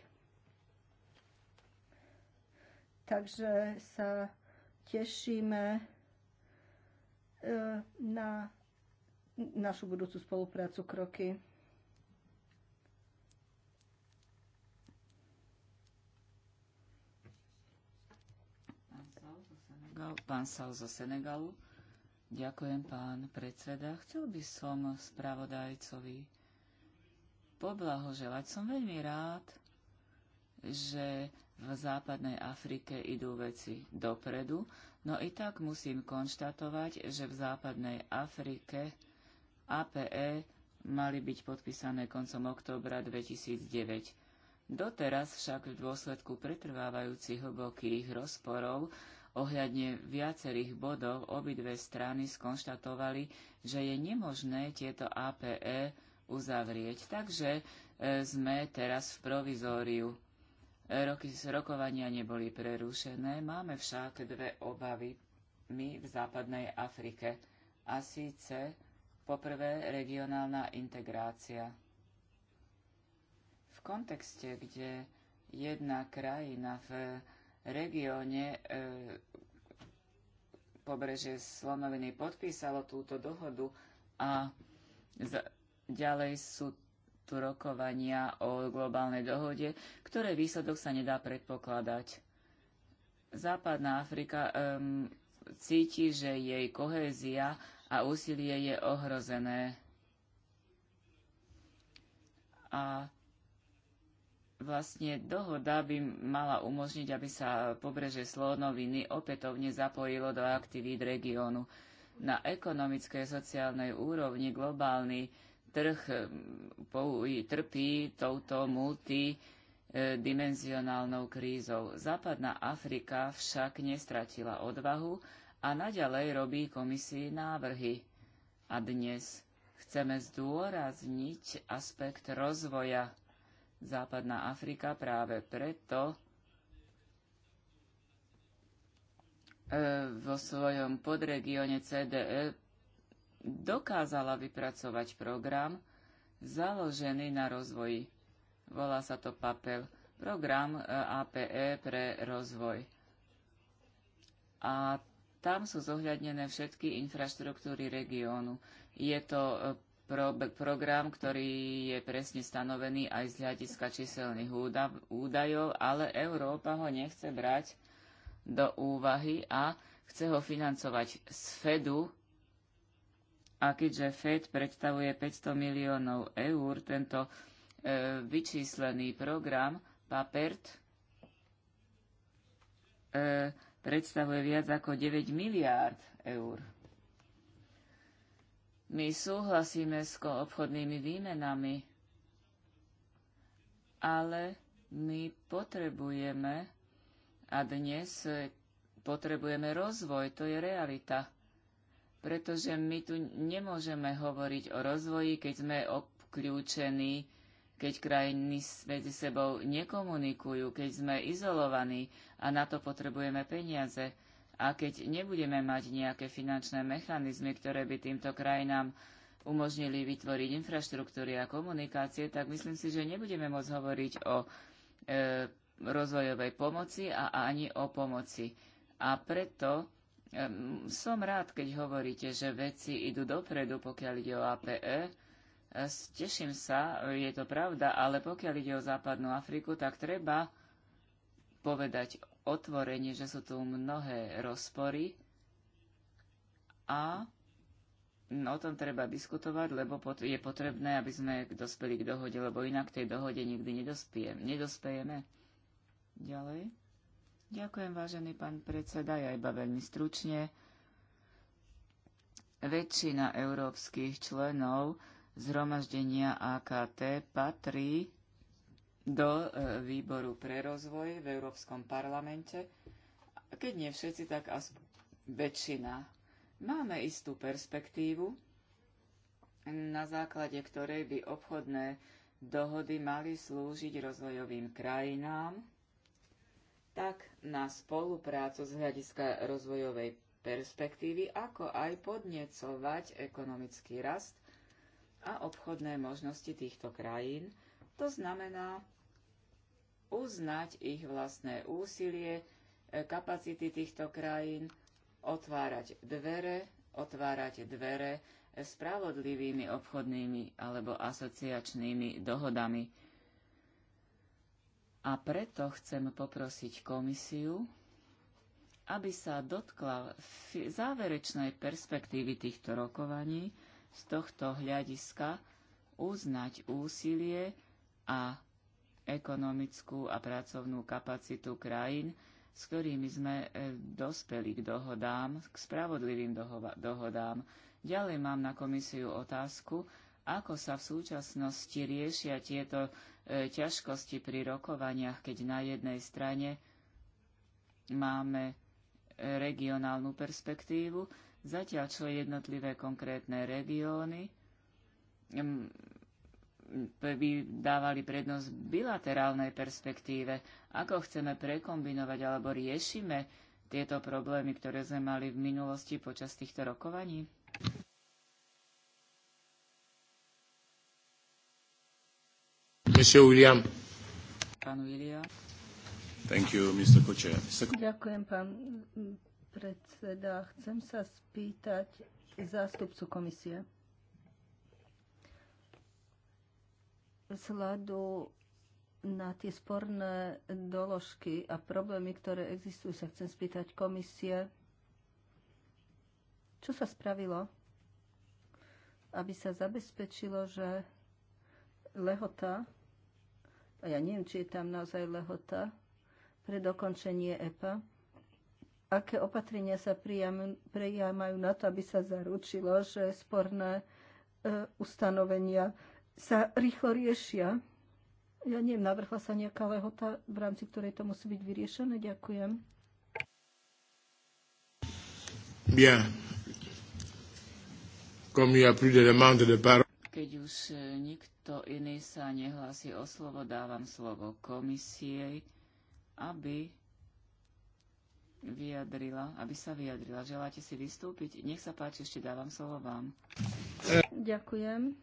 Takže sa tešíme e, na našu budúcu spoluprácu kroky. Pán Sal zo Senegalu Ďakujem, pán predseda. Chcel by som spravodajcovi poblahoželať. Som veľmi rád, že v západnej Afrike idú veci dopredu, no i tak musím konštatovať, že v západnej Afrike APE mali byť podpísané koncom októbra 2009. Doteraz však v dôsledku pretrvávajúcich hlbokých rozporov Ohľadne viacerých bodov obidve strany skonštatovali, že je nemožné tieto APE uzavrieť. Takže e, sme teraz v provizóriu. E, roky z rokovania neboli prerušené, máme však dve obavy my v západnej Afrike. A síce poprvé regionálna integrácia. V kontexte, kde jedna krajina v regióne e, pobreže Slonoviny podpísalo túto dohodu a za, ďalej sú tu rokovania o globálnej dohode, ktoré výsledok sa nedá predpokladať. Západná Afrika um, e, cíti, že jej kohézia a úsilie je ohrozené. A vlastne dohoda by mala umožniť, aby sa pobreže Slonoviny opätovne zapojilo do aktivít regiónu. Na ekonomickej a sociálnej úrovni globálny trh e, trpí touto multidimenzionálnou krízou. Západná Afrika však nestratila odvahu a naďalej robí komisii návrhy. A dnes chceme zdôrazniť aspekt rozvoja Západná Afrika práve preto e, vo svojom podregióne CDE dokázala vypracovať program založený na rozvoji. Volá sa to PAPEL, program APE e pre rozvoj. A tam sú zohľadnené všetky infraštruktúry regiónu. Je to e, pro, program, ktorý je presne stanovený aj z hľadiska číselných údajov, ale Európa ho nechce brať do úvahy a chce ho financovať z Fedu. A keďže Fed predstavuje 500 miliónov eur, tento e, vyčíslený program PAPERT e, predstavuje viac ako 9 miliárd eur. My súhlasíme s obchodnými výmenami, ale my potrebujeme a dnes potrebujeme rozvoj, to je realita. Pretože my tu nemôžeme hovoriť o rozvoji, keď sme obklúčení, keď krajiny medzi sebou nekomunikujú, keď sme izolovaní a na to potrebujeme peniaze. A keď nebudeme mať nejaké finančné mechanizmy, ktoré by týmto krajinám umožnili vytvoriť infraštruktúry a komunikácie, tak myslím si, že nebudeme môcť hovoriť o e, rozvojovej pomoci a, ani o pomoci. A preto e, som rád, keď hovoríte, že veci idú dopredu, pokiaľ ide o APE. E, teším sa, je to pravda, ale pokiaľ ide o západnú Afriku, tak treba povedať otvorenie, že sú tu mnohé rozpory a no, o tom treba diskutovať, lebo je potrebné, aby sme dospeli k dohode, lebo inak tej dohode nikdy nedospie, nedospejeme. Ďalej. Ďakujem, vážený pán predseda, ja iba veľmi stručne. Väčšina európskych členov zhromaždenia AKT patrí do e, výboru pre rozvoj v Európskom parlamente. Keď nie všetci, tak aspoň väčšina. Máme istú perspektívu, na základe ktorej by obchodné dohody mali slúžiť rozvojovým krajinám, tak na spoluprácu z hľadiska rozvojovej perspektívy, ako aj podnecovať ekonomický rast a obchodné možnosti týchto krajín, to znamená uznať ich vlastné úsilie, e, kapacity týchto krajín, otvárať dvere, otvárať dvere spravodlivými obchodnými alebo asociačnými dohodami. A preto chcem poprosiť komisiu, aby sa dotkla v záverečnej perspektívy týchto rokovaní z tohto hľadiska uznať úsilie a ekonomickú a pracovnú kapacitu krajín, s ktorými sme e, dospeli k dohodám, k spravodlivým dohodám. Ďalej mám na komisiu otázku, ako sa v súčasnosti riešia tieto e, ťažkosti pri rokovaniach, keď na jednej strane máme e, regionálnu perspektívu, zatiaľ čo jednotlivé konkrétne regióny by dávali prednosť bilaterálnej perspektíve, ako chceme prekombinovať alebo riešime tieto problémy, ktoré sme mali v minulosti počas týchto rokovaní? Monsieur William. Pán William. Thank you, Mr. Koče. Ďakujem, pán predseda. Chcem sa spýtať zástupcu komisie. vzhľadu na tie sporné doložky a problémy, ktoré existujú, sa chcem spýtať komisie, čo sa spravilo, aby sa zabezpečilo, že lehota, a ja neviem, či je tam naozaj lehota, pre dokončenie EPA, aké opatrenia sa prijímajú na to, aby sa zaručilo, že sporné e, ustanovenia sa rýchlo riešia. Ja neviem, navrhla sa nejaká lehota, v rámci ktorej to musí byť vyriešené. Ďakujem. Bien. Comme il y a plus de demande de parole. Keď už e, nikto iný sa nehlási o slovo, dávam slovo komisie, aby vyjadrila, aby sa vyjadrila. Želáte si vystúpiť? Nech sa páči, ešte dávam slovo vám. Ďakujem.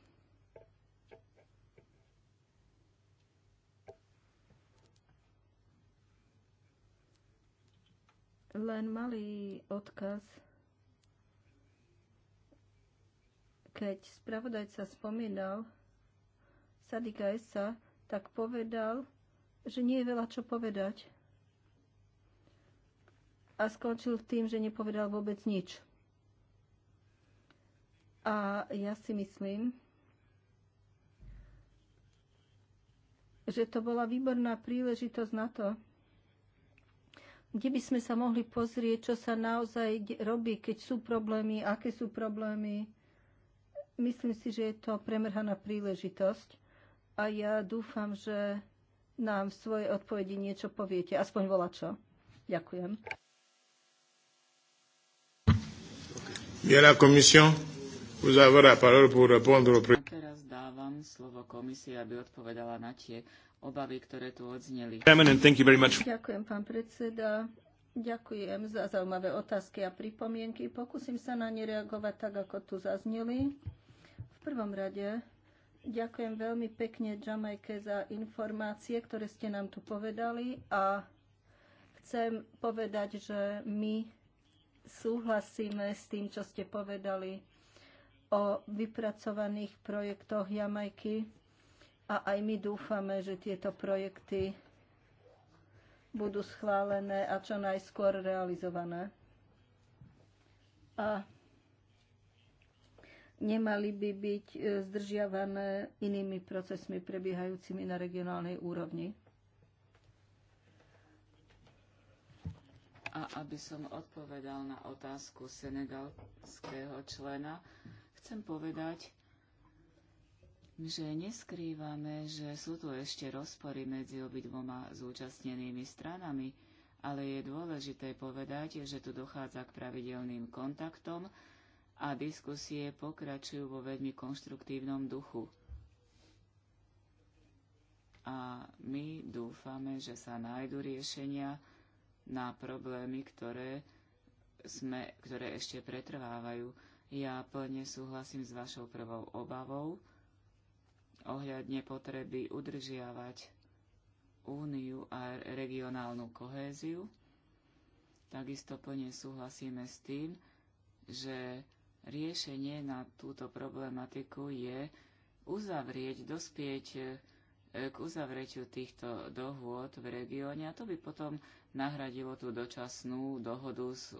len malý odkaz. Keď spravodajca spomínal Sadika Esa, tak povedal, že nie je veľa čo povedať. A skončil tým, že nepovedal vôbec nič. A ja si myslím, že to bola výborná príležitosť na to, kde by sme sa mohli pozrieť, čo sa naozaj robí, keď sú problémy, aké sú problémy. Myslím si, že je to premrhaná príležitosť a ja dúfam, že nám v svojej odpovedi niečo poviete, aspoň volá čo. Ďakujem. Bien, Teraz dávam slovo komisii, aby odpovedala na tie obavy, ktoré tu odzneli. Ďakujem, pán predseda. Ďakujem za zaujímavé otázky a pripomienky. Pokúsim sa na ne reagovať tak, ako tu zazneli. V prvom rade ďakujem veľmi pekne Jamajke za informácie, ktoré ste nám tu povedali a chcem povedať, že my súhlasíme s tým, čo ste povedali o vypracovaných projektoch Jamajky a aj my dúfame, že tieto projekty budú schválené a čo najskôr realizované. A nemali by byť e, zdržiavané inými procesmi prebiehajúcimi na regionálnej úrovni. A aby som odpovedal na otázku senegalského člena, chcem povedať, že neskrývame, že sú tu ešte rozpory medzi obidvoma zúčastnenými stranami, ale je dôležité povedať, že tu dochádza k pravidelným kontaktom a diskusie pokračujú vo veľmi konštruktívnom duchu. A my dúfame, že sa nájdu riešenia na problémy, ktoré, sme, ktoré ešte pretrvávajú. Ja plne súhlasím s vašou prvou obavou, ohľadne potreby udržiavať úniu a regionálnu kohéziu. Takisto plne súhlasíme s tým, že riešenie na túto problematiku je uzavrieť, dospieť e, k uzavretiu týchto dohôd v regióne a to by potom nahradilo tú dočasnú dohodu s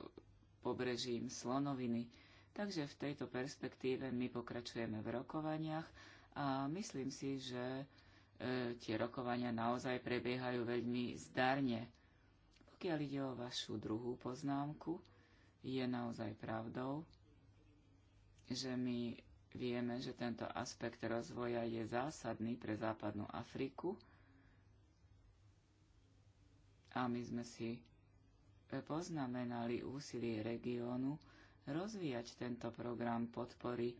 pobrežím Slonoviny. Takže v tejto perspektíve my pokračujeme v rokovaniach a myslím si, že e, tie rokovania naozaj prebiehajú veľmi zdarne. Pokiaľ ide o vašu druhú poznámku, je naozaj pravdou, že my vieme, že tento aspekt rozvoja je zásadný pre západnú Afriku a my sme si poznamenali úsilie regiónu rozvíjať tento program podpory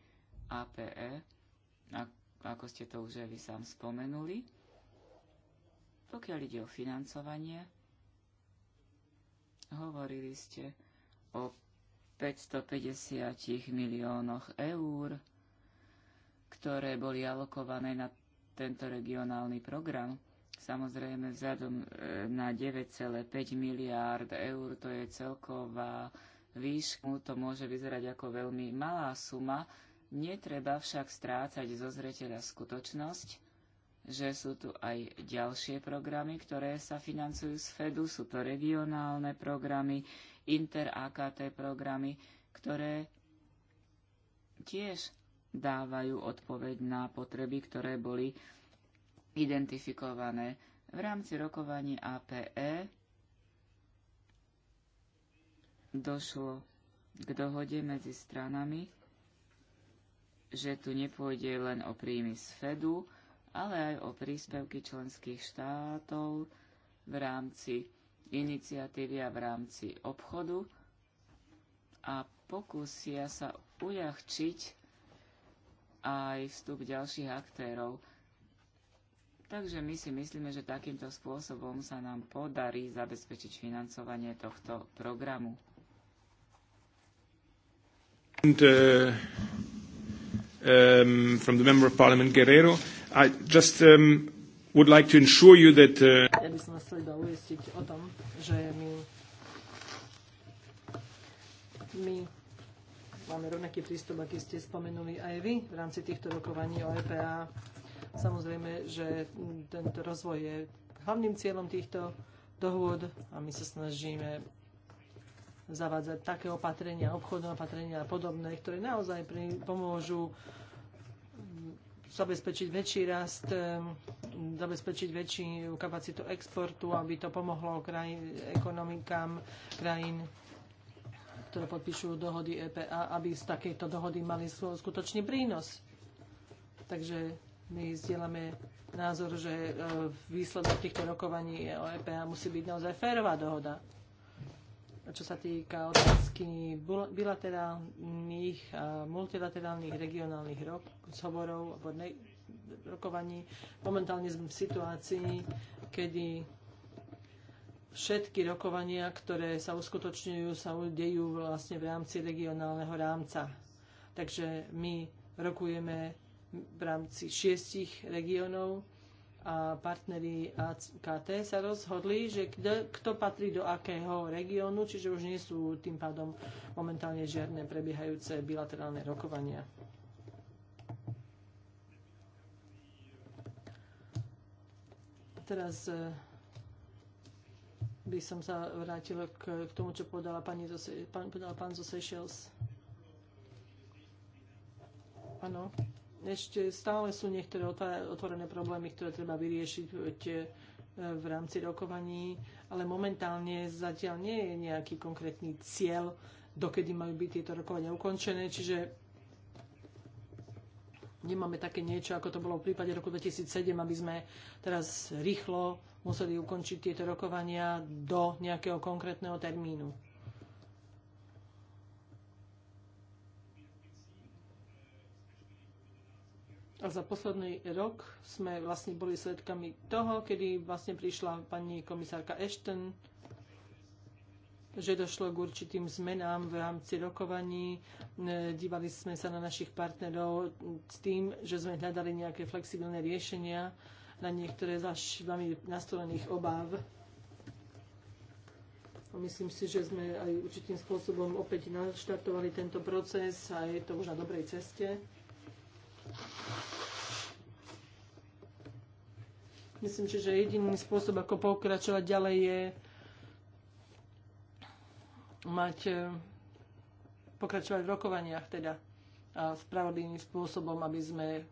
APE, ako ste to už aj vy sám spomenuli. Pokiaľ ide o financovanie, hovorili ste o 550 miliónoch eur, ktoré boli alokované na tento regionálny program. Samozrejme vzhľadom e, na 9,5 miliárd eur, to je celková výška, to môže vyzerať ako veľmi malá suma, Netreba však strácať zo zreteľa skutočnosť, že sú tu aj ďalšie programy, ktoré sa financujú z FEDu. Sú to regionálne programy, inter-AKT programy, ktoré tiež dávajú odpoveď na potreby, ktoré boli identifikované v rámci rokovaní APE. Došlo k dohode medzi stranami že tu nepôjde len o príjmy z Fedu, ale aj o príspevky členských štátov v rámci iniciatívy a v rámci obchodu a pokúsia sa uľahčiť aj vstup ďalších aktérov. Takže my si myslíme, že takýmto spôsobom sa nám podarí zabezpečiť financovanie tohto programu. And, uh um, from the Member of Parliament Guerrero. I just um, would like to ensure you that... Uh... my máme rovnaký prístup, aký ste spomenuli aj vy v rámci týchto rokovaní o EPA. Samozrejme, že tento rozvoj je hlavným cieľom týchto dohôd a my sa snažíme zavádzať také opatrenia, obchodné opatrenia a podobné, ktoré naozaj pomôžu mm, zabezpečiť väčší rast, mm, zabezpečiť väčšiu kapacitu exportu, aby to pomohlo kraj, ekonomikám krajín, ktoré podpíšujú dohody EPA, aby z takejto dohody mali svoj skutočný prínos. Takže my zdieľame názor, že e, výsledok týchto rokovaní o e EPA musí byť naozaj férová dohoda čo sa týka otázky bilaterálnych a multilaterálnych regionálnych rozhovorov alebo rokovaní. Momentálne sme v situácii, kedy všetky rokovania, ktoré sa uskutočňujú, sa udejú vlastne v rámci regionálneho rámca. Takže my rokujeme v rámci šiestich regiónov partneri KT sa rozhodli, že kto, kto patrí do akého regiónu, čiže už nie sú tým pádom momentálne žiadne prebiehajúce bilaterálne rokovania. Teraz e, by som sa vrátila k, k tomu, čo povedala pani zo, pán, podala pán zo Seychelles. Áno ešte stále sú niektoré otvorené problémy, ktoré treba vyriešiť e, v rámci rokovaní, ale momentálne zatiaľ nie je nejaký konkrétny cieľ, dokedy majú byť tieto rokovania ukončené, čiže nemáme také niečo, ako to bolo v prípade roku 2007, aby sme teraz rýchlo museli ukončiť tieto rokovania do nejakého konkrétneho termínu. A za posledný rok sme vlastne boli svedkami toho, kedy vlastne prišla pani komisárka Ashton, že došlo k určitým zmenám v rámci rokovaní. E, dívali sme sa na našich partnerov s tým, že sme hľadali nejaké flexibilné riešenia na niektoré z vami nastolených obáv. Myslím si, že sme aj určitým spôsobom opäť naštartovali tento proces a je to už na dobrej ceste. Myslím si, že jediný spôsob, ako pokračovať ďalej, je mať, e, pokračovať v rokovaniach teda a spravodlivým spôsobom, aby sme e,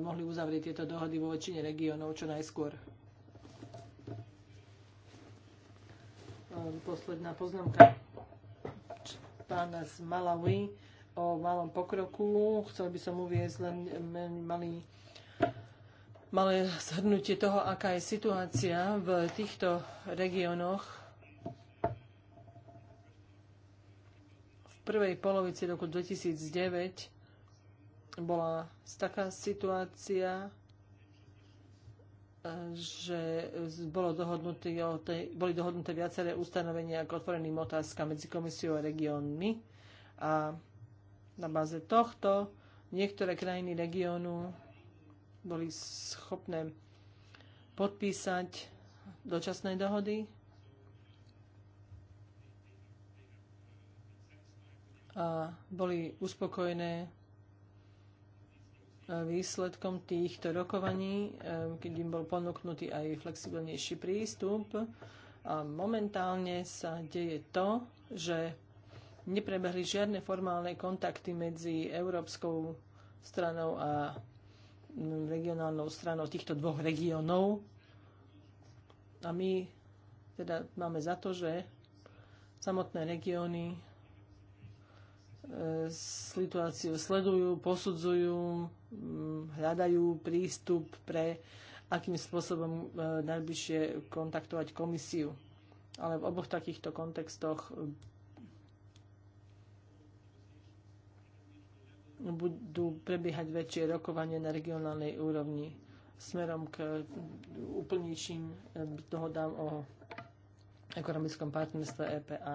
mohli uzavrieť tieto dohody vo väčšine regiónov čo najskôr. E, posledná poznámka pána z Malawi o malom pokroku. Chcel by som uviezť len malý malé zhrnutie toho, aká je situácia v týchto regiónoch v prvej polovici roku 2009 bola taká situácia, že bolo dohodnuté, boli dohodnuté viaceré ustanovenia k otvoreným otázkam medzi komisiou a regiónmi a na báze tohto niektoré krajiny regiónu boli schopné podpísať dočasné dohody a boli uspokojené e, výsledkom týchto rokovaní, e, keď im bol ponúknutý aj flexibilnejší prístup. A momentálne sa deje to, že neprebehli žiadne formálne kontakty medzi Európskou stranou a regionálnou stranou týchto dvoch regiónov. A my teda máme za to, že samotné regióny e, situáciu sledujú, posudzujú, hľadajú prístup pre akým spôsobom e, najbližšie kontaktovať komisiu. Ale v oboch takýchto kontextoch budú prebiehať väčšie rokovanie na regionálnej úrovni smerom k úplnejším eh, dohodám o ekonomickom partnerstve EPA.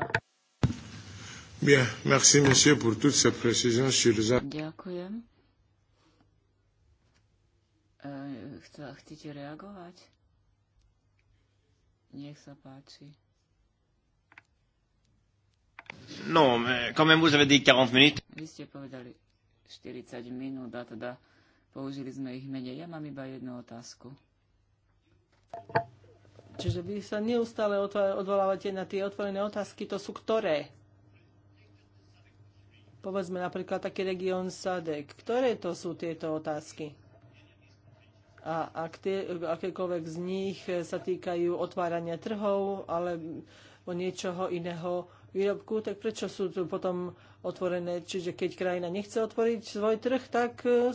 Bien, merci monsieur pour toutes ces précisions sur les... Ďakujem. Eh, chcete reagovať? Nech sa páči. Non, mais quand même vous avez dit 40 minutes. Vy ste povedali 40 minút a teda použili sme ich menej. Ja mám iba jednu otázku. Čiže vy sa neustále odvolávate na tie otvorené otázky, to sú ktoré? Povedzme napríklad taký región Sadek. Ktoré to sú tieto otázky? A ak tie, akékoľvek z nich sa týkajú otvárania trhov, ale o niečoho iného výrobku, tak prečo sú tu potom otvorené? Čiže keď krajina nechce otvoriť svoj trh, tak e,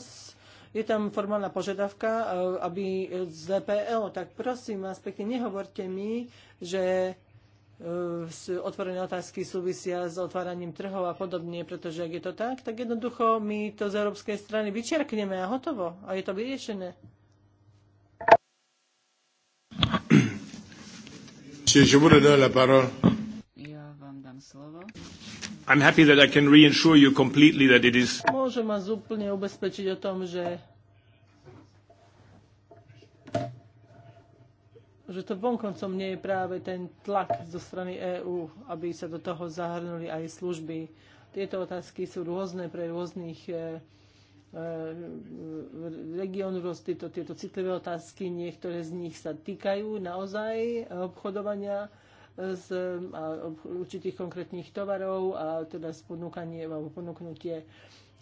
je tam formálna požiadavka, e, aby z DPO. Tak prosím vás pekne, nehovorte mi, že e, otvorené otázky súvisia s otváraním trhov a podobne, pretože ak je to tak, tak jednoducho my to z európskej strany vyčerkneme a hotovo. A je to vyriešené. Monsieur, je vous redonne la parole. I'm happy that I can reassure you completely that it is... Môžem vás úplne ubezpečiť o tom, že že to vonkoncom nie je práve ten tlak zo strany EÚ, aby sa do toho zahrnuli aj služby. Tieto otázky sú rôzne pre rôznych regionu e, regiónu tieto citlivé otázky, niektoré z nich sa týkajú naozaj obchodovania z a, určitých konkrétnych tovarov a teda ponúkanie alebo ponúknutie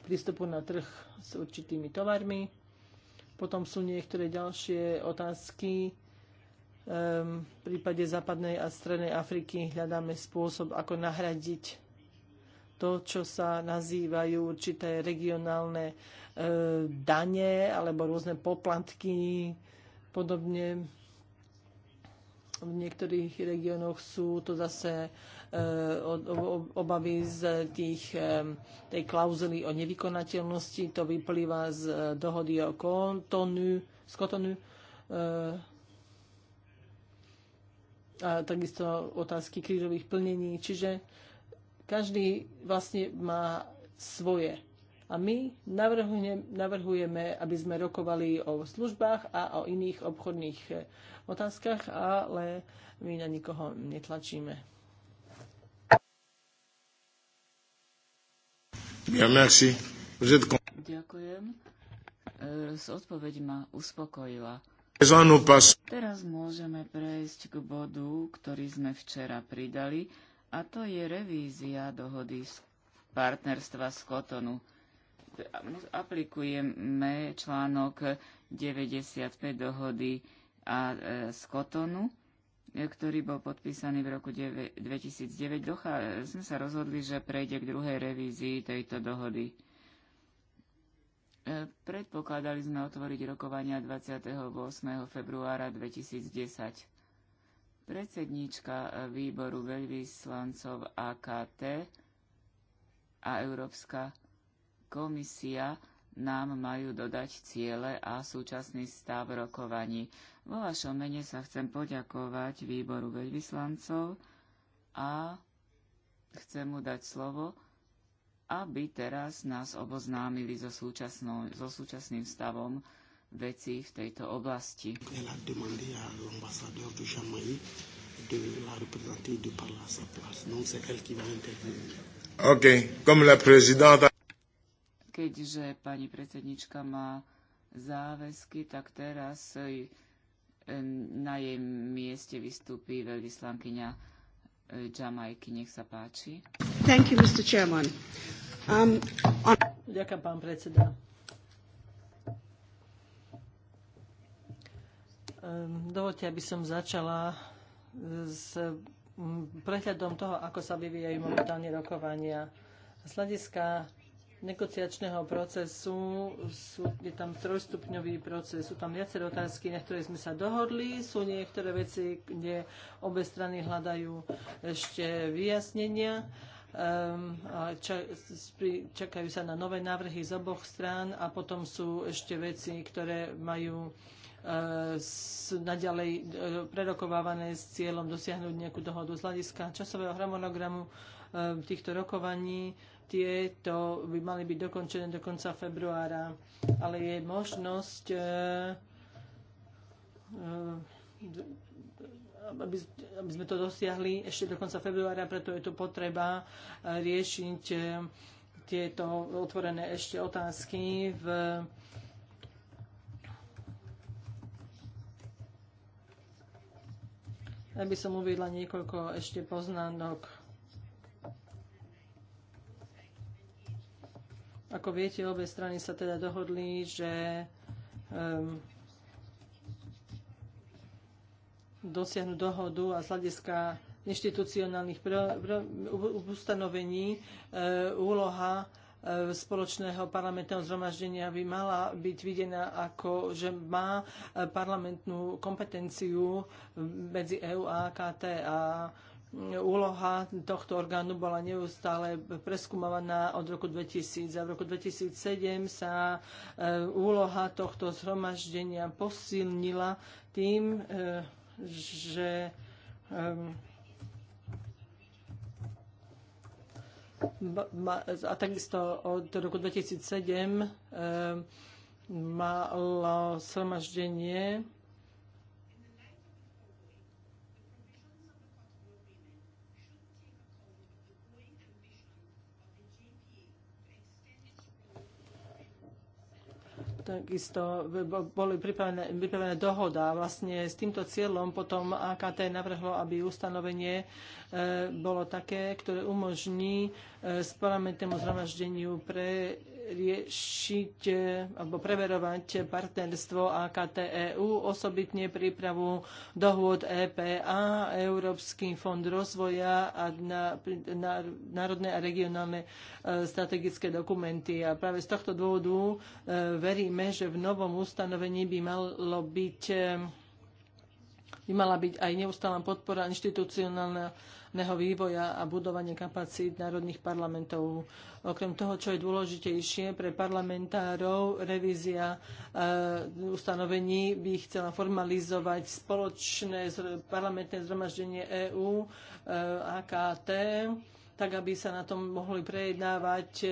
prístupu na trh s určitými tovarmi. Potom sú niektoré ďalšie otázky. Um, v prípade západnej a strednej Afriky hľadáme spôsob, ako nahradiť to, čo sa nazývajú určité regionálne e, dane alebo rôzne poplatky, podobne v niektorých regiónoch sú to zase eh, obavy z tých, eh, tej klauzuly o nevykonateľnosti. To vyplýva z eh, dohody o kontonu, z kotonu. A takisto otázky krížových plnení. Čiže každý vlastne má svoje A my navrhujeme, aby sme rokovali o službách a o iných obchodných eh, otázkach, ale my na nikoho netlačíme. Ja, merci. Ďakujem. Eh, s odpoveď ma uspokojila. Teraz môžeme prejsť k bodu, ktorý sme včera pridali, a to je revízia dohody z partnerstva s Kotonu aplikujeme článok 95 dohody a e, z Kotonu, e, ktorý bol podpísaný v roku 2009, dochá, sme sa rozhodli, že prejde k druhej revízii tejto dohody. E, predpokladali sme otvoriť rokovania 28. februára 2010. Predsednička výboru veľvyslancov AKT a Európska komisia nám majú dodať ciele a súčasný stav rokovaní. Vo vašom mene sa chcem poďakovať výboru veľvyslancov a chcem mu dať slovo, aby teraz nás oboznámili so, súčasnou, so súčasným stavom vecí v tejto oblasti. Ok, comme la présidente keďže pani predsednička má záväzky, tak teraz eh, na jej mieste vystúpi veľvyslankyňa eh, Jamajky. Nech sa páči. Thank you, Mr. Chairman. Um, on... Ďakujem, pán predseda. Ehm, dovolte, aby som začala eh, s mm, prehľadom toho, ako sa vyvíjajú momentálne rokovania. Z hľadiska negociačného procesu sú, je tam trojstupňový proces. Sú tam viaceré otázky, na ktoré sme sa dohodli. Sú niektoré veci, kde obe strany hľadajú ešte vyjasnenia. Um, a ča, spri, čakajú sa na nové návrhy z oboch strán a potom sú ešte veci, ktoré majú e, s, naďalej e, prerokovávané s cieľom dosiahnuť nejakú dohodu z hľadiska časového harmonogramu e, týchto rokovaní tieto by mali byť dokončené do konca februára, ale je možnosť e, e, aby, sme to dosiahli ešte do konca februára, preto je tu potreba e, riešiť tieto otvorené ešte otázky v by som uviedla niekoľko ešte poznánok. Ako viete, obe strany sa teda dohodli, že um, dosiahnu dohodu a z hľadiska inštitucionálnych ustanovení e, úloha e, spoločného parlamentného zhromaždenia by mala byť videná ako, že má e, parlamentnú kompetenciu medzi EU a AKT a úloha tohto orgánu bola neustále preskúmovaná od roku 2000. A v roku 2007 sa e, úloha tohto zhromaždenia posilnila tým, e, že e, a takisto od roku 2007 malo zhromaždenie takisto boli pripravené, pripravené dohoda. Vlastne s týmto cieľom potom AKT navrhlo, aby ustanovenie e, bolo také, ktoré umožní z e, parlamentnému zhromaždeniu preriešiť e, alebo preverovať partnerstvo AKT AKTEU, osobitne prípravu dohôd EPA, Európsky fond rozvoja a národné a regionálne e, strategické dokumenty. A práve z tohto dôvodu veríme, že v novom ustanovení by malo byť by mala byť aj neustála podpora inštitucionálneho vývoja a budovanie kapacít národných parlamentov. Okrem toho, čo je dôležitejšie pre parlamentárov, revízia e, ustanovení by chcela formalizovať spoločné parlamentné zhromaždenie EÚ, e, e AKT, tak aby sa na tom mohli prejednávať e,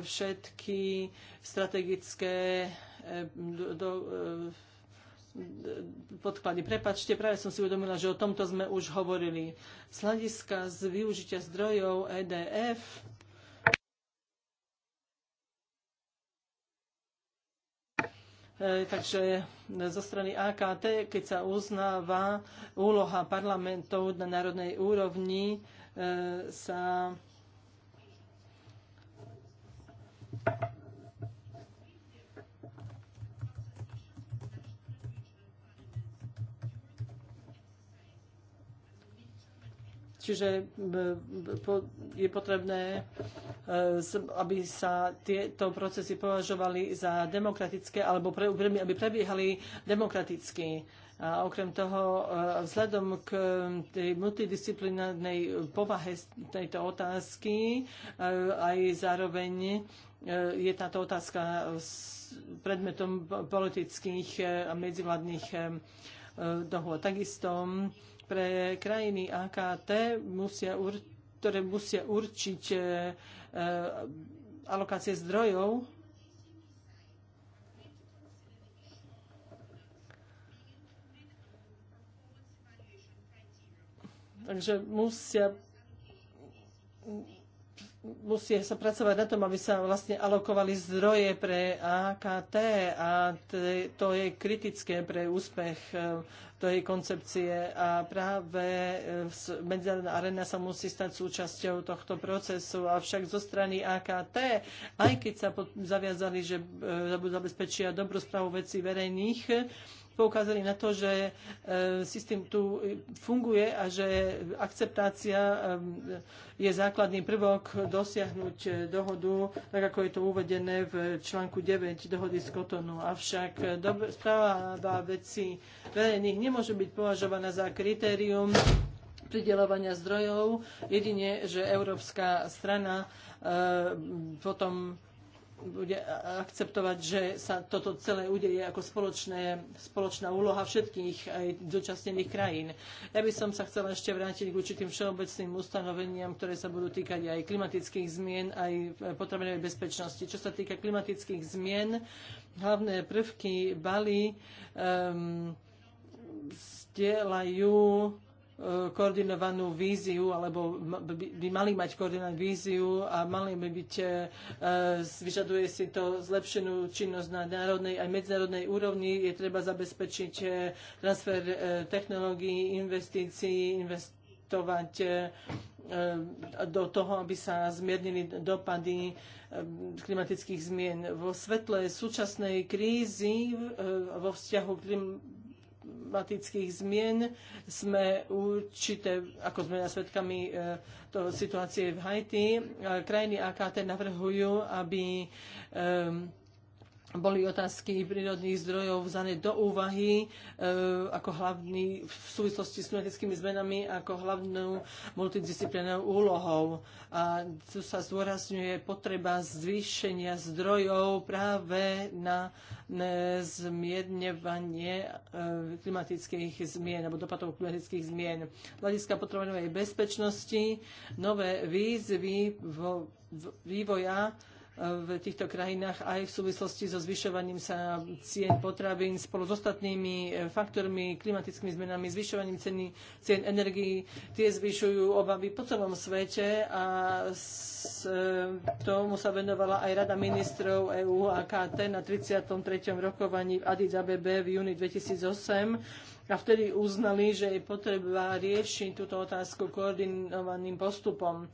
všetky strategické e, do, do, podklady. Prepačte, práve som si uvedomila, že o tomto sme už hovorili. Z hľadiska z využitia zdrojov EDF e, takže zo strany AKT, keď sa uznáva úloha parlamentov na národnej úrovni, e, sa Čiže e, je potrebné, e, aby sa tieto procesy považovali za demokratické alebo pre, aby prebiehali demokraticky. A okrem toho, e, vzhľadom k tej multidisciplinárnej povahe tejto otázky, aj zároveň je táto otázka predmetom politických a medzivládnych dohôd. Takisto pre krajiny AKT, musia ur, ktoré musia určiť e, e alokácie zdrojov, Takže musia musí sa pracovať na tom, aby sa vlastne alokovali zdroje pre AKT a to je kritické pre úspech e, tej koncepcie a práve e, medzinárodná arena sa musí stať súčasťou tohto procesu. Avšak zo strany AKT, aj keď sa zaviazali, že e, zabezpečia dobrú správu vecí verejných, poukázali na to, že e, systém tu funguje a že akceptácia e, je základný prvok dosiahnuť e, dohodu, tak ako je to uvedené v článku 9 dohody z Kotonu. Avšak správa veci verejných nemôže byť považovaná za kritérium pridelovania zdrojov, jedine, že európska strana e, potom bude akceptovať, že sa toto celé udeje ako spoločné, spoločná úloha všetkých aj zúčastnených krajín. Ja by som sa chcela ešte vrátiť k určitým všeobecným ustanoveniam, ktoré sa budú týkať aj klimatických zmien, aj potravinovej bezpečnosti. Čo sa týka klimatických zmien, hlavné prvky Bali um, ehm, stielajú koordinovanú víziu, alebo by mali mať koordinovanú víziu a mali by byť, e, vyžaduje si to zlepšenú činnosť na národnej aj medzinárodnej úrovni. Je treba zabezpečiť e, transfer e, technológií, investícií, investovať do toho, aby sa zmiernili dopady klimatických zmien. Vo svetle súčasnej krízy vo vzťahu klim- klimatických zmien. Sme určité, ako sme nasvedkami e, to situácie v Haiti, e, krajiny AKT navrhujú, aby um, boli otázky prírodných zdrojov vzané do úvahy e, ako hlavný v súvislosti s klimatickými zmenami ako hlavnou multidisciplinárnou úlohou. A tu sa zdôrazňuje potreba zvýšenia zdrojov práve na ne, zmierňovanie e, klimatických zmien alebo dopadov klimatických zmien. Hľadiska potravinovej bezpečnosti, nové výzvy vo, v, vývoja v týchto krajinách aj v súvislosti so zvyšovaním sa cien potravín spolu s ostatnými e, faktormi, klimatickými zmenami, zvyšovaním ceny, cien energií. Tie zvyšujú obavy po celom svete a s, e, tomu sa venovala aj Rada ministrov EÚ a KT na 33. rokovaní v Addis Abebe v júni 2008 a vtedy uznali, že je potreba riešiť túto otázku koordinovaným postupom.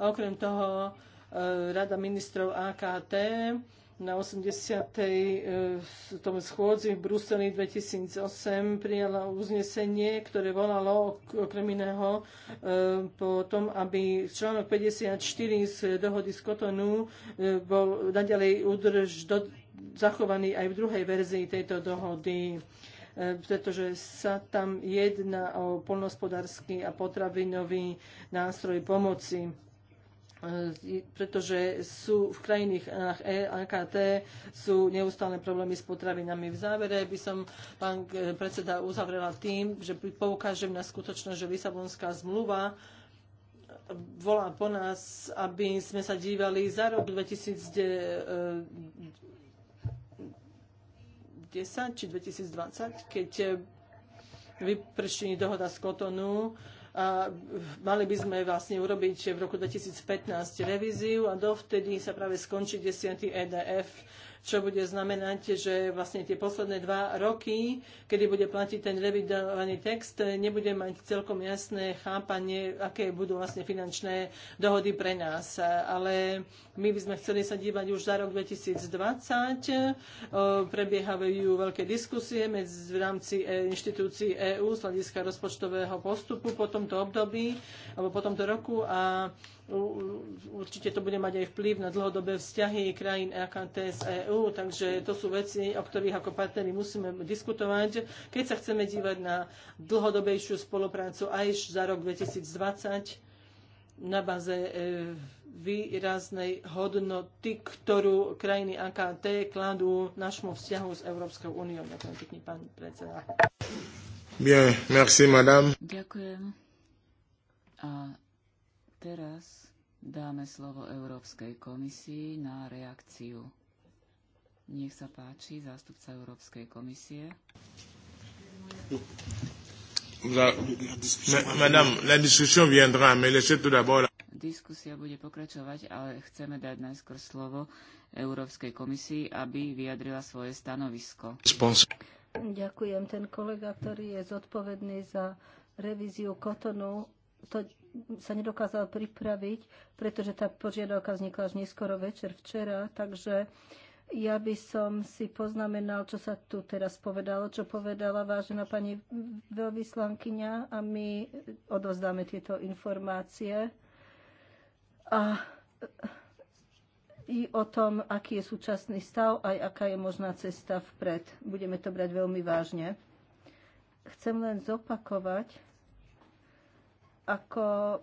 A okrem toho Rada ministrov AKT na 80. E, tom schôdzi v Bruseli 2008 prijala uznesenie, ktoré volalo okrem iného e, po tom, aby článok 54 z dohody z Kotonu e, bol naďalej udrž, do, zachovaný aj v druhej verzii tejto dohody pretože sa tam jedná o polnospodársky a potravinový nástroj pomoci E, pretože sú v krajinách eh, AKT sú neustále problémy s potravinami. V závere by som, pán eh, predseda, uzavrela tým, že poukážem na skutočnosť, že Lisabonská zmluva volá po nás, aby sme sa dívali za rok 2010 eh, či 2020, keď vyprší dohoda z Kotonu, mali by sme vlastne urobiť v roku 2015 revíziu a dovtedy sa práve skončí 10. EDF čo bude znamenať, že vlastne tie posledné dva roky, kedy bude platiť ten revidovaný text, nebude mať celkom jasné chápanie, aké budú vlastne finančné dohody pre nás. Ale my by sme chceli sa dívať už za rok 2020. Prebiehajú veľké diskusie medzi, v rámci e, inštitúcií EÚ z hľadiska rozpočtového postupu po tomto období alebo po tomto roku a určite to bude mať aj vplyv na dlhodobé vzťahy krajín AKT z EU, takže to sú veci, o ktorých ako partneri musíme diskutovať, keď sa chceme dívať na dlhodobejšiu spoluprácu aj za rok 2020 na baze e, výraznej hodnoty, ktorú krajiny AKT kladú našmu vzťahu s Európskou úniou. Ďakujem pekne, pán predseda. Bien, merci, madame. Ďakujem. A teraz dáme slovo Európskej komisii na reakciu. Nech sa páči, zástupca Európskej komisie. diskusia bude pokračovať, ale chceme dať najskôr slovo Európskej komisii, aby vyjadrila svoje stanovisko. Sponsor. Ďakujem. Ten kolega, ktorý je zodpovedný za revíziu Kotonu, to sa nedokázal pripraviť, pretože tá požiadavka vznikla až neskoro večer včera, takže ja by som si poznamenal, čo sa tu teraz povedalo, čo povedala vážená pani veľvyslankyňa a my odovzdáme tieto informácie a i o tom, aký je súčasný stav aj aká je možná cesta vpred. Budeme to brať veľmi vážne. Chcem len zopakovať, ako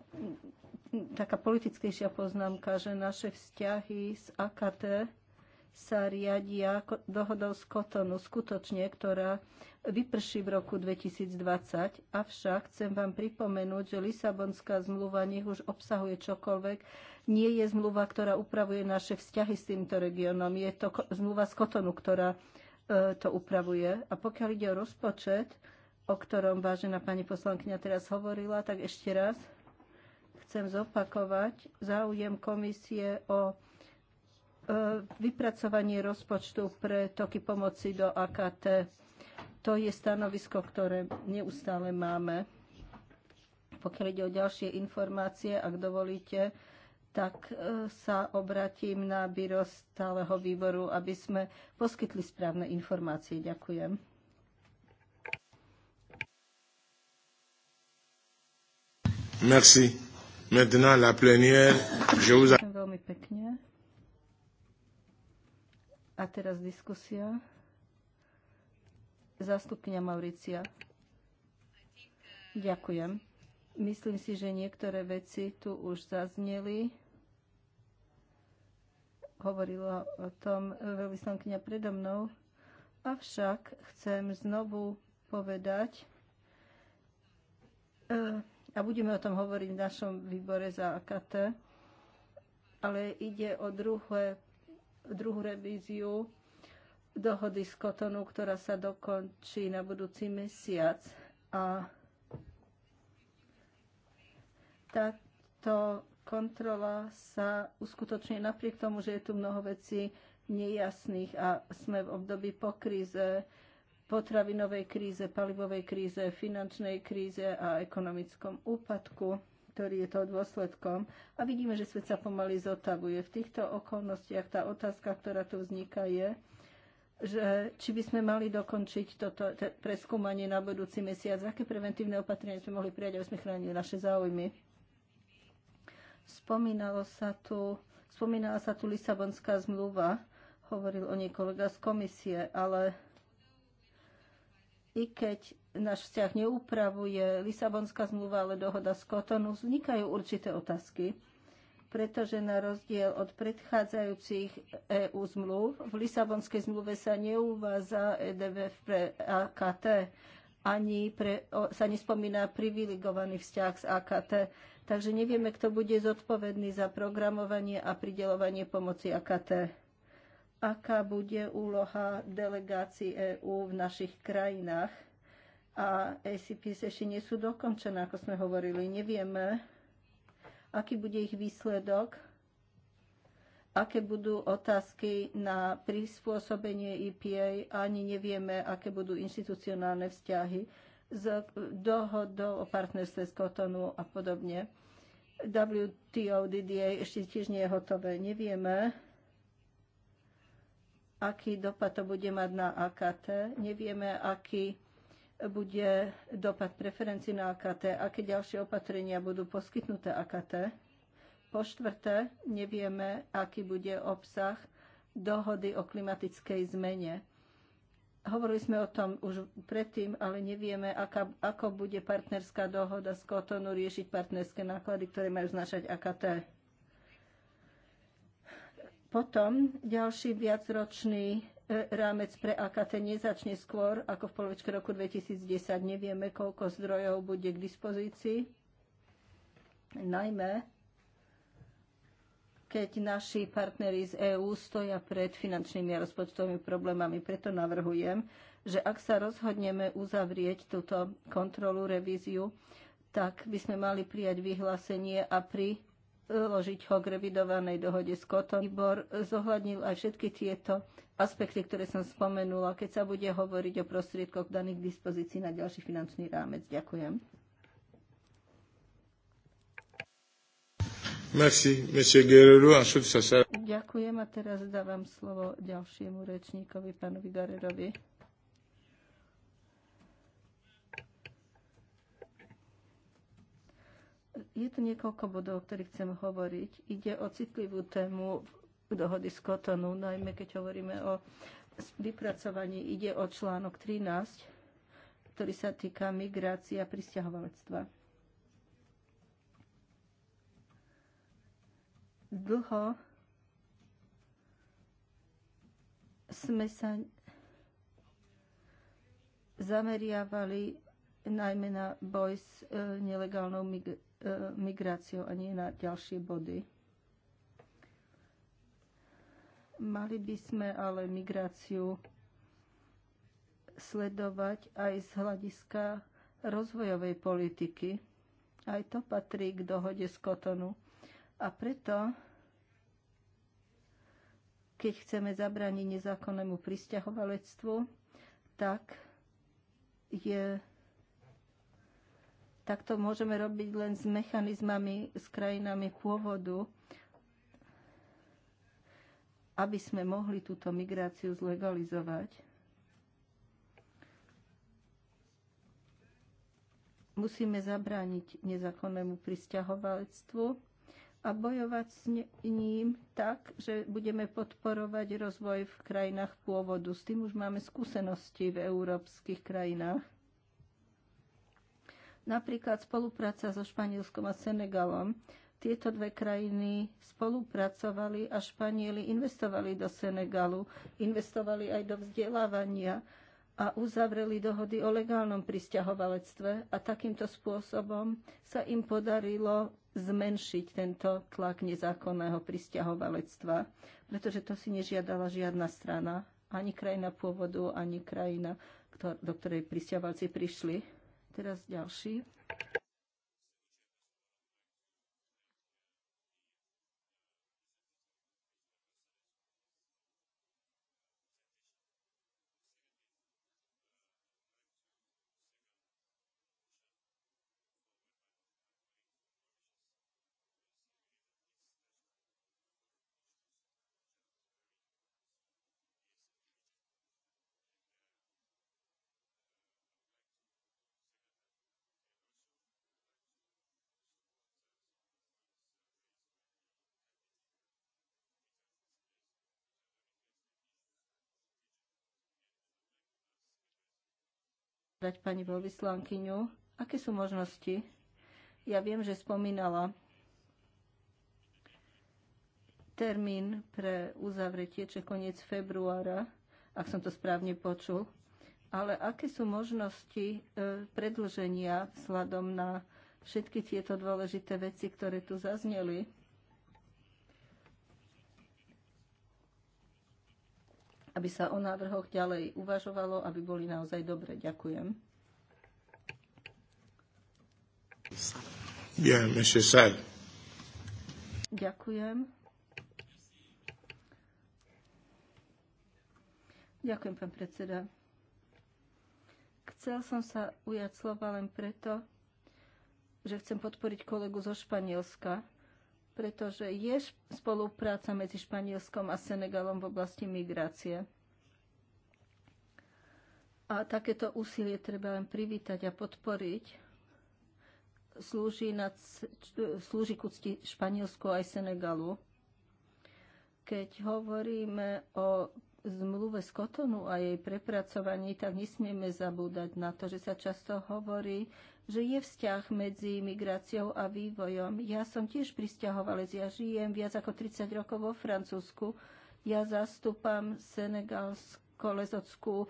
taká politickejšia poznámka, že naše vzťahy s AKT sa riadia dohodou z Kotonu, skutočne, ktorá vyprší v roku 2020. Avšak chcem vám pripomenúť, že Lisabonská zmluva nech už obsahuje čokoľvek, nie je zmluva, ktorá upravuje naše vzťahy s týmto regiónom. Je to zmluva z Kotonu, ktorá e, to upravuje. A pokiaľ ide o rozpočet, o ktorom vážená pani poslankyňa teraz hovorila, tak ešte raz chcem zopakovať záujem komisie o e, vypracovanie rozpočtu pre toky pomoci do AKT. To je stanovisko, ktoré neustále máme. Pokiaľ ide o ďalšie informácie, ak dovolíte, tak e, sa obratím na byro stáleho výboru, aby sme poskytli správne informácie. Ďakujem. Merci. Maintenant, la plénière, je vous... Ďakujem A teraz diskusia. Zástupkynia Mauricia. Ďakujem. Myslím si, že niektoré veci tu už zazneli. Hovorila o tom veľvyslankyňa predo mnou. Avšak chcem znovu povedať, e a budeme o tom hovoriť v našom výbore za AKT, ale ide o druhé, druhú revíziu dohody z Kotonu, ktorá sa dokončí na budúci mesiac. A táto kontrola sa uskutočne napriek tomu, že je tu mnoho vecí nejasných a sme v období po kríze, potravinovej kríze, palivovej kríze, finančnej kríze a ekonomickom úpadku ktorý je toho dôsledkom. A vidíme, že svet sa pomaly zotavuje. V týchto okolnostiach tá otázka, ktorá tu vzniká, je, že či by sme mali dokončiť toto preskúmanie na budúci mesiac, aké preventívne opatrenia sme mohli prijať, aby sme chránili naše záujmy. Spomínalo sa tu, spomínala sa tu Lisabonská zmluva, hovoril o nej kolega z komisie, ale i keď náš vzťah neupravuje Lisabonská zmluva, ale dohoda z Kotonu, vznikajú určité otázky, pretože na rozdiel od predchádzajúcich EU zmluv, v Lisabonskej zmluve sa neuvádza EDVF pre AKT, ani pre, o, sa nespomína privilegovaný vzťah s AKT, takže nevieme, kto bude zodpovedný za programovanie a pridelovanie pomoci AKT aká bude úloha delegácií EÚ v našich krajinách. A ACPs ešte nie sú dokončené, ako sme hovorili. Nevieme, aký bude ich výsledok, aké budú otázky na prispôsobenie EPA, ani nevieme, aké budú inštitucionálne vzťahy z dohodou o partnerstve z Kotonu a podobne. WTO, DDA ešte tiež nie je hotové, nevieme aký dopad to bude mať na AKT, nevieme, aký bude dopad preferencií na AKT, aké ďalšie opatrenia budú poskytnuté AKT. Po štvrté, nevieme, aký bude obsah dohody o klimatickej zmene. Hovorili sme o tom už predtým, ale nevieme, aká, ako bude partnerská dohoda z Kotonu riešiť partnerské náklady, ktoré majú znašať AKT. Potom ďalší viacročný e, rámec pre AKT nezačne skôr ako v polovičke roku 2010. Nevieme, koľko zdrojov bude k dispozícii. Najmä, keď naši partnery z EÚ stoja pred finančnými a rozpočtovými problémami. Preto navrhujem, že ak sa rozhodneme uzavrieť túto kontrolu, revíziu, tak by sme mali prijať vyhlásenie a pri priložiť ho k revidovanej dohode s Kotom. Výbor zohľadnil aj všetky tieto aspekty, ktoré som spomenula, keď sa bude hovoriť o prostriedkoch daných k dispozícii na ďalší finančný rámec. Ďakujem. Merci, monsieur Guerrero. Ďakujem a teraz dávam slovo ďalšiemu rečníkovi, pánovi Guerrerovi. Je tu niekoľko bodov, o ktorých chcem hovoriť. Ide o citlivú tému dohody z Kotonu, najmä keď hovoríme o vypracovaní. Ide o článok 13, ktorý sa týka migrácie a pristahovalectva. Dlho sme sa zameriavali najmä na boj s e, nelegálnou migráciou migráciou a nie na ďalšie body. Mali by sme ale migráciu sledovať aj z hľadiska rozvojovej politiky. Aj to patrí k dohode z Kotonu. A preto, keď chceme zabrániť nezákonnému pristahovalectvu, tak je tak to môžeme robiť len s mechanizmami, s krajinami pôvodu, aby sme mohli túto migráciu zlegalizovať. Musíme zabrániť nezákonnému pristahovalectvu a bojovať s ním tak, že budeme podporovať rozvoj v krajinách pôvodu. S tým už máme skúsenosti v európskych krajinách. Napríklad spolupráca so Španielskom a Senegalom. Tieto dve krajiny spolupracovali a Španieli investovali do Senegalu, investovali aj do vzdelávania a uzavreli dohody o legálnom pristahovalectve a takýmto spôsobom sa im podarilo zmenšiť tento tlak nezákonného pristahovalectva, pretože to si nežiadala žiadna strana, ani krajina pôvodu, ani krajina, do ktorej pristahovalci prišli. Teraz ďalší. dať pani veľvyslankyňu. Aké sú možnosti? Ja viem, že spomínala termín pre uzavretie, čo koniec februára, ak som to správne počul. Ale aké sú možnosti e, predlženia vzhľadom na všetky tieto dôležité veci, ktoré tu zazneli? aby sa o návrhoch ďalej uvažovalo, aby boli naozaj dobre. Ďakujem. Bien, monsieur Ďakujem. Ďakujem, pán predseda. Chcel som sa ujať slova len preto, že chcem podporiť kolegu zo Španielska, pretože je spolupráca medzi Španielskom a Senegalom v oblasti migrácie. A takéto úsilie treba len privítať a podporiť. Slúži, na, slúži ku cti Španielsku aj Senegalu. Keď hovoríme o zmluve z Kotonu a jej prepracovaní, tak nesmieme zabúdať na to, že sa často hovorí, že je vzťah medzi migráciou a vývojom. Ja som tiež pristahovalec, ja žijem viac ako 30 rokov vo Francúzsku. Ja zastúpam senegalsko-lezockú e,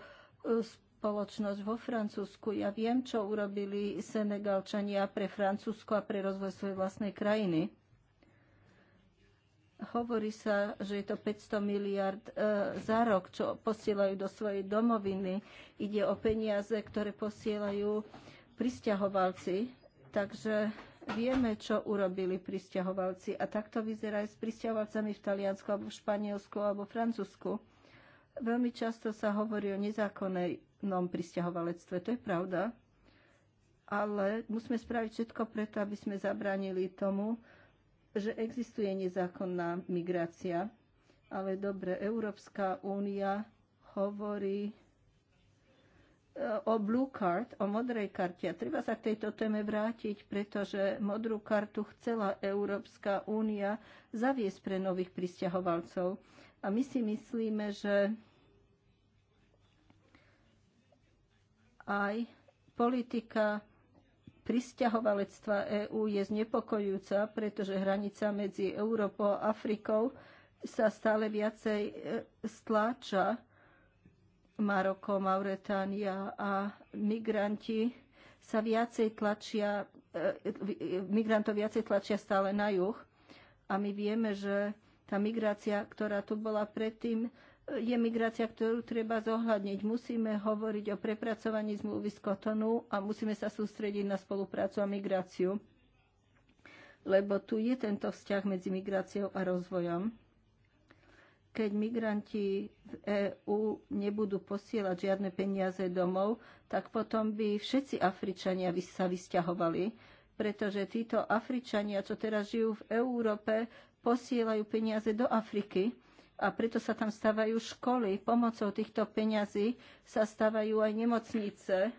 spoločnosť vo Francúzsku. Ja viem, čo urobili Senegalčania pre Francúzsko a pre rozvoj svojej vlastnej krajiny. Hovorí sa, že je to 500 miliard e, za rok, čo posielajú do svojej domoviny. Ide o peniaze, ktoré posielajú pristahovalci. Takže vieme, čo urobili pristahovalci. A takto vyzerá aj s pristahovalcami v Taliansku, alebo v Španielsku, alebo v Francúzsku. Veľmi často sa hovorí o nezákonnom pristahovalectve. To je pravda. Ale musíme spraviť všetko preto, aby sme zabránili tomu, že existuje nezákonná migrácia, ale dobre, Európska únia hovorí e, o blue card, o modrej karte. A treba sa k tejto téme vrátiť, pretože modrú kartu chcela Európska únia zaviesť pre nových pristahovalcov. A my si myslíme, že aj politika pristahovalectva EÚ je znepokojujúca, pretože hranica medzi Európou a Afrikou sa stále viacej e, stláča. Maroko, Mauretánia a migranti sa viacej tlačia, e, migrantov viacej tlačia stále na juh. A my vieme, že tá migrácia, ktorá tu bola predtým, je migrácia, ktorú treba zohľadniť. Musíme hovoriť o prepracovaní zmluvy z Kotonu a musíme sa sústrediť na spoluprácu a migráciu, lebo tu je tento vzťah medzi migráciou a rozvojom. Keď migranti v EÚ nebudú posielať žiadne peniaze domov, tak potom by všetci Afričania by sa vysťahovali, pretože títo Afričania, čo teraz žijú v Európe, posielajú peniaze do Afriky a preto sa tam stavajú školy. Pomocou týchto peňazí sa stavajú aj nemocnice,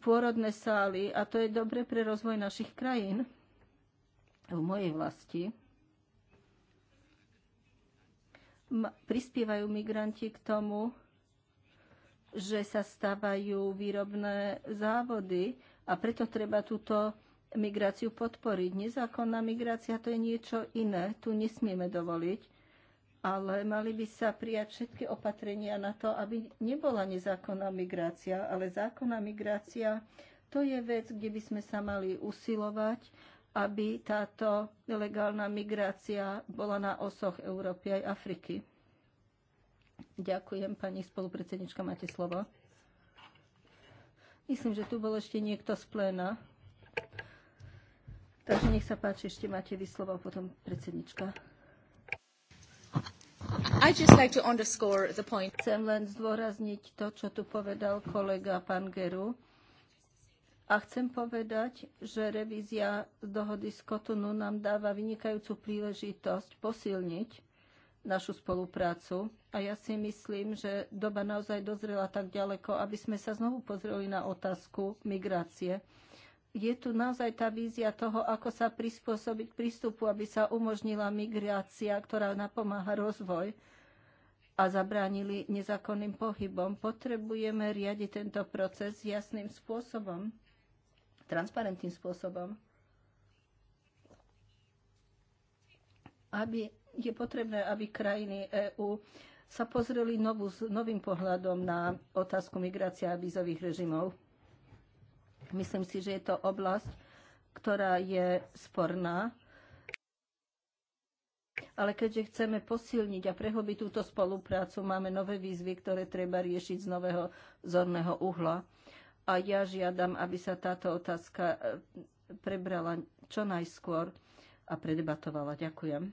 pôrodné sály a to je dobre pre rozvoj našich krajín v mojej vlasti. Prispievajú migranti k tomu, že sa stavajú výrobné závody a preto treba túto migráciu podporiť. Nezákonná migrácia to je niečo iné, tu nesmieme dovoliť ale mali by sa prijať všetky opatrenia na to, aby nebola nezákonná migrácia, ale zákonná migrácia to je vec, kde by sme sa mali usilovať, aby táto legálna migrácia bola na osoch Európy aj Afriky. Ďakujem, pani spolupredsednička, máte slovo. Myslím, že tu bol ešte niekto z pléna. Takže nech sa páči, ešte máte vy slovo, potom predsednička. I'd just like to underscore the point. Chcem len zdôrazniť to, čo tu povedal kolega Pangeru. A chcem povedať, že revízia dohody z Cotonou nám dáva vynikajúcu príležitosť posilniť našu spoluprácu. A ja si myslím, že doba naozaj dozrela tak ďaleko, aby sme sa znovu pozreli na otázku migrácie. Je tu naozaj tá vízia toho, ako sa prispôsobiť prístupu, aby sa umožnila migrácia, ktorá napomáha rozvoj a zabránili nezákonným pohybom. Potrebujeme riadiť tento proces jasným spôsobom, transparentným spôsobom, aby je potrebné, aby krajiny EÚ sa pozreli novú, s novým pohľadom na otázku migrácia a vízových režimov. Myslím si, že je to oblasť, ktorá je sporná ale keďže chceme posilniť a prehobiť túto spoluprácu, máme nové výzvy, ktoré treba riešiť z nového zorného uhla. A ja žiadam, aby sa táto otázka e, prebrala čo najskôr a predebatovala. Ďakujem.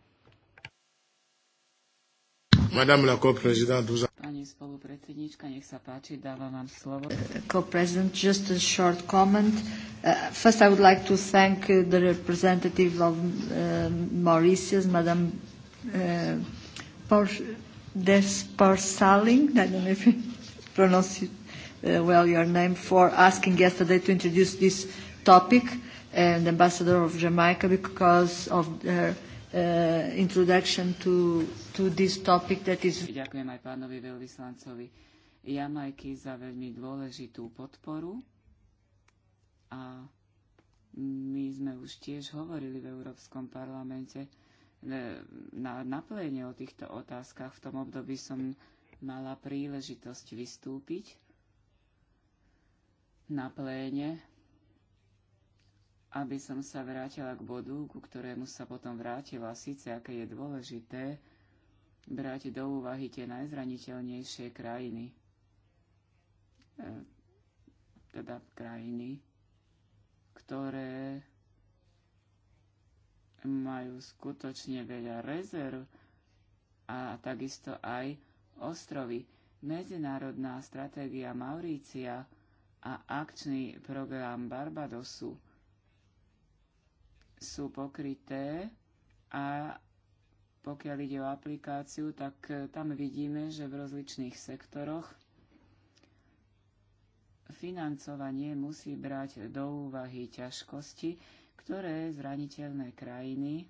Madame la Pani spolupredsednička, nech sa páči, dávam vám slovo. Co-president, just a short comment. Uh, first I would like to thank uh, the representative of uh, Mauritius, Madame Eh, Desparsaling, I don't know if you *laughs* pronounce it, uh, well your name, for asking yesterday to introduce this topic and eh, ambassador of Jamaica because of her uh, introduction to, to this topic that is... Ďakujem aj pánovi veľvyslancovi Jamajky za veľmi dôležitú podporu a my sme už tiež hovorili v Európskom parlamente E, na, na o týchto otázkach. V tom období som mala príležitosť vystúpiť na pléne, aby som sa vrátila k bodu, ku ktorému sa potom vrátila, síce aké je dôležité brať do úvahy tie najzraniteľnejšie krajiny. E, teda krajiny, ktoré majú skutočne veľa rezerv a takisto aj ostrovy. Medzinárodná stratégia Maurícia a akčný program Barbadosu sú pokryté a pokiaľ ide o aplikáciu, tak e, tam vidíme, že v rozličných sektoroch financovanie musí brať do úvahy ťažkosti, ktoré zraniteľné krajiny e,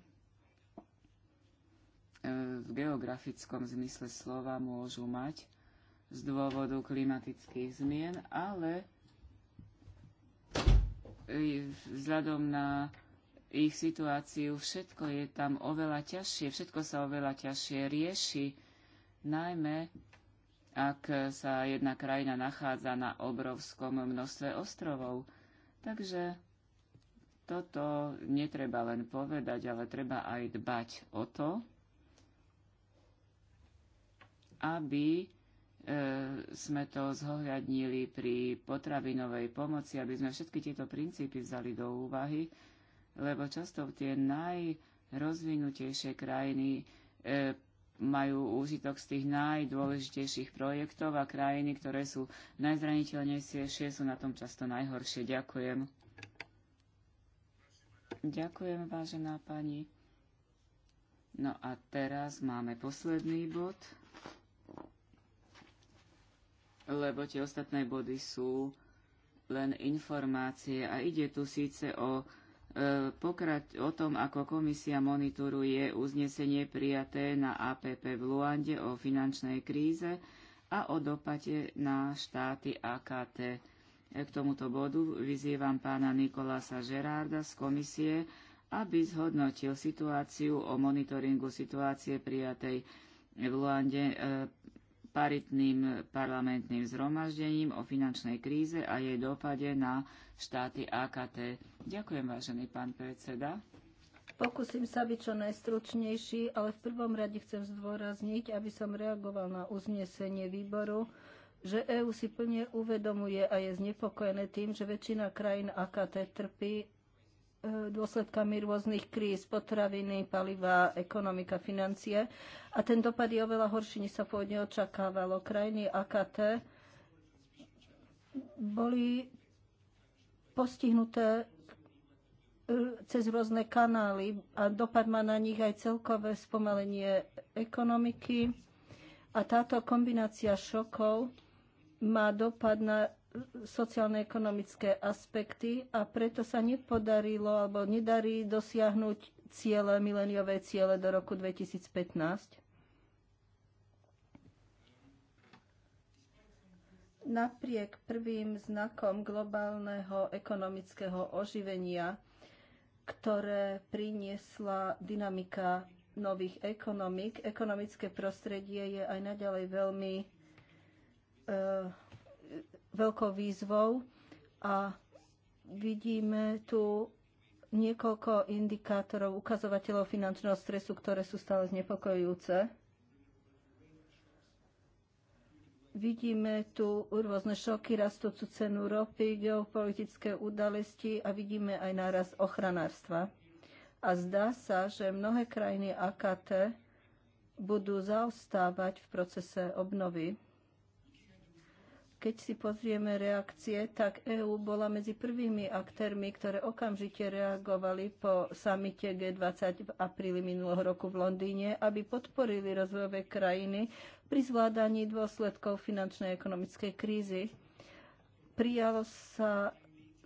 v geografickom zmysle slova môžu mať z dôvodu klimatických zmien, ale vzhľadom na ich situáciu všetko je tam oveľa ťažšie, všetko sa oveľa ťažšie rieši, najmä ak sa jedna krajina nachádza na obrovskom množstve ostrovov. Takže Toto netreba len povedať, ale treba aj dbať o to, aby e, sme to zohľadnili pri potravinovej pomoci, aby sme všetky tieto princípy vzali do úvahy, lebo často tie najrozvinutejšie krajiny e, majú úžitok z tých najdôležitejších projektov a krajiny, ktoré sú najzraniteľnejšie, sú na tom často najhoršie. Ďakujem. Ďakujem, vážená pani. No a teraz máme posledný bod, lebo tie ostatné body sú len informácie a ide tu síce o, e, pokrať, o tom, ako komisia monitoruje uznesenie prijaté na APP v Luande o finančnej kríze a o dopate na štáty AKT. K tomuto bodu vyzývam pána Nikolasa Žerárda z komisie, aby zhodnotil situáciu o monitoringu situácie prijatej v Luande e, paritným parlamentným zhromaždením o finančnej kríze a jej dopade na štáty AKT. Ďakujem, vážený pán predseda. Pokúsim sa byť čo najstručnejší, ale v prvom rade chcem zdôrazniť, aby som reagoval na uznesenie výboru že EÚ si plne uvedomuje a je znepokojené tým, že väčšina krajín AKT trpí e, dôsledkami rôznych kríz, potraviny, paliva, ekonomika, financie. A ten dopad je oveľa horší, než sa pôvodne očakávalo. Krajiny AKT boli postihnuté e, cez rôzne kanály a dopad má na nich aj celkové spomalenie ekonomiky. A táto kombinácia šokov má dopad na sociálne-ekonomické aspekty a preto sa nepodarilo alebo nedarí dosiahnuť ciele, mileniové ciele do roku 2015. Napriek prvým znakom globálneho ekonomického oživenia, ktoré priniesla dynamika nových ekonomik, ekonomické prostredie je aj naďalej veľmi E, veľkou výzvou a vidíme tu niekoľko indikátorov, ukazovateľov finančného stresu, ktoré sú stále znepokojujúce. Vidíme tu rôzne šoky, rastúcu cenu ropy, geopolitické udalosti a vidíme aj náraz ochranárstva. A zdá sa, že mnohé krajiny AKT budú zaostávať v procese obnovy. Keď si pozrieme reakcie, tak EÚ bola medzi prvými aktérmi, ktoré okamžite reagovali po samite G20 v apríli minulého roku v Londýne, aby podporili rozvojové krajiny pri zvládaní dôsledkov finančnej a ekonomickej krízy. Prijalo sa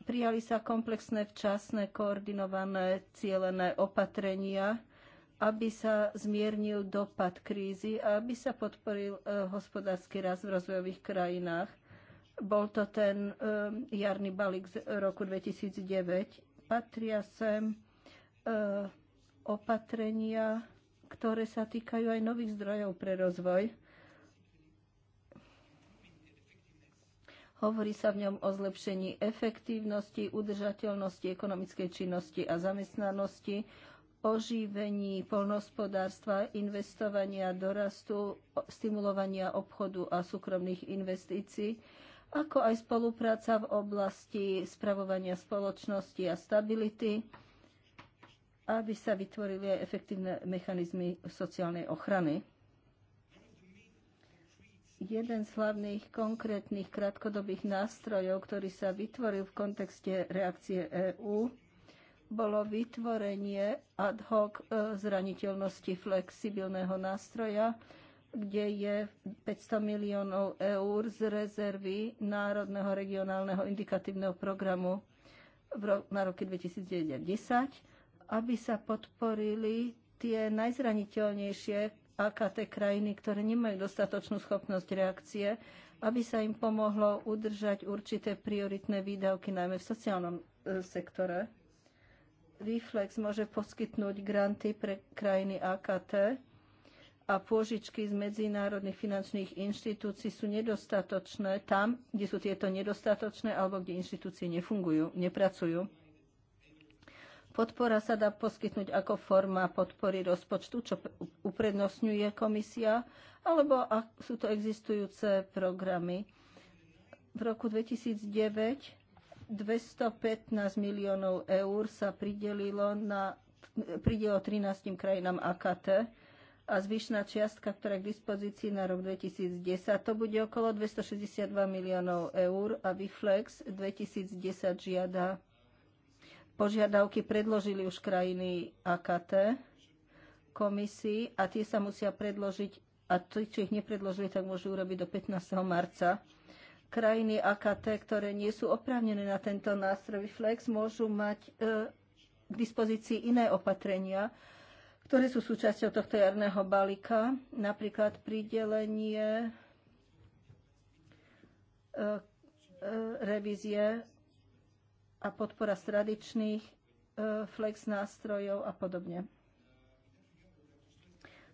prijali sa komplexné, včasné, koordinované, cielené opatrenia, aby sa zmiernil dopad krízy a aby sa podporil eh, hospodársky rast v rozvojových krajinách. Bol to ten um, jarný balík z roku 2009. Patria sem uh, opatrenia, ktoré sa týkajú aj nových zdrojov pre rozvoj. Hovorí sa v ňom o zlepšení efektívnosti, udržateľnosti ekonomickej činnosti a zamestnanosti, oživení polnospodárstva, investovania do rastu, stimulovania obchodu a súkromných investícií, ako aj spolupráca v oblasti spravovania spoločnosti a stability, aby sa vytvorili aj efektívne mechanizmy sociálnej ochrany. Jeden z hlavných konkrétnych krátkodobých nástrojov, ktorý sa vytvoril v kontexte reakcie EÚ, bolo vytvorenie ad hoc e, zraniteľnosti flexibilného nástroja, kde je 500 miliónov eur z rezervy Národného regionálneho indikatívneho programu na roky 2010, aby sa podporili tie najzraniteľnejšie AKT krajiny, ktoré nemajú dostatočnú schopnosť reakcie, aby sa im pomohlo udržať určité prioritné výdavky, najmä v sociálnom e, sektore. Reflex môže poskytnúť granty pre krajiny AKT a pôžičky z medzinárodných finančných inštitúcií sú nedostatočné tam, kde sú tieto nedostatočné alebo kde inštitúcie nefungujú, nepracujú. Podpora sa dá poskytnúť ako forma podpory rozpočtu, čo uprednostňuje komisia, alebo ak sú to existujúce programy. V roku 2009 215 miliónov eur sa pridelilo, na, pridelilo 13 krajinám AKT a zvyšná čiastka, ktorá je k dispozícii na rok 2010, to bude okolo 262 miliónov eur a Viflex 2010 žiada požiadavky predložili už krajiny AKT komisii a tie sa musia predložiť a tí, čo ich nepredložili, tak môžu urobiť do 15. marca. Krajiny AKT, ktoré nie sú oprávnené na tento nástroj Flex, môžu mať e, k dispozícii iné opatrenia, ktoré sú súčasťou tohto jarného balíka, napríklad pridelenie e, e, revízie a podpora z tradičných e, flex nástrojov a podobne.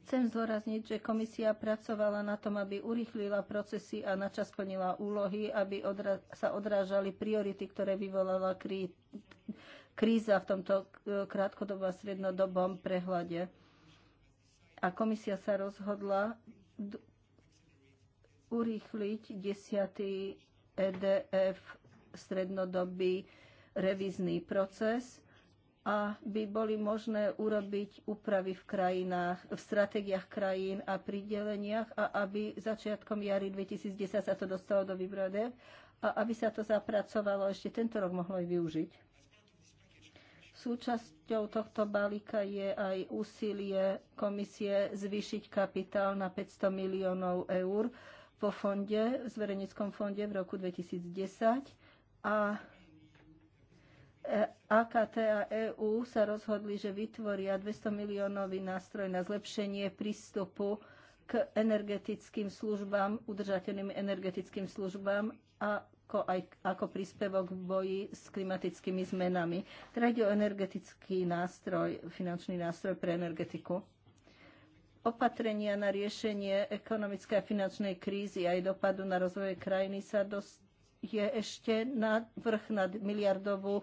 Chcem zdôrazniť, že komisia pracovala na tom, aby urýchlila procesy a načas plnila úlohy, aby odra- sa odrážali priority, ktoré vyvolala krí- kríza v tomto e, krátkodobom a strednodobom prehľade. A komisia sa rozhodla urýchliť 10. EDF strednodobý revizný proces a by boli možné urobiť úpravy v krajinách, v stratégiách krajín a prideleniach a aby začiatkom jary 2010 sa to dostalo do výbrode a aby sa to zapracovalo ešte tento rok mohlo aj využiť. Súčasťou tohto balíka je aj úsilie komisie zvýšiť kapitál na 500 miliónov eur vo fonde, v zverejnickom fonde v roku 2010 a AKT a EU sa rozhodli, že vytvoria 200 miliónový nástroj na zlepšenie prístupu k energetickým službám, udržateľným energetickým službám a ako, aj, ako príspevok v boji s klimatickými zmenami. Teda ide o energetický nástroj, finančný nástroj pre energetiku. Opatrenia na riešenie ekonomickej a finančnej krízy aj dopadu na rozvoj krajiny sa dosť je ešte na vrch nad miliardovú,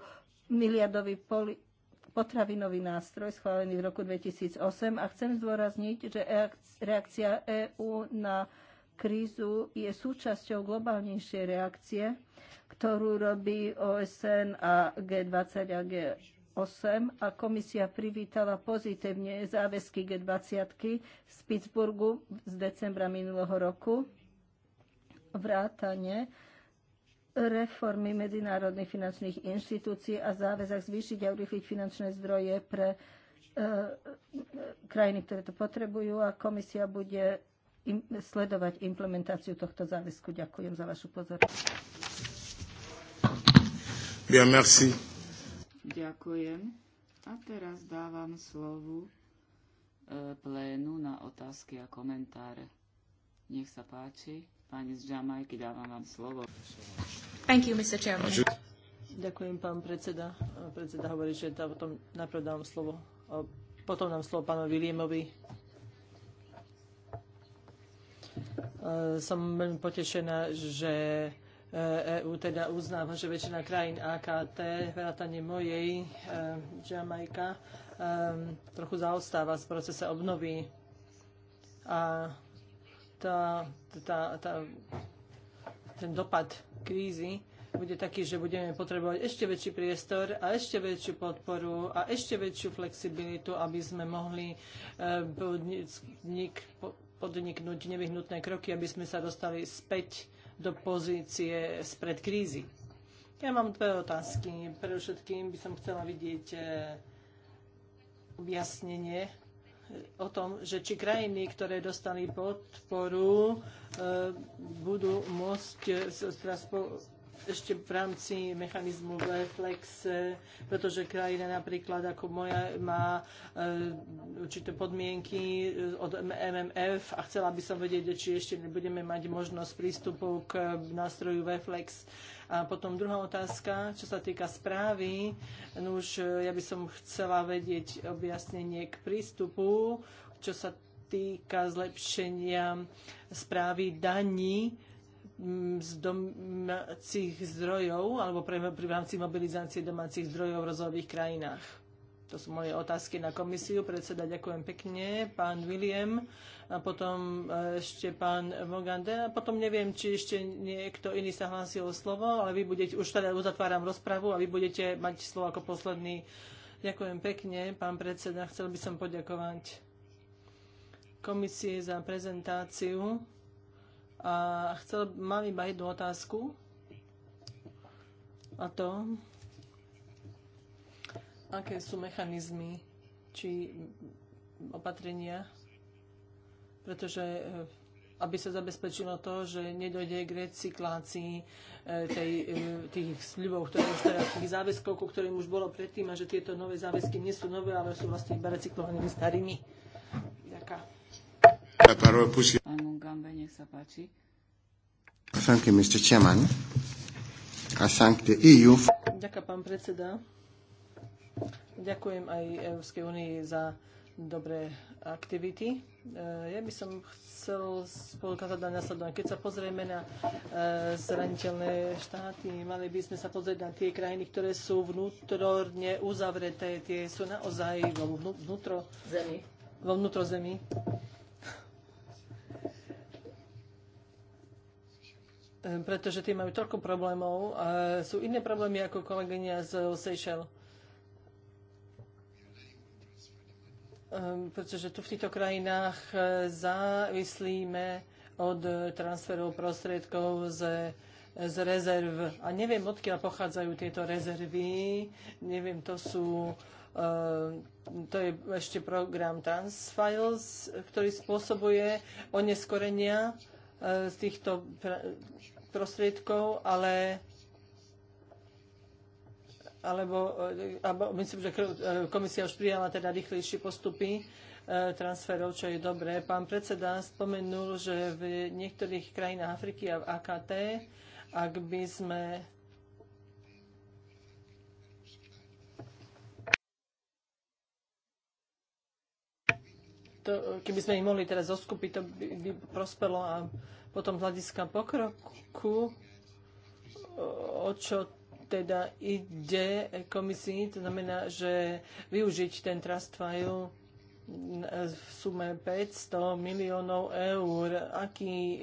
miliardový poli, potravinový nástroj schválený v roku 2008 a chcem zdôrazniť, že reakcia EÚ na krízu je súčasťou globálnejšej reakcie, ktorú robí OSN a G20 a G8 a komisia privítala pozitívne záväzky G20 z Pittsburghu z decembra minulého roku vrátane reformy medzinárodných finančných inštitúcií a záväzach zvýšiť a urychliť finančné zdroje pre e, krajiny, ktoré to potrebujú a komisia bude sledovať implementáciu tohto záväzku. Ďakujem za vašu pozornosť. Bien, merci. Ďakujem. A teraz dávam slovu e, plénu na otázky a komentáre. Nech sa páči. Pani z Jamajky, dávam vám slovo. Thank you, Mr. Chairman. Ďakujem, pán predseda. Predseda hovorí, že dá, potom najprv dám slovo, potom dám slovo pánovi Williamovi. Eh, som veľmi potešená, že EU eh, e teda uznáva, že väčšina krajín AKT, vrátane mojej, eh, Jamaika, trochu zaostáva z procese obnovy. A tá, tá, tá, ten dopad krízy bude taký, že budeme potrebovať ešte väčší priestor a ešte väčšiu podporu a ešte väčšiu flexibilitu, aby sme mohli podnik, podniknúť nevyhnutné kroky, aby sme sa dostali späť do pozície spred krízy. Ja mám dve otázky. všetkým by som chcela vidieť eh, objasnenie eh, o tom, že či krajiny, ktoré dostali podporu, eh, budú môcť ešte v rámci mechanizmu Reflex, e, pretože krajina napríklad ako moja má e, určité podmienky e, od MMF a chcela by som vedieť, či ešte nebudeme mať možnosť prístupu k nástroju Reflex. A potom druhá otázka, čo sa týka správy. No už ja by som chcela vedieť objasnenie k prístupu, čo sa týka zlepšenia správy daní Mm, z domácich zdrojov alebo pre, pri rámci mobilizácie domácich zdrojov v rozvojových krajinách? To sú moje otázky na komisiu. Predseda, ďakujem pekne. Pán William a potom e, ešte pán Mogande. A potom neviem, či ešte niekto iný sa hlásil o slovo, ale vy budete, už teda uzatváram rozpravu a vy budete mať slovo ako posledný. Ďakujem pekne, pán predseda. Chcel by som poďakovať komisie za prezentáciu. A chcel, mám iba jednu otázku. A to, aké sú mechanizmy či opatrenia, pretože eh, aby sa zabezpečilo to, že nedojde k recyklácii eh, tej, eh, tých sľubov, ktoré už teraz, tých záväzkov, ku ktorým už bolo predtým a že tieto nové záväzky nie sú nové, ale sú vlastne iba recyklovanými starými. Ďakujem. Pán Mugambe, nech sa páči. Thank you, Chairman. I thank EU. E Ďakujem, pán predseda. Ďakujem aj Európskej únii za dobré aktivity. Eh, ja by som chcel spolukázať na následovanie. Keď sa pozrieme na eh, zraniteľné štáty, mali by sme sa pozrieť na tie krajiny, ktoré sú vnútorne uzavreté, tie sú naozaj vo vnútro zemi. Vo vnútro zemi. Ehm, pretože tie majú toľko problémov a sú iné problémy ako kolegyňa z Seychelles. Ehm, pretože tu v týchto krajinách eh, závislíme od eh, transferov prostriedkov z, eh, z rezerv. A neviem, odkiaľ pochádzajú tieto rezervy. Neviem, to sú ehm, to je ešte program Transfiles, ktorý spôsobuje oneskorenia z týchto prostriedkov, ale alebo, alebo myslím, že komisia už prijala teda rýchlejšie postupy e, transferov, čo je dobré. Pán predseda spomenul, že v niektorých krajinách Afriky a v AKT, ak by sme to, keby sme ich mohli teraz zoskupiť, to by, by prospelo a potom z hľadiska pokroku, o čo teda ide komisii, to znamená, že využiť ten trust file v sume 500 miliónov eur. Aký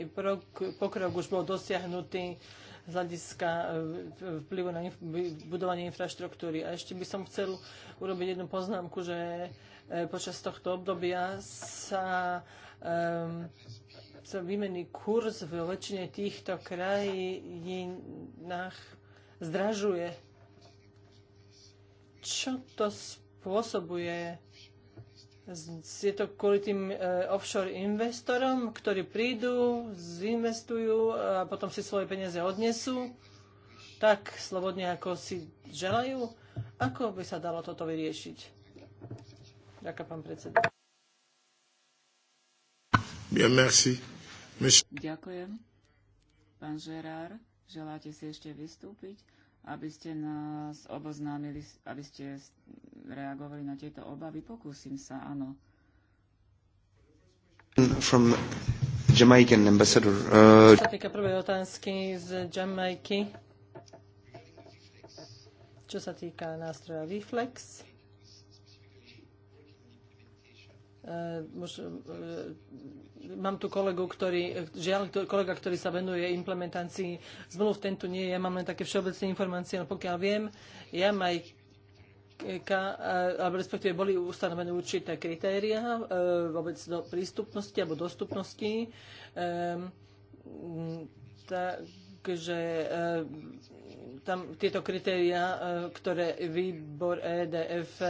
pokrok už bol dosiahnutý z hľadiska e, vplyvu na inf budovanie infraštruktúry? A ešte by som chcel urobiť jednu poznámku, že E, počas tohto obdobia sa um, sa výmenný kurz v väčšine týchto krajinách zdražuje. Čo to spôsobuje? Je to kvôli tým uh, offshore investorom, ktorí prídu, zinvestujú a potom si svoje peniaze odnesú tak slobodne, ako si želajú? Ako by sa dalo toto vyriešiť? Bien, merci. Ďakujem. Pán Žerár, želáte si ešte vystúpiť, aby ste nás oboznámili, aby ste reagovali na tieto obavy? Pokúsim sa, áno. From Jamaican ambassador. Uh... Čo sa týka prvej otázky z Jamaiky, čo sa týka nástroja Reflex, E, e, mám tu kolegu, ktorý, e, žiaľ, kolega, ktorý sa venuje implementácii zmluv, tento nie je, ja mám len také všeobecné informácie, ale pokiaľ viem, ja mám maj alebo respektíve boli ustanovené určité kritéria vôbec do prístupnosti alebo dostupnosti. Ehm, takže tam tieto kritéria, ktoré výbor EDF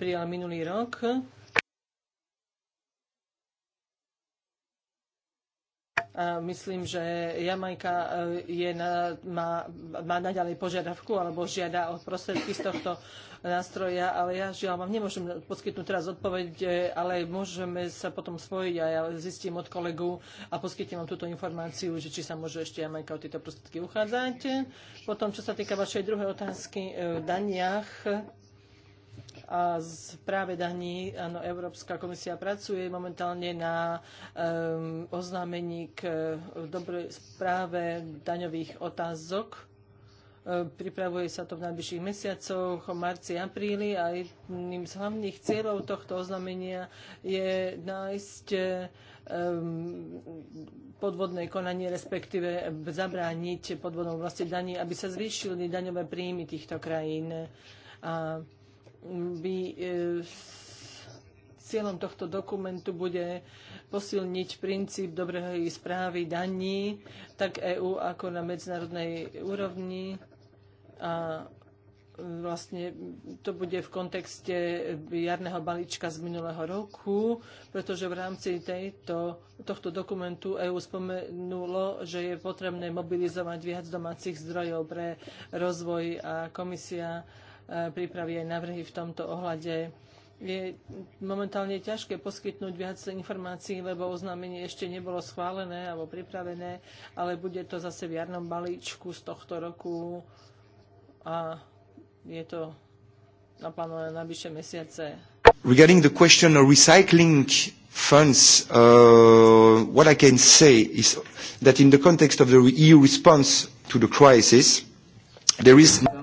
prijal minulý rok, myslím, že Jamajka eh, je na, má, má naďalej požiadavku alebo žiada o prostriedky z tohto nástroja, ale ja žiaľ vám nemôžem poskytnúť teraz odpoveď, eh, ale môžeme sa potom spojiť a ja zistím od kolegu a poskytnem vám túto informáciu, že či sa môže ešte Jamajka o tieto prostriedky uchádzať. Potom, čo sa týka vašej druhej otázky eh, v daniach, a práve daní áno, Európska komisia pracuje momentálne na um, oznámení k e, dobrej správe daňových otázok e, pripravuje sa to v najbližších mesiacoch, v marci, apríli a jedným z hlavných cieľov tohto oznámenia je nájsť e, ehm, podvodné konanie, respektíve zabrániť podvodom vlastne daní, aby sa zvýšili daňové príjmy týchto krajín. A by e, cieľom tohto dokumentu bude posilniť princíp dobrej správy daní tak EÚ ako na medzinárodnej úrovni a e, vlastne to bude v kontexte jarného balíčka z minulého roku, pretože v rámci tejto, tohto dokumentu EÚ spomenulo, že je potrebné mobilizovať viac domácich zdrojov pre rozvoj a komisia E, prípravy aj návrhy v tomto ohľade. Je momentálne ťažké poskytnúť viac informácií, lebo oznámenie ešte nebolo schválené alebo pripravené, ale bude to zase v jarnom balíčku z tohto roku a je to naplánované na vyššie mesiace. Regarding the question of recycling funds, uh, what I can say is that in the context of the EU e response to the crisis, there is No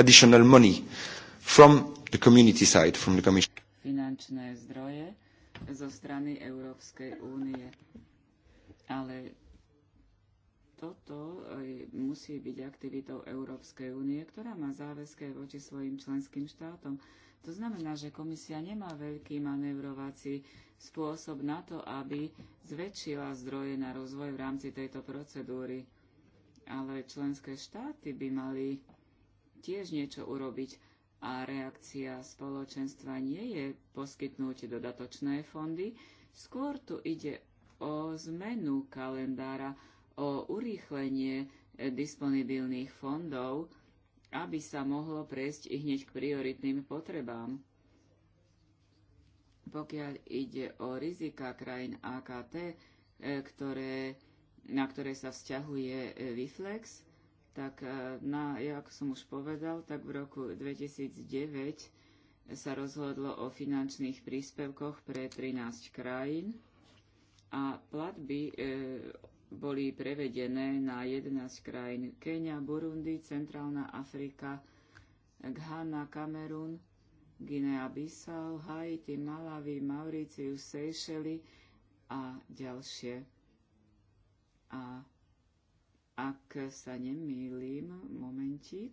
additional money from the community side, from the Commission. Finančné zdroje zo strany Európskej únie. Ale toto e, musí byť aktivitou Európskej únie, ktorá má záväzky voči svojim členským štátom. To znamená, že komisia nemá veľký manevrovací spôsob na to, aby zväčšila zdroje na rozvoj v rámci tejto procedúry. Ale členské štáty by mali tiež niečo urobiť a reakcia spoločenstva nie je poskytnúť dodatočné fondy, skôr tu ide o zmenu kalendára, o urýchlenie eh, disponibilných fondov, aby sa mohlo prejsť i hneď k prioritným potrebám. Pokiaľ ide o rizika krajín AKT, eh, ktoré, na ktoré sa vzťahuje Viflex, eh, e, tak e, na, jak som už povedal, tak v roku 2009 sa rozhodlo o finančných príspevkoch pre 13 krajín a platby e, boli prevedené na 11 krajín. Kenia, Burundi, Centrálna Afrika, Ghana, Kamerún, Guinea-Bissau, Haiti, Malawi, Mauricius, Seychelles a ďalšie. A Ak sa nemýlim, momentík.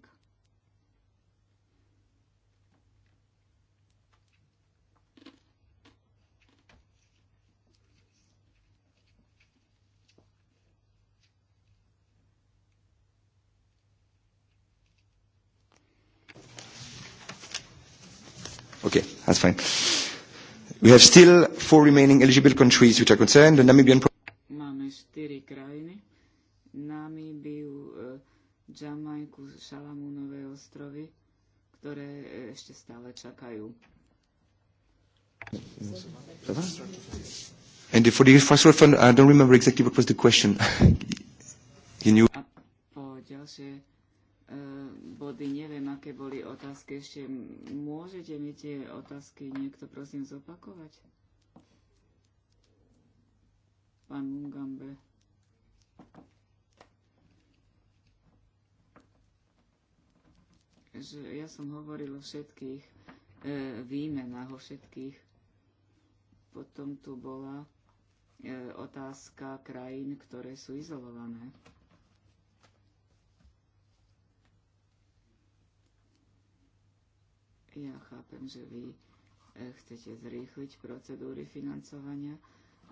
Okay, that's fine. We have still four remaining eligible countries which are concerned. The Namibian. Máme štyri krajiny Namíbiu, e, Jamajku, Šalamúnové ostrovy, ktoré e, ešte stále čakajú. And for the first fund, I don't remember exactly what was the question. *laughs* Can you... A po ďalšie e, body, neviem, aké boli otázky ešte. Môžete mi tie otázky niekto prosím zopakovať? Pán Mungambe. že ja som hovoril o všetkých e, výmenách, o všetkých. Potom tu bola e, otázka krajín, ktoré sú izolované. Ja chápem, že vy e, chcete zrýchliť procedúry financovania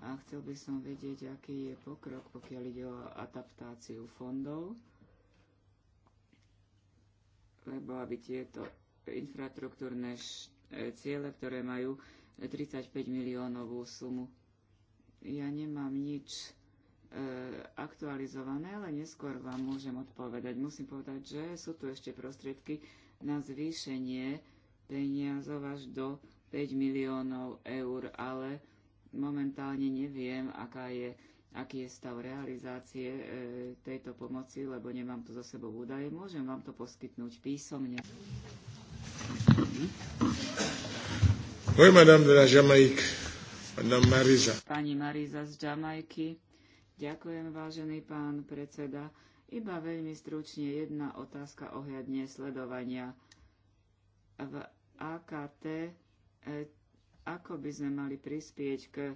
a chcel by som vedieť, aký je pokrok, pokiaľ ide o adaptáciu fondov lebo aby tieto infraštruktúrne e, ciele, ktoré majú 35 miliónovú sumu. Ja nemám nič e, aktualizované, ale neskôr vám môžem odpovedať. Musím povedať, že sú tu ešte prostriedky na zvýšenie peniazov až do 5 miliónov eur, ale momentálne neviem, aká je aký je stav realizácie e, tejto pomoci, lebo nemám tu za sebou údaje. Môžem vám to poskytnúť písomne. Oui, madame de la Jamaïque, madame Marisa. Pani Marisa z Jamajky. Ďakujem, vážený pán predseda. Iba veľmi stručne jedna otázka ohľadne sledovania. V AKT, e, ako by sme mali prispieť k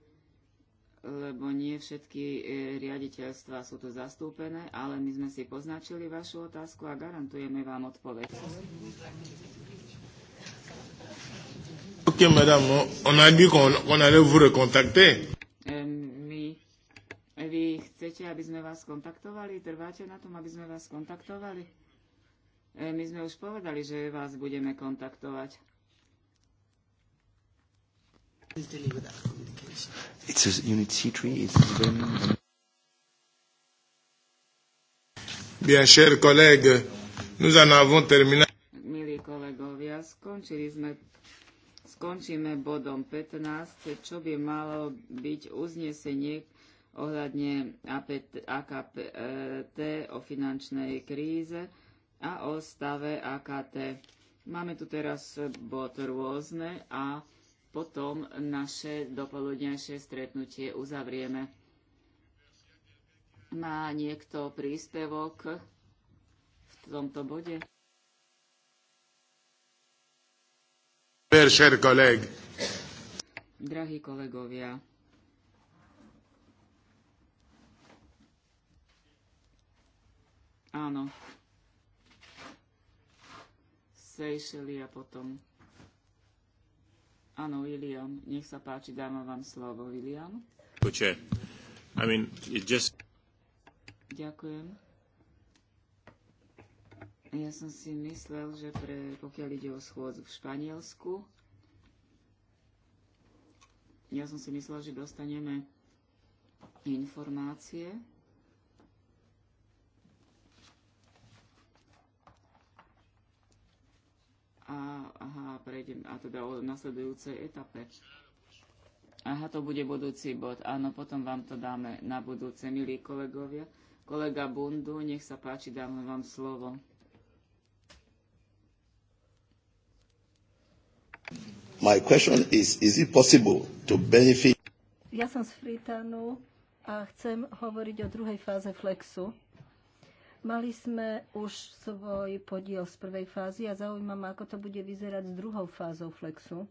lebo nie všetky e, riaditeľstva sú tu zastúpené, ale my sme si poznačili vašu otázku a garantujeme vám odpoveď. Ok, madame, on a dit qu'on allait vous recontacter. vy chcete, aby sme vás kontaktovali? Trváte na tom, aby sme vás kontaktovali? E, my sme už povedali, že vás budeme kontaktovať. It's a unit C3, it's been... Bien, chers collègues, nous en avons terminé. Milí kolegovia, skončili sme, skončíme bodom 15, čo by malo byť uznesenie ohľadne AKT e o finančnej kríze a o stave AKT. Máme tu teraz bod rôzne a potom naše dopoludnejšie stretnutie uzavrieme. Má niekto príspevok v tomto bode? Drahí kolegovia, áno, Seychelles a potom Áno, William, nech sa páči, dávam vám slovo, William. Kuče, I mean, it just... Ďakujem. Ja som si myslel, že pre, pokiaľ ide o schôdzu v Španielsku, ja som si myslel, že dostaneme informácie a, aha, prejdem, a teda o nasledujúcej etape. Aha, to bude budúci bod. Áno, potom vám to dáme na budúce, milí kolegovia. Kolega Bundu, nech sa páči, dám vám slovo. My question is, is it possible to benefit... Ja som z Fritanu a chcem hovoriť o druhej fáze Flexu. Mali sme už svoj podiel z prvej fázy a zaujíma ma, ako to bude vyzerať s druhou fázou Flexu.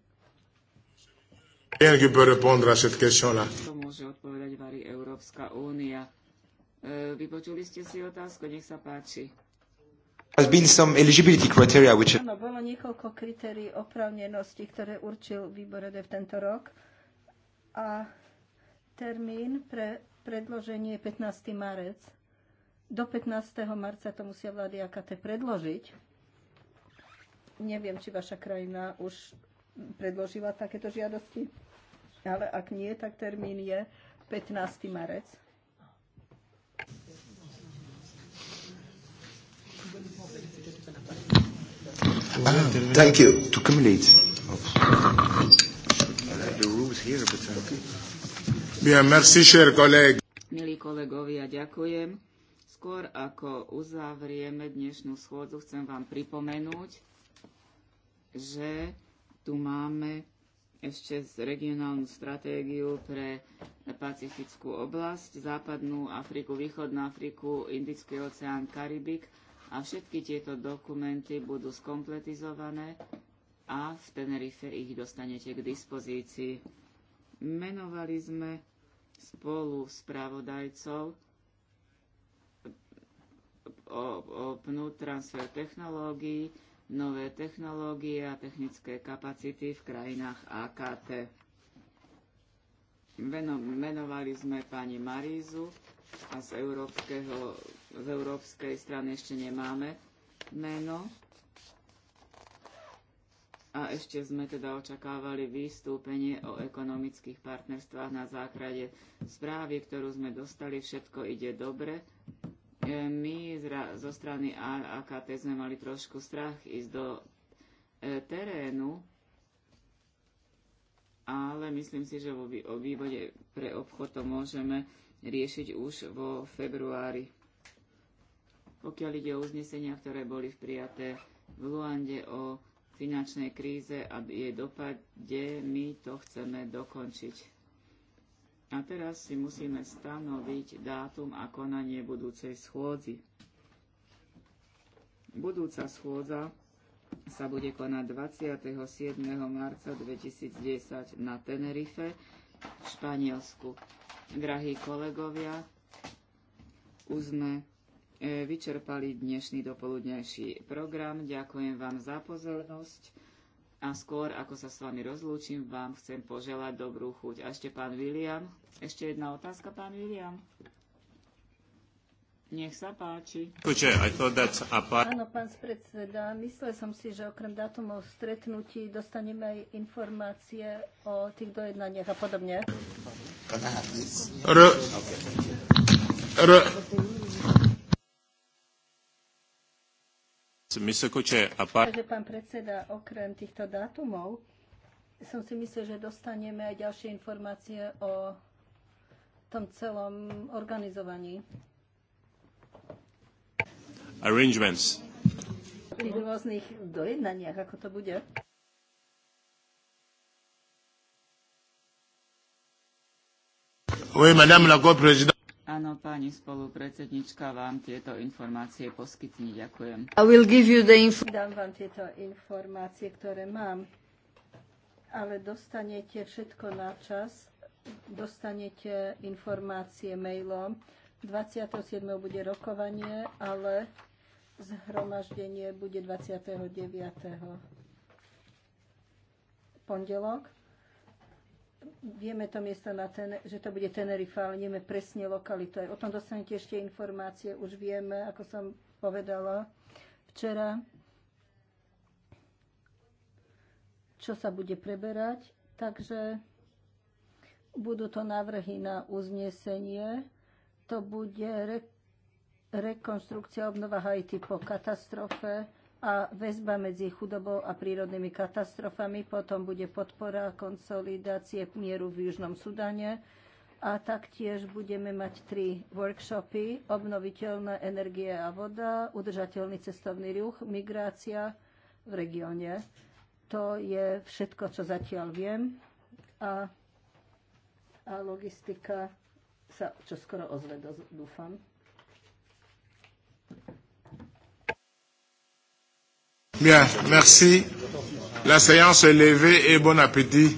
To môže odpovedať Vary Európska únia. E, vypočuli ste si otázku, nech sa páči. Which... Áno, bolo niekoľko kritérií oprávnenosti, ktoré určil výbor EDF tento rok. A termín pre predloženie je 15. marec. Do 15. marca to musia vlády AKT predložiť. Neviem, či vaša krajina už predložila takéto žiadosti, ale ak nie, tak termín je 15. marec. thank you. To complete. Bien, merci, cher collègue. Milí kolegovia, ďakujem. Skôr ako uzavrieme dnešnú schôdzu, chcem vám pripomenúť, že tu máme ešte z regionálnu stratégiu pre Pacifickú oblasť, Západnú Afriku, Východnú Afriku, Indický oceán, Karibik a všetky tieto dokumenty budú skompletizované a v Tenerife ich dostanete k dispozícii. Menovali sme spolu spravodajcov obnú transfer technológií, nové technológie a technické kapacity v krajinách AKT. Menovali sme pani Marízu a z, európskeho, z európskej strany ešte nemáme meno. A ešte sme teda očakávali vystúpenie o ekonomických partnerstvách na základe správy, ktorú sme dostali. Všetko ide dobre E, my zo strany AKT sme mali trošku strach ísť do e, terénu, ale myslím si, že vo vývode pre obchod to môžeme riešiť už vo februári. Pokiaľ ide o uznesenia, ktoré boli prijaté v Luande o finančnej kríze a jej dopade, my to chceme dokončiť. A teraz si musíme stanoviť dátum a konanie budúcej schôdzi. Budúca schôdza sa bude konať 27. marca 2010 na Tenerife v Španielsku. Drahí kolegovia, už sme e, vyčerpali dnešný dopoludnejší program. Ďakujem vám za pozornosť A skôr, ako sa s vami rozlúčim, vám chcem poželať dobrú chuť. A ešte pán William. Ešte jedna otázka, pán William. Nech sa páči. Áno, pán predseda, myslel som si, že okrem dátumov stretnutí dostaneme aj informácie o tých dojednaniach a podobne. R- r- Takže pán predseda, okrem týchto dátumov, som si myslel, že dostaneme aj ďalšie informácie o tom celom organizovaní. Arrangements. Pri rôznych dojednaniach, ako to bude. Oui, madame la co-présidente. Áno, pani spolupredsednička vám tieto informácie poskytne. Ďakujem. I will give you the inf- Dám vám tieto informácie, ktoré mám, ale dostanete všetko na čas. Dostanete informácie mailom. 27. bude rokovanie, ale zhromaždenie bude 29. pondelok vieme to miesto, na ten, že to bude Tenerife, ale vieme presne lokalitu. o tom dostanete ešte informácie. Už vieme, ako som povedala včera, čo sa bude preberať. Takže budú to návrhy na uznesenie. To bude re- rekonstrukcia obnova Haiti po katastrofe a väzba medzi chudobou a prírodnými katastrofami, potom bude podpora konsolidácie mieru v Južnom Sudane a taktiež budeme mať tri workshopy, obnoviteľná energie a voda, udržateľný cestovný ruch, migrácia v regióne. To je všetko, čo zatiaľ viem a, a logistika sa čoskoro ozve, dúfam. Bien, merci. La séance est levée et bon appétit.